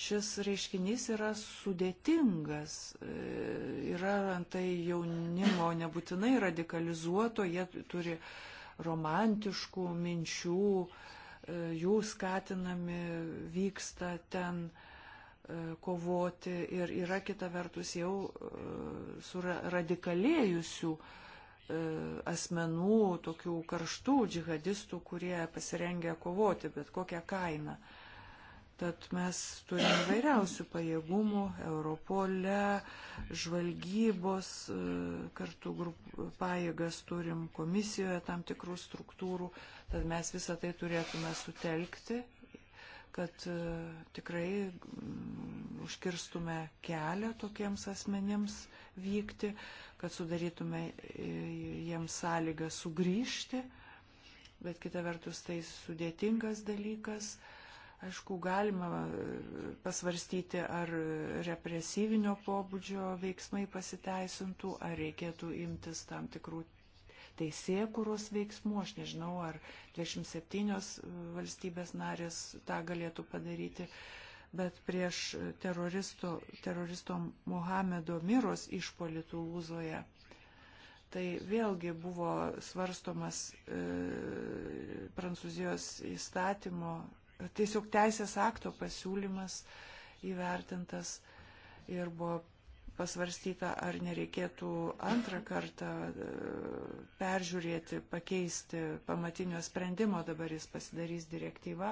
šis reiškinys yra sudėtingas. E, yra antai jaunimo nebūtinai radikalizuoto, jie turi romantiškų minčių, e, jų skatinami vyksta ten e, kovoti ir yra kita vertus jau suradikalėjusių asmenų, tokių karštų džihadistų, kurie pasirengia kovoti bet kokią kainą. Tad mes turime vairiausių pajėgumų Europole, žvalgybos e, kartu grup, pajėgas turim komisijoje tam tikrų struktūrų. Tad mes visą tai turėtume sutelkti, kad e, tikrai mm, užkirstume kelią tokiems asmenims vykti, kad sudarytume e, jiems sąlygą sugrįžti. Bet kita vertus tai sudėtingas dalykas Aišku, galima e, pasvarstyti, ar represyvinio pobūdžio veiksmai pasiteisintų, ar reikėtų imtis tam tikrų teisėkuros veiksmų. Aš nežinau, ar 27 e, valstybės narės tą galėtų padaryti, bet prieš teroristo, teroristo Mohamedo Miros išpolį Tulūzoje Tai vėlgi buvo svarstomas e, Prancūzijos įstatymo tiesiog teisės akto pasiūlymas įvertintas ir buvo pasvarstyta, ar nereikėtų antrą kartą e, peržiūrėti, pakeisti pamatinio sprendimo, dabar jis pasidarys direktyva.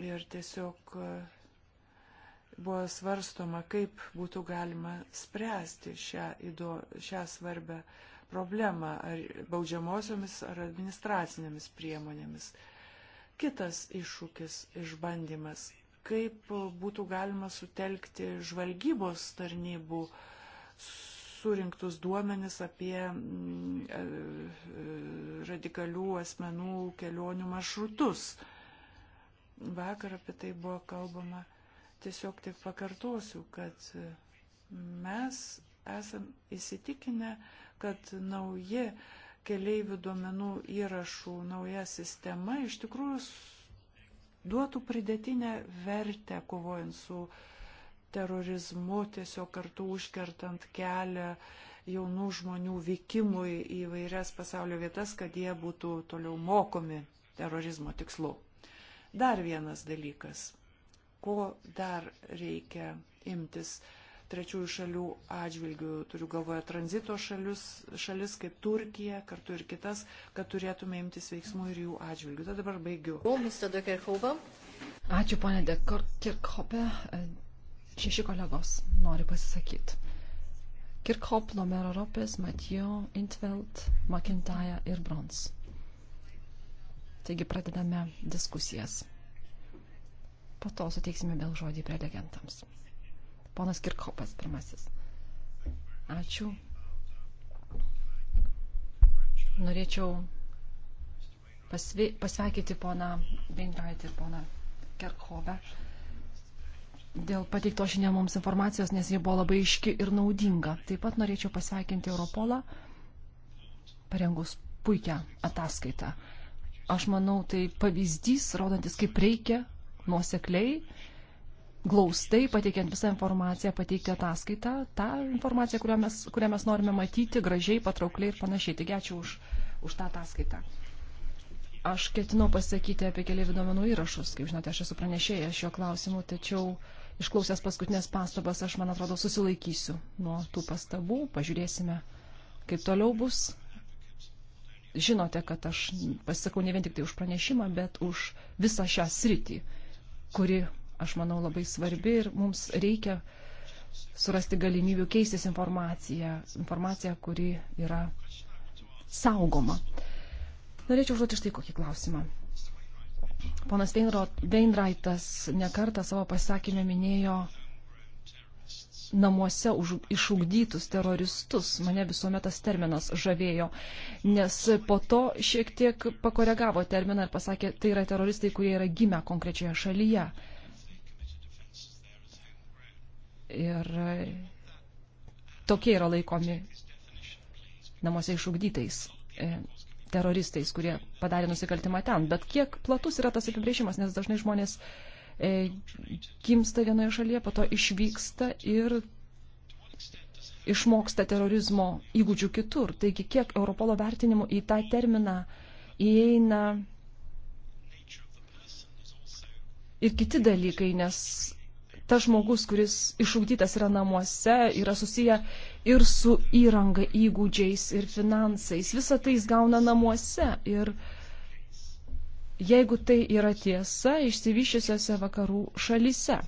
Ir tiesiog e, buvo svarstoma, kaip būtų galima spręsti šią, įdo, šią svarbę problemą, ar baudžiamosiomis, ar administracinėmis priemonėmis kitas iššūkis, išbandymas, kaip būtų galima sutelkti žvalgybos tarnybų surinktus duomenis apie mm, e, radikalių asmenų kelionių maršrutus. Vakar apie tai buvo kalbama. Tiesiog tik pakartosiu, kad mes esam įsitikinę, kad nauji uh, keleivių duomenų įrašų nauja sistema iš tikrųjų duotų pridėtinę vertę kovojant su terorizmu, tiesiog kartu užkertant kelią jaunų žmonių vykimui į vairias pasaulio vietas, kad jie būtų toliau mokomi terorizmo tikslu. Dar vienas dalykas, ko dar reikia imtis trečiųjų šalių atžvilgių, turiu galvoje tranzito šalius, šalis kaip Turkija, kartu ir kitas, kad turėtume imtis veiksmų ir jų atžvilgių. Tad dabar baigiu. Ačiū, ponė Dekirkhope. Šeši kolegos nori pasisakyti. Kirkhop, Lomero Ropės, Matijo, Intveld, McIntyre ir Brons. Taigi pradedame diskusijas. Po to suteiksime vėl žodį prelegentams. Ponas Kirkhopas pirmasis. Ačiū. Norėčiau pasveikinti poną Beinrait ir poną Kirkhopę dėl pateikto šiandien mums informacijos, nes jie buvo labai iški ir naudinga. Taip pat norėčiau pasveikinti Europolą, parengus puikią ataskaitą. Aš manau, tai pavyzdys, rodantis, kaip reikia nuosekliai glaustai, pateikiant visą informaciją, pateikti ataskaitą, tą informaciją, kurią mes, kurią mes norime matyti, gražiai, patraukliai ir panašiai. Taigi ačiū už, už tą ataskaitą. Aš ketinau pasakyti apie keliaivių duomenų įrašus. Kaip žinote, aš esu pranešėjęs šiuo klausimu, tačiau išklausęs paskutinės pastabas, aš, man atrodo, susilaikysiu nuo tų pastabų. Pažiūrėsime, kaip toliau bus. Žinote, kad aš pasisakau ne vien tik tai už pranešimą, bet už visą šią sritį, kuri aš manau, labai svarbi ir mums reikia surasti galimybių keistis informaciją, informaciją, kuri yra saugoma. Norėčiau užduoti štai kokį klausimą. Ponas Veinraitas nekartą savo pasakymę minėjo namuose už, išugdytus teroristus. Mane visuomet tas terminas žavėjo, nes po to šiek tiek pakoregavo terminą ir pasakė, tai yra teroristai, kurie yra gimę konkrečioje šalyje. Ir e, tokie yra laikomi namuose išugdytais e, teroristais, kurie padarė nusikaltimą ten. Bet kiek platus yra tas apibrėžimas, nes dažnai žmonės e, gimsta vienoje šalyje, po to išvyksta ir išmoksta terorizmo įgūdžių kitur. Taigi kiek Europolo vertinimų į tą terminą įeina ir kiti dalykai, nes tas žmogus, kuris išaudytas yra namuose, yra susiję ir su įranga, įgūdžiais ir finansais. Visą tai jis gauna namuose. Ir jeigu tai yra tiesa, išsivyščiusiose vakarų šalyse.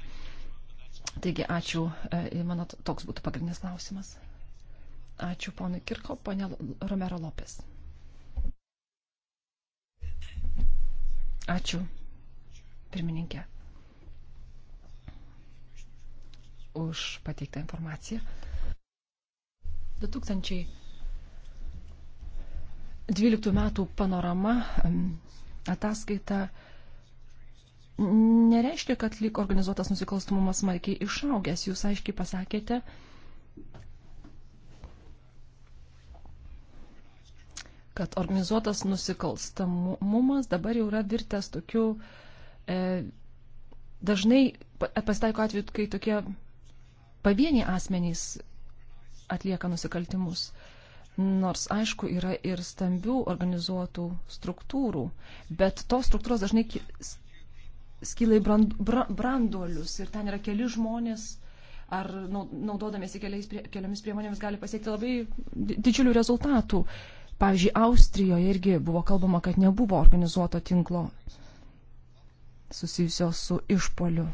Taigi, ačiū. E, mano toks būtų pagrindinis klausimas. Ačiū ponui Kirko, ponė Romero Lopes. Ačiū, pirmininkė. už pateiktą informaciją. 2012 metų panorama ataskaita nereiškia, kad lyg organizuotas nusikalstumumas smarkiai išaugęs. Jūs aiškiai pasakėte, kad organizuotas nusikalstamumas dabar jau yra virtęs tokiu e, dažnai pasitaiko atveju, kai tokie pavieniai asmenys atlieka nusikaltimus. Nors, aišku, yra ir stambių organizuotų struktūrų, bet tos struktūros dažnai skyla į brand, bra, branduolius ir ten yra keli žmonės, ar naudodamėsi keliais, keliomis priemonėmis gali pasiekti labai didžiulių rezultatų. Pavyzdžiui, Austrijoje irgi buvo kalbama, kad nebuvo organizuoto tinklo susijusio su išpoliu.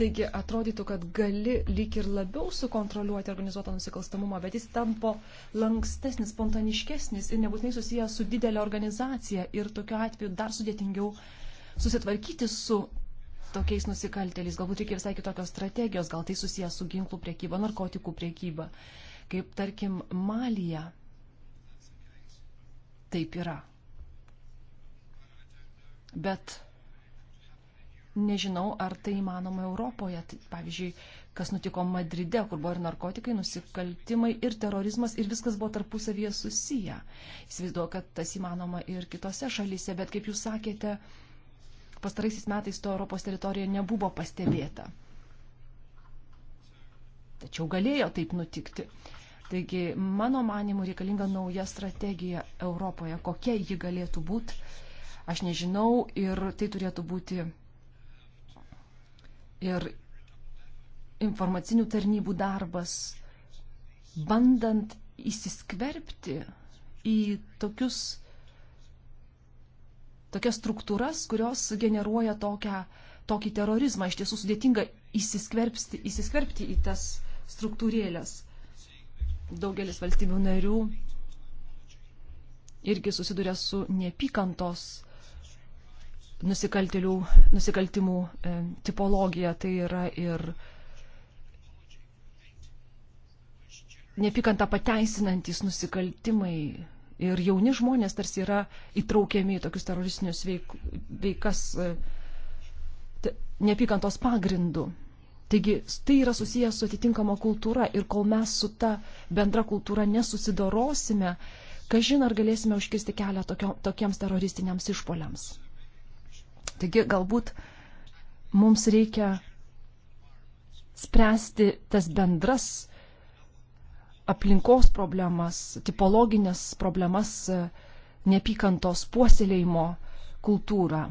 Taigi atrodytų, kad gali lyg ir labiau sukontroliuoti organizuotą nusikalstamumą, bet jis tampo lankstesnis, spontaniškesnis ir nebūtinai susijęs su didelė organizacija ir tokiu atveju dar sudėtingiau susitvarkyti su tokiais nusikaltėliais. Galbūt reikia visai kitokios strategijos, gal tai susijęs su ginklų priekyba, narkotikų priekyba, kaip tarkim Malija. Taip yra. Bet nežinau, ar tai įmanoma Europoje. Tai, pavyzdžiui, kas nutiko Madride, kur buvo ir narkotikai, nusikaltimai, ir terorizmas, ir viskas buvo tarpusavyje susiję. Įsivaizduoju, kad tas įmanoma ir kitose šalyse, bet kaip jūs sakėte, pastaraisiais metais to Europos teritorijoje nebuvo pastebėta. Tačiau galėjo taip nutikti. Taigi, mano manimu, reikalinga nauja strategija Europoje. Kokia ji galėtų būti, aš nežinau, ir tai turėtų būti ir informacinių tarnybų darbas, bandant įsiskverbti į tokius, tokias struktūras, kurios generuoja tokią, tokį terorizmą. Iš tiesų sudėtinga įsiskverbti, įsiskverbti į tas struktūrėlės. Daugelis valstybių narių irgi susiduria su neapykantos nusikaltimų e, tipologija, tai yra ir nepykantą pateisinantis nusikaltimai. Ir jauni žmonės tarsi yra įtraukiami į tokius teroristinius veik, veikas e, te, nepykantos pagrindų. Taigi tai yra susijęs su atitinkama kultūra ir kol mes su ta bendra kultūra nesusidorosime, kažin ar galėsime užkirsti kelią tokio, tokiems teroristiniams išpoliams. Taigi galbūt mums reikia spręsti tas bendras aplinkos problemas, tipologinės problemas, e, neapykantos puoselėjimo kultūrą.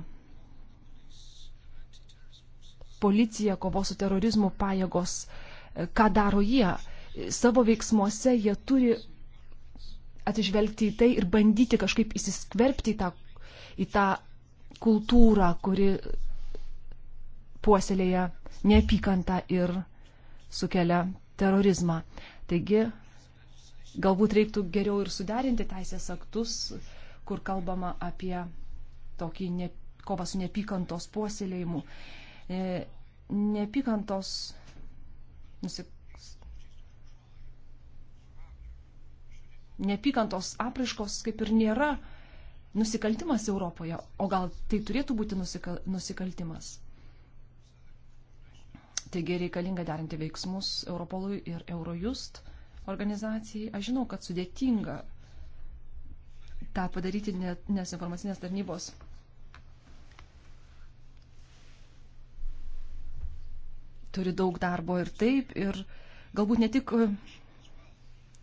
Policija, kovos su terorizmu pajėgos, e, ką daro jie? Savo veiksmuose jie turi atsižvelgti į tai ir bandyti kažkaip įsiskverbti į tą, į tą kultūrą, kuri puoselėja neapykantą ir sukelia terorizmą. Taigi, galbūt reiktų geriau ir suderinti teisės aktus, kur kalbama apie tokį ne, kovą su neapykantos puoselėjimu. E, neapykantos nusik... Neapykantos apraiškos kaip ir nėra nusikaltimas Europoje, o gal tai turėtų būti nusikal, nusikaltimas. Taigi reikalinga derinti veiksmus Europolui ir Eurojust organizacijai. Aš žinau, kad sudėtinga tą padaryti, nes informacinės tarnybos turi daug darbo ir taip, ir galbūt ne tik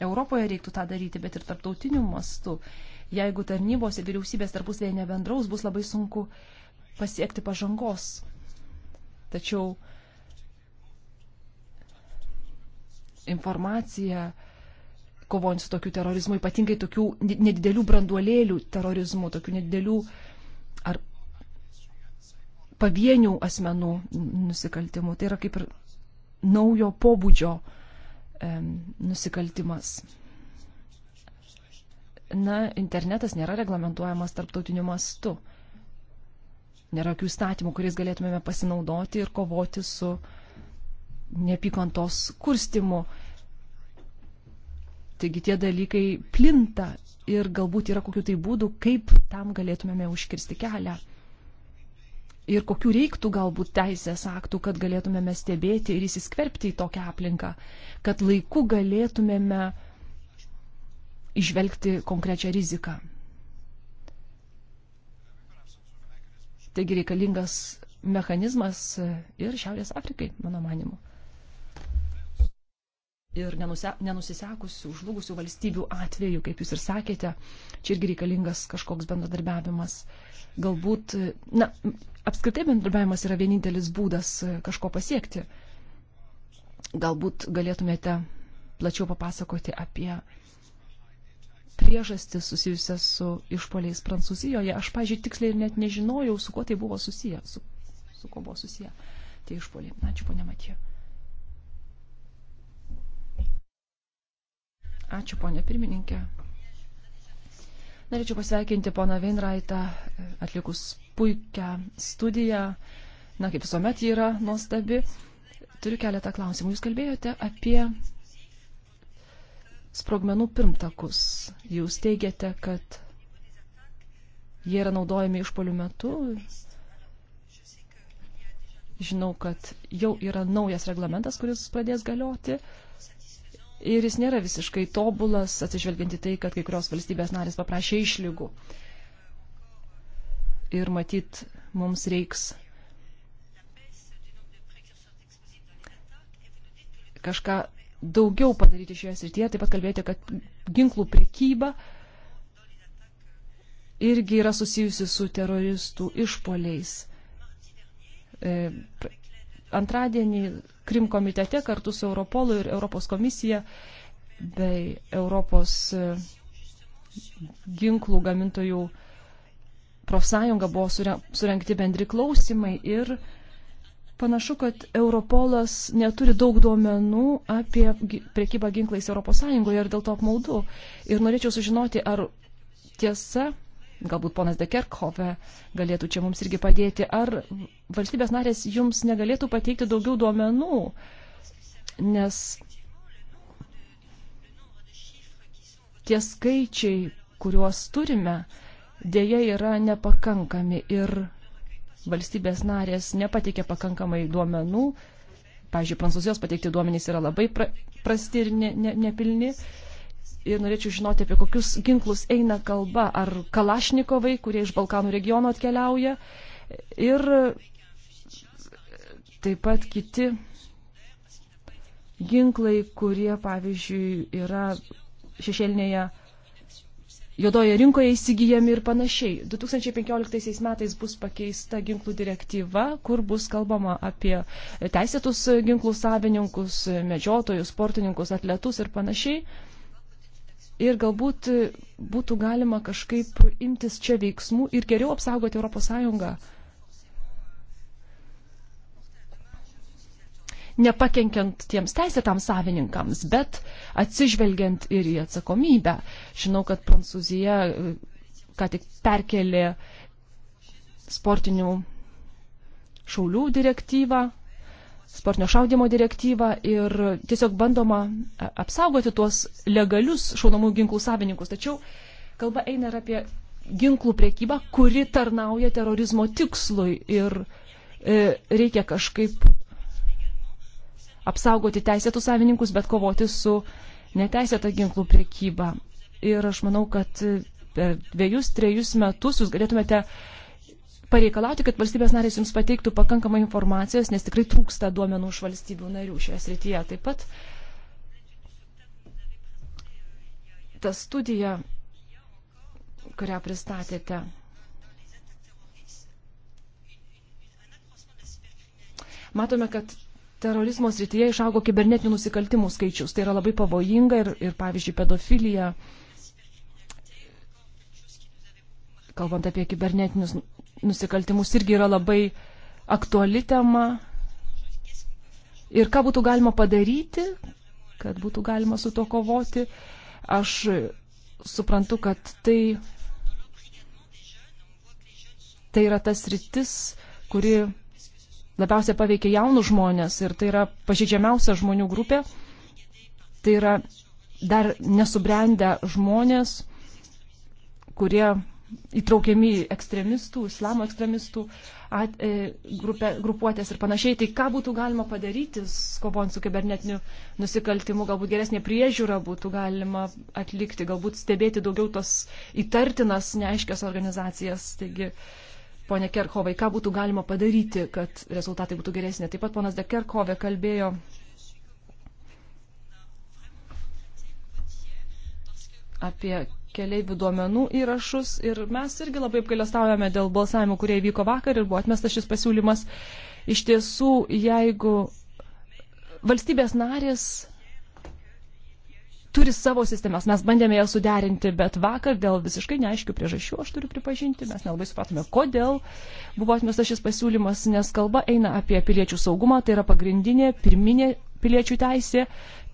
Europoje reiktų tą daryti, bet ir tarptautiniu mastu jeigu tarnybos ir vyriausybės tarpusvėje nebendraus, bus labai sunku pasiekti pažangos. Tačiau informacija, kovojant su tokiu terorizmu, ypatingai tokių nedidelių branduolėlių terorizmų, tokių nedidelių ar pavienių asmenų nusikaltimų. Tai yra kaip ir naujo pobūdžio e, nusikaltimas na, internetas nėra reglamentuojamas tarptautiniu mastu. Nėra jokių įstatymų, kuriais galėtumėme pasinaudoti ir kovoti su neapykantos kurstimu. Taigi tie dalykai plinta ir galbūt yra kokių tai būdų, kaip tam galėtumėme užkirsti kelią. Ir kokių reiktų galbūt teisės aktų, kad galėtumėme stebėti ir įsiskverbti į tokią aplinką, kad laiku galėtumėme uh, išvelgti konkrečią riziką. Taigi reikalingas mechanizmas ir Šiaurės Afrikai, mano manimu. Ir nenuse, nenusisekusių, žlugusių valstybių atveju, kaip jūs ir sakėte, čia irgi reikalingas kažkoks bendradarbiavimas. Galbūt, na, apskritai bendradarbiavimas yra vienintelis būdas kažko pasiekti. Galbūt galėtumėte plačiau papasakoti apie priežastis susijusias su išpoliais Prancūzijoje. Aš, pažiūrėjau, tiksliai ir net nežinojau, su kuo tai buvo susiję, su, su kuo buvo susiję tie išpoliai. Ačiū, ponė Matija. Ačiū, ponė pirmininkė. Norėčiau pasveikinti poną Veinraitą, atlikus puikią studiją. Na, kaip visuomet, ji yra nuostabi. Turiu keletą klausimų. Jūs kalbėjote apie sprogmenų pirmtakus. Jūs teigiate, kad jie yra naudojami išpolių metu. Žinau, kad jau yra naujas reglamentas, kuris pradės galioti. Ir jis nėra visiškai tobulas, atsižvelgiant į tai, kad kai kurios valstybės narės paprašė išlygų. Ir matyt, mums reiks kažką daugiau padaryti šioje srityje, taip pat kalbėti, kad ginklų priekyba irgi yra susijusi su teroristų išpoliais. E, antradienį Krim komitete kartu su Europolu ir Europos komisija bei Europos e, ginklų gamintojų profsąjunga buvo surengti bendri klausimai ir uh, Panašu, kad Europolas neturi daug duomenų apie priekybą ginklais ES ir dėl to apmaudu. Ir norėčiau sužinoti, ar tiesa, galbūt ponas Dekerkhove galėtų čia mums irgi padėti, ar valstybės narės jums negalėtų pateikti daugiau duomenų, nes tie skaičiai, kuriuos turime, dėja yra nepakankami ir valstybės narės nepateikė pakankamai duomenų. Pavyzdžiui, Prancūzijos pateikti duomenys yra labai pra, prasti ir ne, ne, nepilni. Ir norėčiau žinoti, apie kokius ginklus eina kalba. Ar kalašnikovai, kurie iš Balkanų regiono atkeliauja. Ir taip pat kiti ginklai, kurie, pavyzdžiui, yra šešėlinėje juodoje rinkoje įsigijami ir panašiai. 2015 metais bus pakeista ginklų direktyva, kur bus kalbama apie teisėtus ginklų savininkus, medžiotojus, sportininkus, atletus ir panašiai. Ir galbūt būtų galima kažkaip imtis čia veiksmų ir geriau apsaugoti ES nepakenkiant tiems teisėtams savininkams, bet atsižvelgiant ir į atsakomybę. Žinau, kad Prancūzija e, ką tik perkelė sportinių šaulių direktyvą, sportinio šaudimo direktyvą ir tiesiog bandoma e, apsaugoti tuos legalius šaunamų ginklų savininkus. Tačiau kalba eina ir apie ginklų priekybą, kuri tarnauja terorizmo tikslui ir e, reikia kažkaip apsaugoti teisėtus savininkus, bet kovoti su neteisėta ginklų priekyba. Ir aš manau, kad per dviejus, trejus metus jūs galėtumėte pareikalauti, kad valstybės narės jums pateiktų pakankamai informacijos, nes tikrai trūksta duomenų iš valstybių narių šioje srityje. Taip pat ta studija, kurią pristatėte. Matome, kad terorizmo srityje išaugo kibernetinių nusikaltimų skaičius. Tai yra labai pavojinga ir, ir pavyzdžiui, pedofilija, kalbant apie kibernetinius nusikaltimus, irgi yra labai aktuali tema. Ir ką būtų galima padaryti, kad būtų galima su to kovoti. Aš suprantu, kad tai, tai yra tas rytis, kuri labiausiai paveikia jaunus žmonės ir tai yra pažydžiamiausia žmonių grupė. Tai yra dar nesubrendę žmonės, kurie įtraukiami ekstremistų, islamo ekstremistų at, e, grupė, grupuotės ir panašiai. Tai ką būtų galima padaryti, kovojant su kibernetiniu nusikaltimu, galbūt geresnė priežiūra būtų galima atlikti, galbūt stebėti daugiau tos įtartinas, neaiškias organizacijas. Taigi, e, Pone Kerkovai, ką būtų galima padaryti, kad rezultatai būtų geresnė. Taip pat ponas Dekerkovė kalbėjo apie keliaivių duomenų įrašus ir mes irgi labai apgailestaujame dėl balsavimų, kurie įvyko vakar ir buvo atmestas šis pasiūlymas. Iš tiesų, jeigu valstybės narės turi savo sistemas. Mes bandėme jas suderinti, bet vakar dėl visiškai neaiškių priežasčių, aš turiu pripažinti, mes nelabai supratome, kodėl buvo atmestas šis pasiūlymas, nes kalba eina apie piliečių saugumą, tai yra pagrindinė, pirminė piliečių teisė,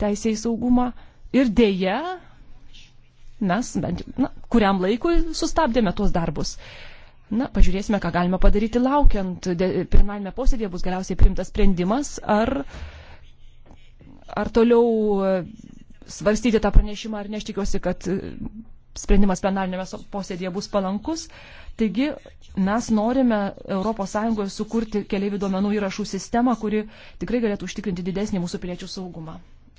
teisė į saugumą. Ir dėja, mes bent na, kuriam laikui sustabdėme tuos darbus. Na, pažiūrėsime, ką galime padaryti laukiant. Pirmajame posėdėje bus galiausiai priimtas sprendimas, ar, ar toliau svarstyti tą pranešimą ir neštikiuosi, kad e, sprendimas plenarinėme posėdėje bus palankus. Taigi mes norime ES sukurti keliaivių duomenų įrašų sistemą, kuri tikrai galėtų užtikrinti didesnį mūsų piliečių saugumą.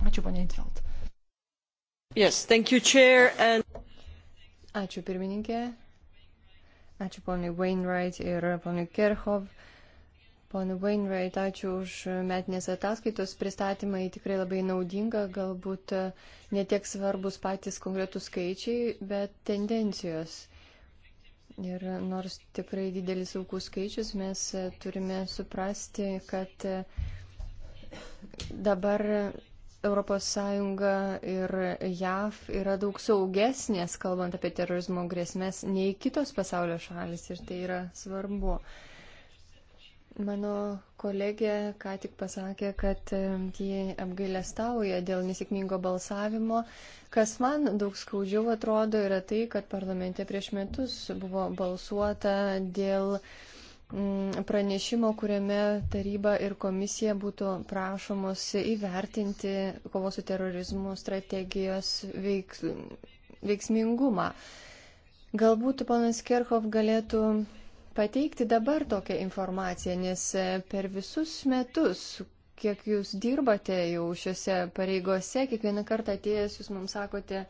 Ačiū, ponia Intveld. Yes, you, chair, and... Ačiū pirmininkė. Ačiū poniai Wainwright ir poniai Kerhov. Uh, Pone Wainwright, ačiū už metinės ataskaitos pristatymą, jį tikrai labai naudinga, galbūt e, netiek svarbus patys konkretus skaičiai, bet tendencijos. Ir nors tikrai didelis aukų skaičius, mes e, turime suprasti, kad e, dabar ES ir JAV yra daug saugesnės, kalbant apie terorizmo grėsmės, nei kitos pasaulio šalis ir tai yra svarbu. Uh, Mano kolegė ką tik pasakė, kad jie apgailestauja dėl nesėkmingo balsavimo. Kas man daug skaudžiau atrodo yra tai, kad parlamente prieš metus buvo balsuota dėl mm, pranešimo, kuriame taryba ir komisija būtų prašomos įvertinti kovos su terorizmu strategijos veiks, veiksmingumą. Galbūt ponas Kerhov galėtų pateikti dabar tokią informaciją, nes e, per visus metus, kiek jūs dirbate jau šiuose pareigose, kiekvieną kartą atėjęs jūs mums sakote,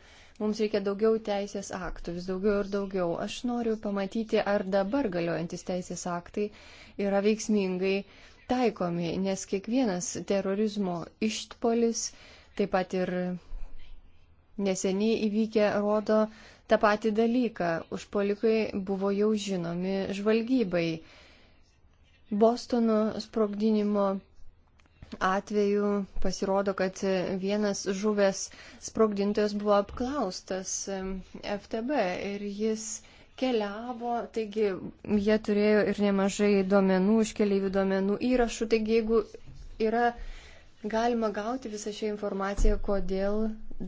mums reikia daugiau teisės aktų, vis daugiau ir daugiau. Aš noriu pamatyti, ar dabar galiojantis teisės aktai yra veiksmingai taikomi, nes kiekvienas terorizmo ištpolis, taip pat ir neseniai įvykę, rodo, tą patį dalyką. Užpolikai buvo jau žinomi žvalgybai. Bostono sprogdinimo atveju pasirodo, kad vienas žuvęs sprogdintojas buvo apklaustas FTB ir jis keliavo, taigi jie turėjo ir nemažai duomenų, iš keliaivių duomenų įrašų, taigi jeigu yra galima gauti visą šią informaciją, kodėl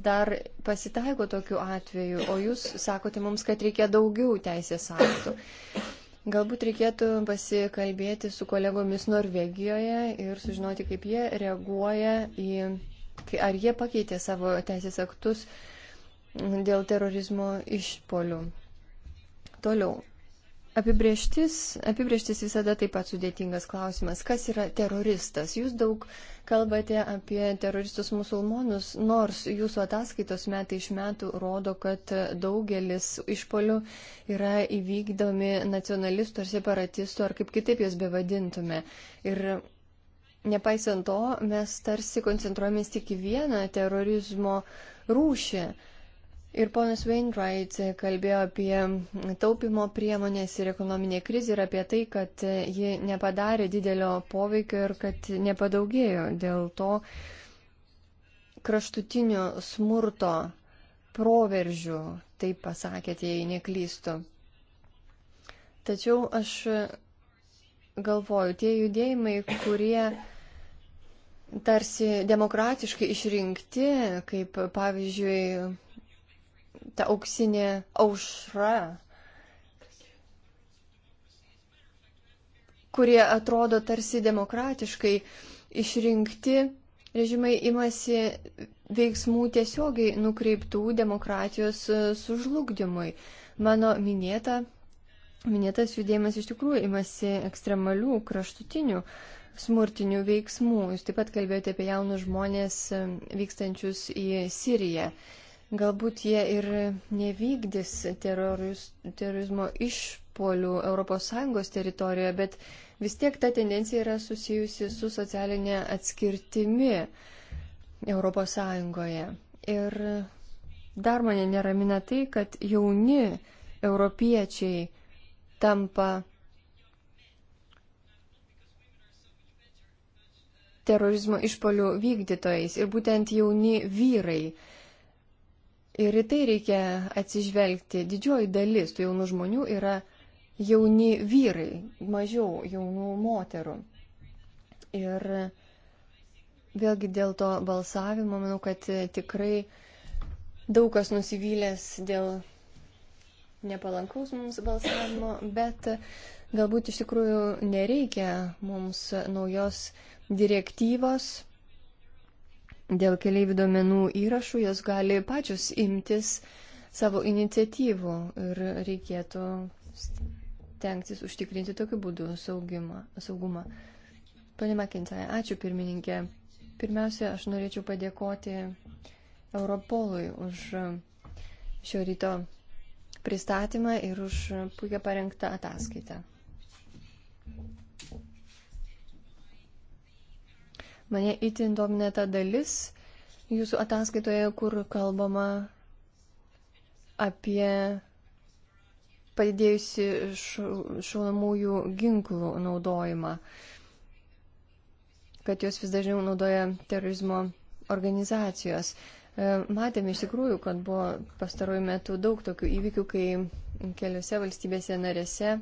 dar pasitaiko tokių atvejų, o jūs sakote mums, kad reikia daugiau teisės aktų. Galbūt reikėtų pasikalbėti su kolegomis Norvegijoje ir sužinoti, kaip jie reaguoja į, ar jie pakeitė savo teisės aktus dėl terorizmo išpolių. Toliau, Apibrieštis, apibrieštis visada taip pat sudėtingas klausimas. Kas yra teroristas? Jūs daug kalbate apie teroristus musulmonus, nors jūsų ataskaitos metai iš metų rodo, kad daugelis išpolių yra įvykdomi nacionalistų ar separatistų, ar kaip kitaip jas bevadintume. Ir nepaisant to, mes tarsi koncentruojamės tik į vieną terorizmo rūšį. Ir ponas Wainwright kalbėjo apie taupimo priemonės ir ekonominę krizę ir apie tai, kad ji nepadarė didelio poveikio ir kad nepadaugėjo dėl to kraštutinio smurto proveržių, taip pasakėte, jei neklystu. Tačiau aš galvoju, tie judėjimai, kurie tarsi demokratiškai išrinkti, kaip pavyzdžiui ta auksinė aušra, kurie atrodo tarsi demokratiškai išrinkti režimai imasi veiksmų tiesiogiai nukreiptų demokratijos e, sužlugdymui. Mano minėta, minėtas judėjimas iš tikrųjų imasi ekstremalių, kraštutinių, smurtinių veiksmų. Jūs taip pat kalbėjote apie jaunus žmonės e, vykstančius į Siriją. Galbūt jie ir nevykdys terorizmo išpolių ES teritorijoje, bet vis tiek ta tendencija yra susijusi su socialinė atskirtimi ES. Ir dar mane neramina tai, kad jauni europiečiai tampa terorizmo išpolių vykdytojais ir būtent jauni vyrai. Ir į tai reikia atsižvelgti. Didžioji dalis tų jaunų žmonių yra jauni vyrai, mažiau jaunų moterų. Ir vėlgi dėl to balsavimo, manau, kad tikrai daug kas nusivylęs dėl nepalankaus mums balsavimo, bet galbūt iš tikrųjų nereikia mums naujos direktyvos Dėl keliaivių duomenų įrašų jos gali pačios imtis savo iniciatyvų ir reikėtų tenktis užtikrinti tokiu būdu saugimą, saugumą. Pane Makintai, ačiū pirmininkė. Pirmiausia, aš norėčiau padėkoti Europolui už šio ryto pristatymą ir už puikiai parengtą ataskaitą. Mane itin domina ta dalis jūsų ataskaitoje, kur kalbama apie padidėjusi šaunamųjų ginklų naudojimą, kad jos vis dažniau naudoja terorizmo organizacijos. E, matėme iš tikrųjų, kad buvo pastarojų metų daug tokių įvykių, kai keliose valstybėse narėse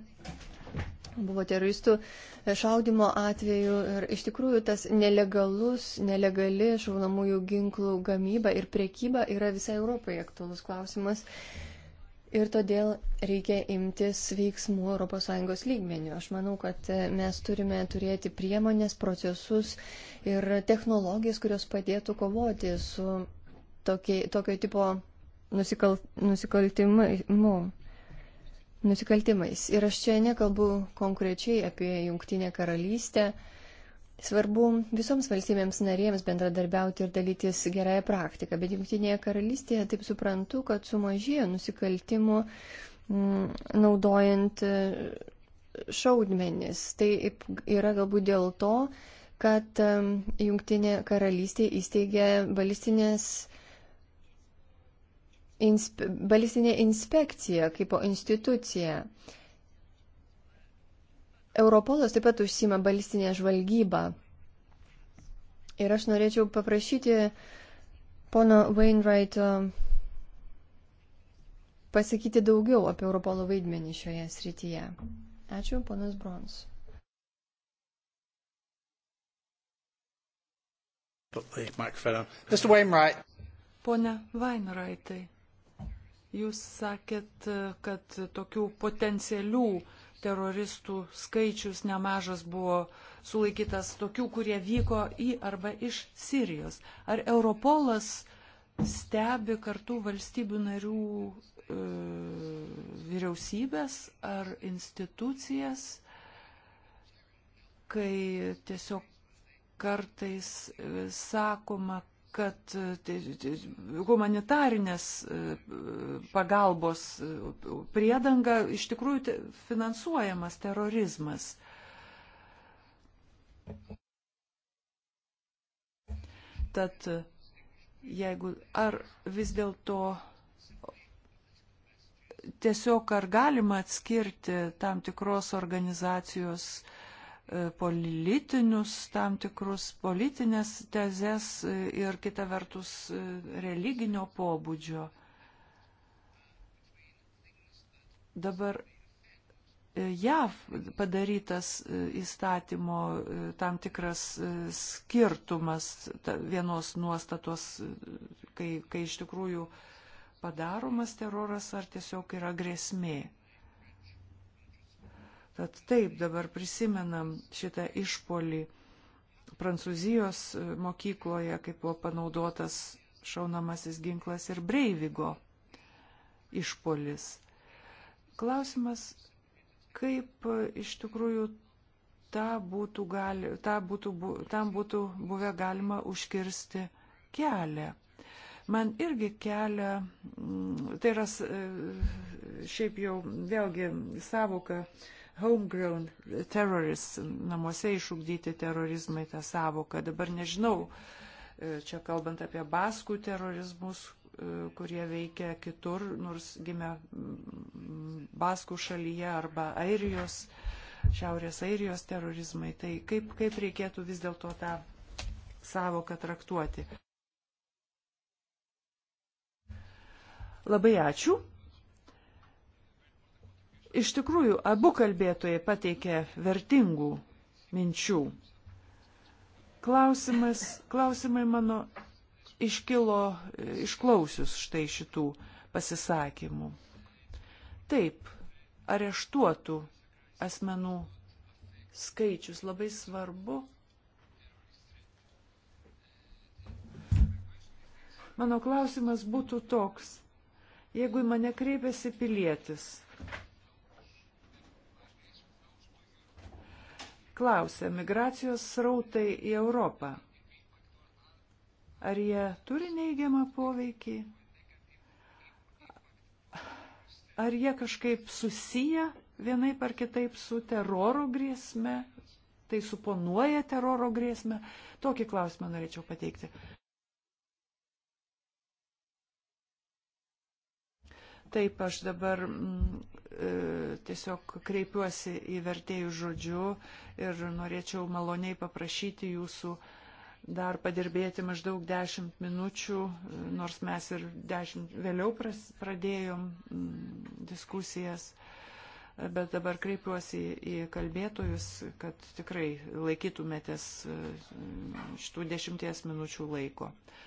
buvo teroristų šaudimo atveju ir iš tikrųjų tas nelegalus, nelegali šaunamųjų ginklų gamyba ir priekyba yra visai Europai aktuolus klausimas. Ir todėl reikia imtis veiksmų ES lygmenių. Aš manau, kad mes turime turėti priemonės, procesus ir technologijas, kurios padėtų kovoti su tokie, tokio tipo nusikal, nusikaltimu nusikaltimais. Ir aš čia nekalbu konkrečiai apie Junktinę karalystę. Svarbu visoms valstybėms narėms bendradarbiauti ir dalytis gerąją praktiką, bet Junktinėje karalystėje taip suprantu, kad sumažėjo nusikaltimų mm, naudojant e, šaudmenis. Tai yra galbūt dėl to, kad e, Junktinė karalystė įsteigė balistinės inspe, balistinė inspekcija kaip institucija. Europolas taip pat užsima balistinę žvalgybą. Ir aš norėčiau paprašyti pono Wainwrighto um, pasakyti daugiau apie Europolo vaidmenį šioje srityje. Ačiū, ponas Brons. Pone Wainwrightai, Jūs sakėt, kad tokių potencialių teroristų skaičius nemažas buvo sulaikytas tokių, kurie vyko į arba iš Sirijos. Ar Europolas stebi kartu valstybių narių e, vyriausybės ar institucijas, kai tiesiog kartais e, sakoma, kad e, tai, tai, humanitarinės e, pagalbos e, priedanga iš tikrųjų finansuojamas terorizmas. Tad jeigu ar vis dėlto tiesiog ar galima atskirti tam tikros organizacijos uh, E, politinius tam tikrus, politinės tezes e, ir kita vertus e, religinio pobūdžio. Dabar JAV padarytas įstatymo tam tikras skirtumas vienos nuostatos, kai, kai iš tikrųjų padaromas teroras ar tiesiog yra grėsmė. Tad taip, dabar prisimenam šitą išpolį Prancūzijos e, mokykloje, kaip buvo panaudotas šaunamasis ginklas ir Breivigo išpolis. Klausimas, kaip e, iš tikrųjų tą būtų gali, tą būtų, tam būtų buvę galima užkirsti kelią. Man irgi kelia, mm, tai yra e, šiaip jau vėlgi savoka, homegrown terrorism, namuose išugdyti terorizmai tą savoką. Dabar nežinau, e, čia kalbant apie baskų terorizmus, e, kurie veikia kitur, nors gimė mm, baskų šalyje arba airijos, šiaurės airijos terorizmai. Tai kaip, kaip reikėtų vis dėlto tą savoką traktuoti? Labai ačiū. Iš tikrųjų, abu kalbėtojai pateikė vertingų minčių. Klausimas, klausimai mano iškilo išklausius štai šitų pasisakymų. Taip, areštuotų asmenų skaičius labai svarbu. Mano klausimas būtų toks. Jeigu į mane kreipiasi pilietis, klausia, migracijos srautai į Europą. Ar jie turi neigiamą poveikį? Ar jie kažkaip susiję vienaip ar kitaip su teroro grėsme? Tai suponuoja teroro grėsmę? Tokį klausimą norėčiau pateikti. Taip, aš dabar m, mm, e, tiesiog kreipiuosi į vertėjų žodžiu ir norėčiau maloniai paprašyti jūsų dar padirbėti maždaug 10 minučių, e, nors mes ir 10 vėliau pras, pradėjom m, mm, diskusijas, e, bet dabar kreipiuosi į kalbėtojus, kad tikrai laikytumėtės šitų 10 minučių laiko. Uh,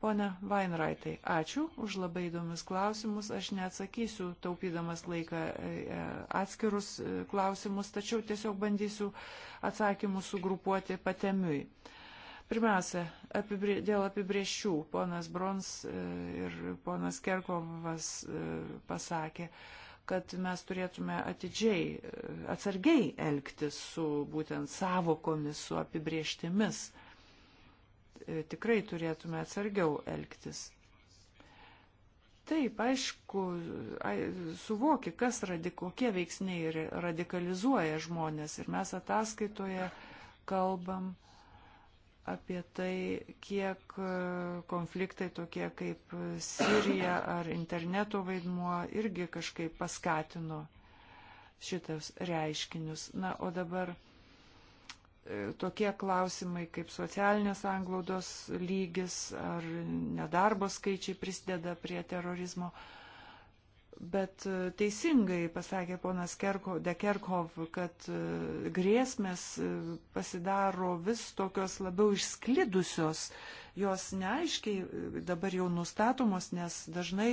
Pone Vainraitai, ačiū už labai įdomius klausimus. Aš neatsakysiu, taupydamas laiką, e, e, atskirus e, klausimus, tačiau tiesiog bandysiu atsakymus sugrupuoti patemiui. Pirmiausia, apibri, dėl apibrieščių ponas Brons ir ponas Kerkovas pasakė, kad mes turėtume atidžiai, atsargiai elgtis su būtent savokomis, su apibrieštimis. Uh, E, tikrai turėtume atsargiau elgtis. Taip, aišku, suvoki, kas radi, kokie veiksniai radikalizuoja žmonės. Ir mes ataskaitoje kalbam apie tai, kiek e, konfliktai tokie kaip Sirija ar interneto vaidmuo irgi kažkaip paskatino šitas reiškinius. Na, o dabar E, tokie klausimai kaip socialinės anglaudos lygis ar nedarbo skaičiai prisideda prie terorizmo. Bet e, teisingai pasakė ponas Kerko, Dekerkov, kad e, grėsmės pasidaro vis tokios labiau išsklidusios, jos neaiškiai dabar jau nustatomos, nes dažnai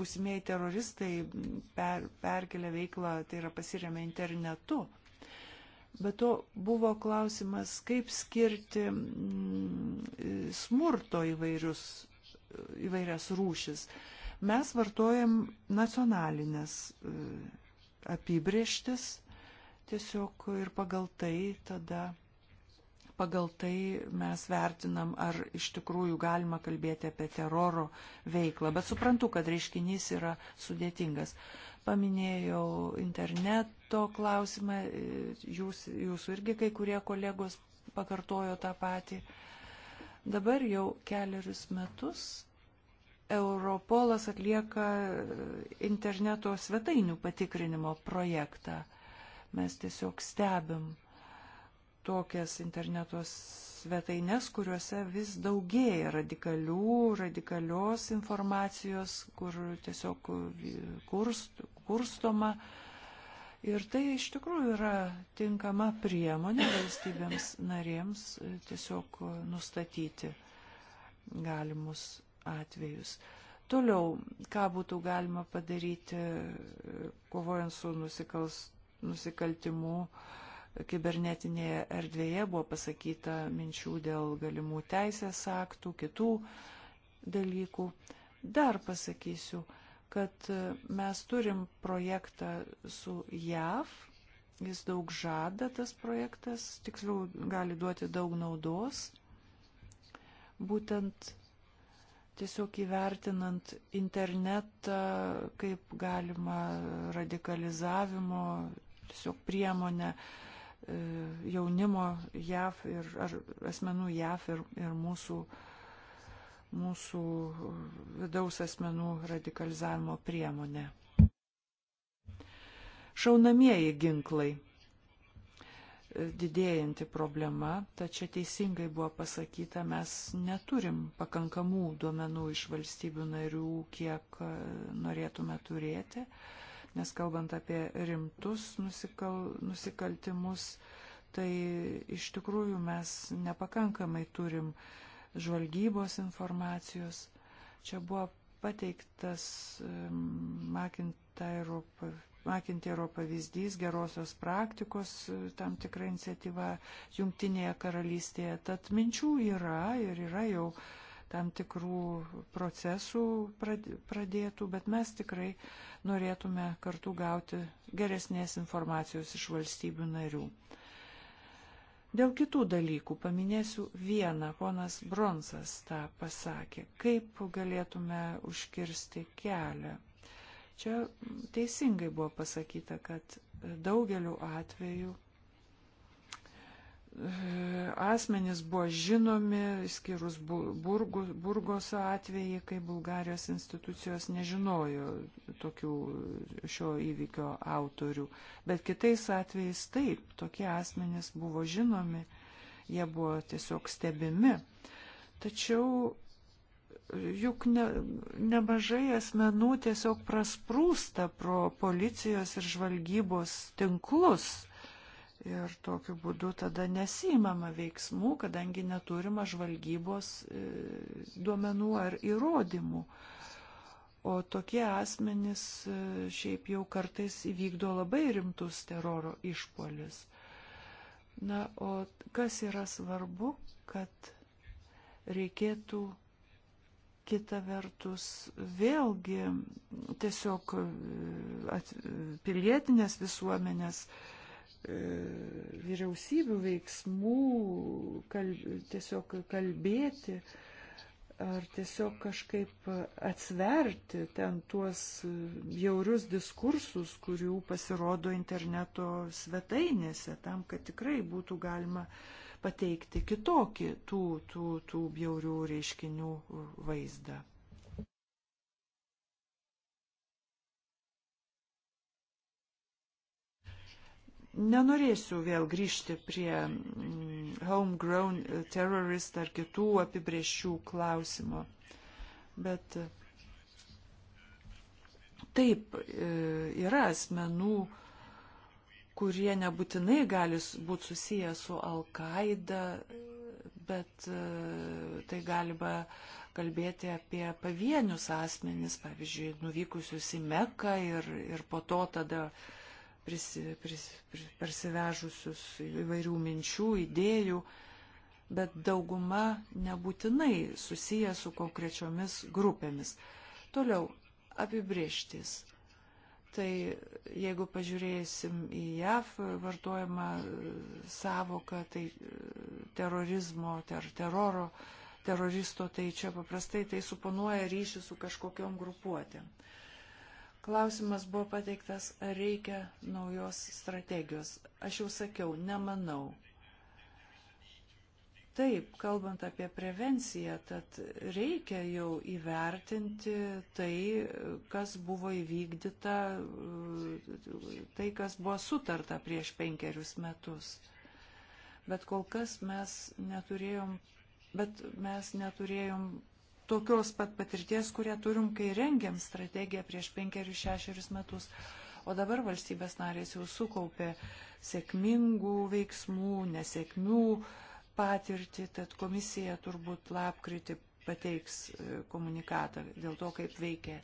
būsimieji teroristai per, perkelia veiklą, tai yra pasiriamę internetu. Bet to buvo klausimas, kaip skirti mm, smurto įvairius, įvairias rūšis. Mes vartojam nacionalinės e, apibrieštis tiesiog ir pagal tai tada pagal tai mes vertinam, ar iš tikrųjų galima kalbėti apie teroro veiklą. Bet suprantu, kad reiškinys yra sudėtingas paminėjau interneto klausimą, jūs, jūsų irgi kai kurie kolegos pakartojo tą patį. Dabar jau keliarius metus Europolas atlieka interneto svetainių patikrinimo projektą. Mes tiesiog stebim tokias internetos svetaines, kuriuose vis daugėja radikalių, radikalios informacijos, kur tiesiog kurst, kurstoma. Ir tai iš tikrųjų yra tinkama priemonė valstybėms narėms tiesiog nustatyti galimus atvejus. Toliau, ką būtų galima padaryti, kovojant su nusikals, nusikaltimu, uh, kibernetinėje erdvėje buvo pasakyta minčių dėl galimų teisės aktų, kitų dalykų. Dar pasakysiu, kad e, mes turim projektą su JAV, jis daug žada tas projektas, tiksliau gali duoti daug naudos, būtent tiesiog įvertinant internetą kaip galima radikalizavimo tiesiog priemonę, uh, E, jaunimo JAV ir ar asmenų JAV ir, ir mūsų, mūsų vidaus asmenų radikalizavimo priemonė. Šaunamieji ginklai e, didėjanti problema, tačiau teisingai buvo pasakyta, mes neturim pakankamų duomenų iš valstybių narių, kiek e, norėtume turėti. Uh, nes kalbant apie rimtus nusikal, nusikaltimus, tai iš tikrųjų mes nepakankamai turim žvalgybos informacijos. Čia buvo pateiktas Makintero pavyzdys, gerosios praktikos e, tam tikra iniciatyva Jungtinėje karalystėje. Tad minčių yra ir yra jau uh, tam tikrų procesų pradėtų, bet mes tikrai norėtume kartu gauti geresnės informacijos iš valstybių narių. Dėl kitų dalykų paminėsiu vieną, ponas Bronsas tą pasakė, kaip galėtume užkirsti kelią. Čia teisingai buvo pasakyta, kad daugeliu atveju asmenys buvo žinomi, skirus burgos, burgos atvejį, kai Bulgarijos institucijos nežinojo tokių šio įvykio autorių. Bet kitais atvejais taip, tokie asmenys buvo žinomi, jie buvo tiesiog stebimi. Tačiau juk ne, nemažai asmenų tiesiog prasprūsta pro policijos ir žvalgybos tinklus Ir tokiu būdu tada nesimama veiksmų, kadangi neturima žvalgybos e, duomenų ar įrodymų. O tokie asmenys e, šiaip jau kartais įvykdo labai rimtus teroro išpolius. Na, o kas yra svarbu, kad reikėtų kita vertus vėlgi tiesiog e, pilietinės visuomenės, uh, E, vyriausybių veiksmų, kalb, tiesiog kalbėti ar tiesiog kažkaip atsverti ten tuos jaurius diskursus, kurių pasirodo interneto svetainėse, tam, kad tikrai būtų galima pateikti kitokį tų, tų, tų jaurių reiškinių vaizdą. Nenorėsiu vėl grįžti prie mm, homegrown e, terrorist ar kitų apibriešių klausimo, bet e, taip e, yra asmenų, kurie nebūtinai gali būti susiję su Al-Qaida, bet tai galima kalbėti apie pavienius asmenys, pavyzdžiui, nuvykusius į Meką ir, ir po to tada uh, prisi, prisi, pris, persivežusius įvairių minčių, idėjų, bet dauguma nebūtinai susiję su konkrečiomis grupėmis. Toliau, apibrieštis. Tai jeigu pažiūrėsim į JAV vartojamą savoką, tai e, terorizmo, ter, teroro, teroristo, tai čia paprastai tai suponuoja ryšį su kažkokiom grupuotėm. Uh, Klausimas buvo pateiktas, ar reikia naujos strategijos. Aš jau sakiau, nemanau. Taip, kalbant apie prevenciją, tad reikia jau įvertinti tai, kas buvo įvykdyta, tai, kas buvo sutarta prieš penkerius metus. Bet kol kas mes neturėjom, bet mes neturėjom tokios pat patirties, kurią turim, kai rengiam strategiją prieš penkerius, šešerius metus. O dabar valstybės narės jau sukaupė sėkmingų veiksmų, nesėkmių patirtį, tad komisija turbūt lapkritį pateiks e, komunikatą dėl to, kaip veikia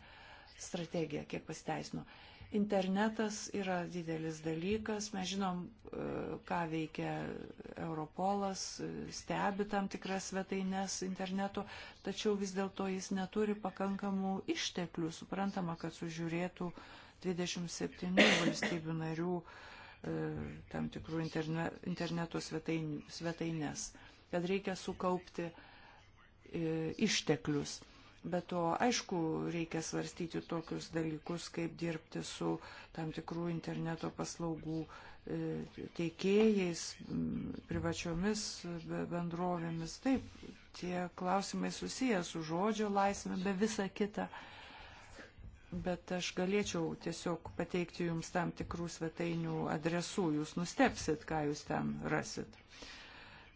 strategija, kiek pasiteisino. Internetas yra didelis dalykas, mes žinom, e, ką veikia Europolas, e, stebi tam tikras svetainės interneto, tačiau vis dėlto jis neturi pakankamų išteklių, suprantama, kad sužiūrėtų 27 valstybių narių e, tam tikrų interne, interneto svetainės, kad reikia sukaupti išteklius. Bet to, aišku, reikia svarstyti tokius dalykus, kaip dirbti su tam tikrų interneto paslaugų e, teikėjais, privačiomis bendrovėmis. Taip, tie klausimai susijęs su žodžio laisvė, be visa kita. Bet aš galėčiau tiesiog pateikti jums tam tikrų svetainių adresų, jūs nustepsit, ką jūs ten rasit.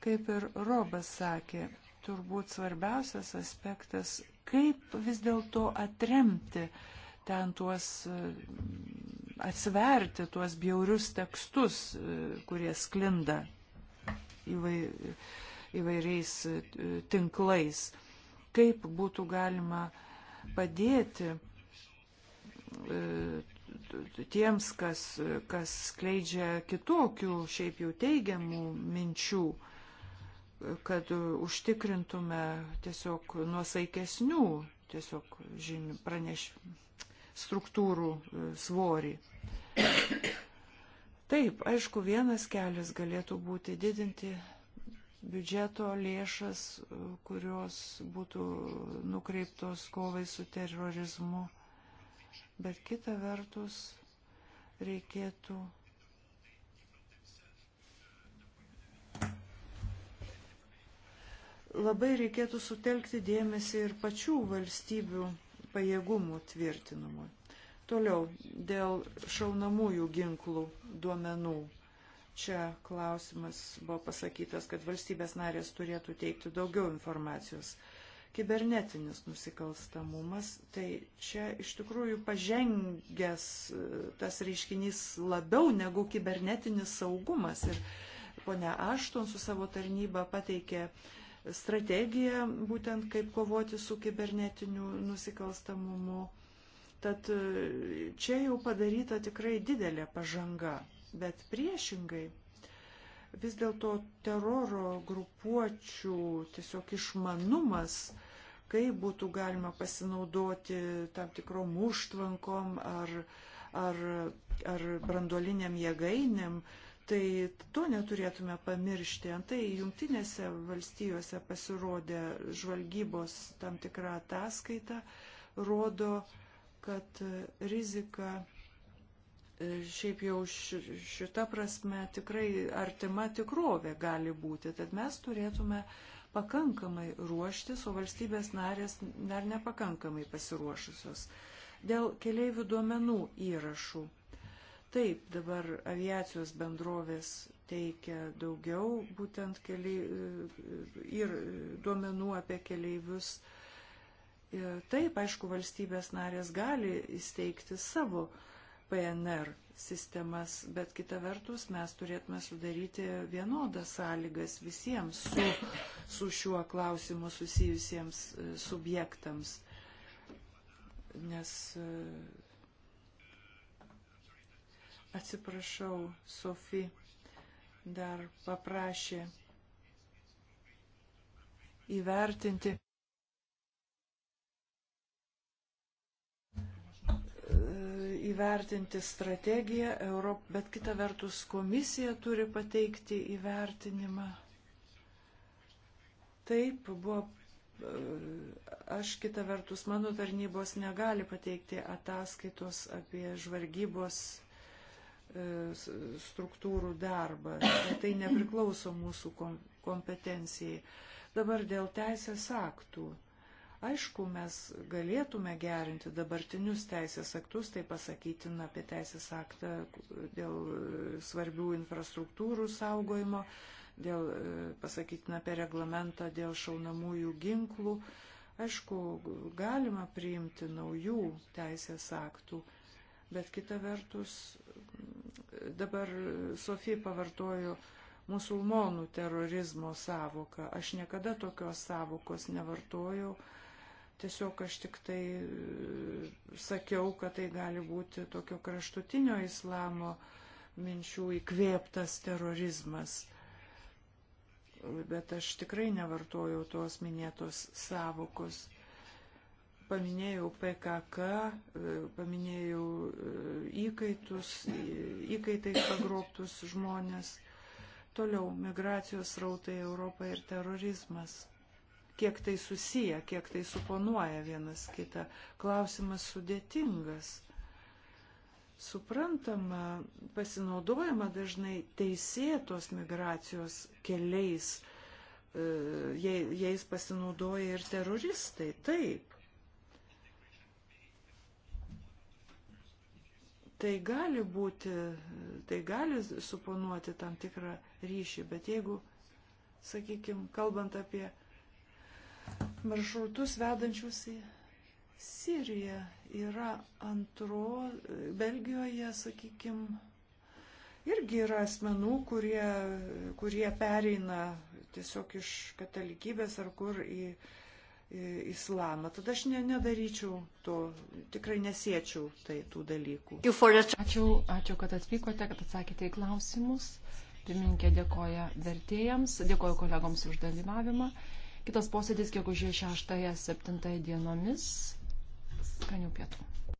Kaip ir Robas sakė, turbūt svarbiausias aspektas kaip vis dėlto atremti ten tuos, atsverti tuos bjaurius tekstus, kurie sklinda įvairiais e, tinklais, kaip būtų galima padėti e, tiems, kas, kas skleidžia kitokių, šiaip jau teigiamų minčių kad užtikrintume tiesiog nuosaikesnių tiesiog žinių praneš struktūrų e, svorį. Taip, aišku, vienas kelias galėtų būti didinti biudžeto lėšas, e, kurios būtų nukreiptos kovai su terorizmu. Bet kita vertus, reikėtų labai reikėtų sutelkti dėmesį ir pačių valstybių pajėgumų tvirtinimui. Toliau, dėl šaunamųjų ginklų duomenų. Čia klausimas buvo pasakytas, kad valstybės narės turėtų teikti daugiau informacijos. Kibernetinis nusikalstamumas, tai čia iš tikrųjų pažengęs e, tas reiškinys labiau negu kibernetinis saugumas. Ir ponia Ašton su savo tarnyba pateikė uh, strategiją, būtent kaip kovoti su kibernetiniu nusikalstamumu. Tad e, čia jau padaryta tikrai didelė pažanga, bet priešingai vis dėlto teroro grupuočių tiesiog išmanumas, kaip būtų galima pasinaudoti tam tikrom užtvankom ar, ar, ar brandoliniam jėgainėm, uh, Tai to neturėtume pamiršti. Antai jungtinėse valstijose pasirodė žvalgybos tam tikra ataskaita, rodo, kad rizika e, šiaip jau šita prasme tikrai artima tikrovė gali būti. Tad mes turėtume pakankamai ruoštis, o valstybės narės dar nepakankamai pasiruošusios. Dėl keliaivių duomenų įrašų Taip, dabar aviacijos bendrovės teikia daugiau būtent keliai e, ir duomenų apie keleivius. Taip, aišku, valstybės narės gali įsteigti savo PNR sistemas, bet kita vertus mes turėtume sudaryti vienodas sąlygas visiems su, su šiuo klausimu susijusiems e, subjektams nes e, Atsiprašau, Sofi dar paprašė įvertinti. Įvertinti strategiją, Europ... bet kita vertus komisija turi pateikti įvertinimą. Taip, buvo aš kita vertus, mano tarnybos negali pateikti ataskaitos apie žvargybos E, struktūrų darbą. Tai nepriklauso mūsų kompetencijai. Dabar dėl teisės aktų. Aišku, mes galėtume gerinti dabartinius teisės aktus, tai pasakytina apie teisės aktą dėl svarbių infrastruktūrų saugojimo, dėl, e, pasakytina apie reglamentą dėl šaunamųjų ginklų. Aišku, galima priimti naujų teisės aktų, bet kita vertus dabar Sofija pavartojo musulmonų terorizmo savoką. Aš niekada tokios savokos nevartojau. Tiesiog aš tik tai e, sakiau, kad tai gali būti tokio kraštutinio islamo minčių įkvėptas terorizmas. Bet aš tikrai nevartojau tos minėtos savokos paminėjau PKK, e, paminėjau e, įkaitus, įkaitais pagrobtus žmonės. Toliau migracijos rautai Europą ir terorizmas. Kiek tai susiję, kiek tai suponuoja vienas kitą. Klausimas sudėtingas. Suprantama, pasinaudojama dažnai teisėtos migracijos keliais, e, jais pasinaudoja ir teroristai, taip tai gali būti, tai gali suponuoti tam tikrą ryšį, bet jeigu, sakykime, kalbant apie maršrutus vedančius į Siriją, yra antro, Belgijoje, sakykime, irgi yra asmenų, kurie, kurie pereina tiesiog iš katalikybės ar kur į islamą. Tada aš ne, nedaryčiau to, tikrai nesiečiau tai tų dalykų. Ačiū, ačiū, kad atvykote, kad atsakėte į klausimus. Pirmininkė dėkoja vertėjams, dėkoju kolegoms už dalyvavimą. Kitas posėdis, kiek už jie 6-7 dienomis. Skanių pietų.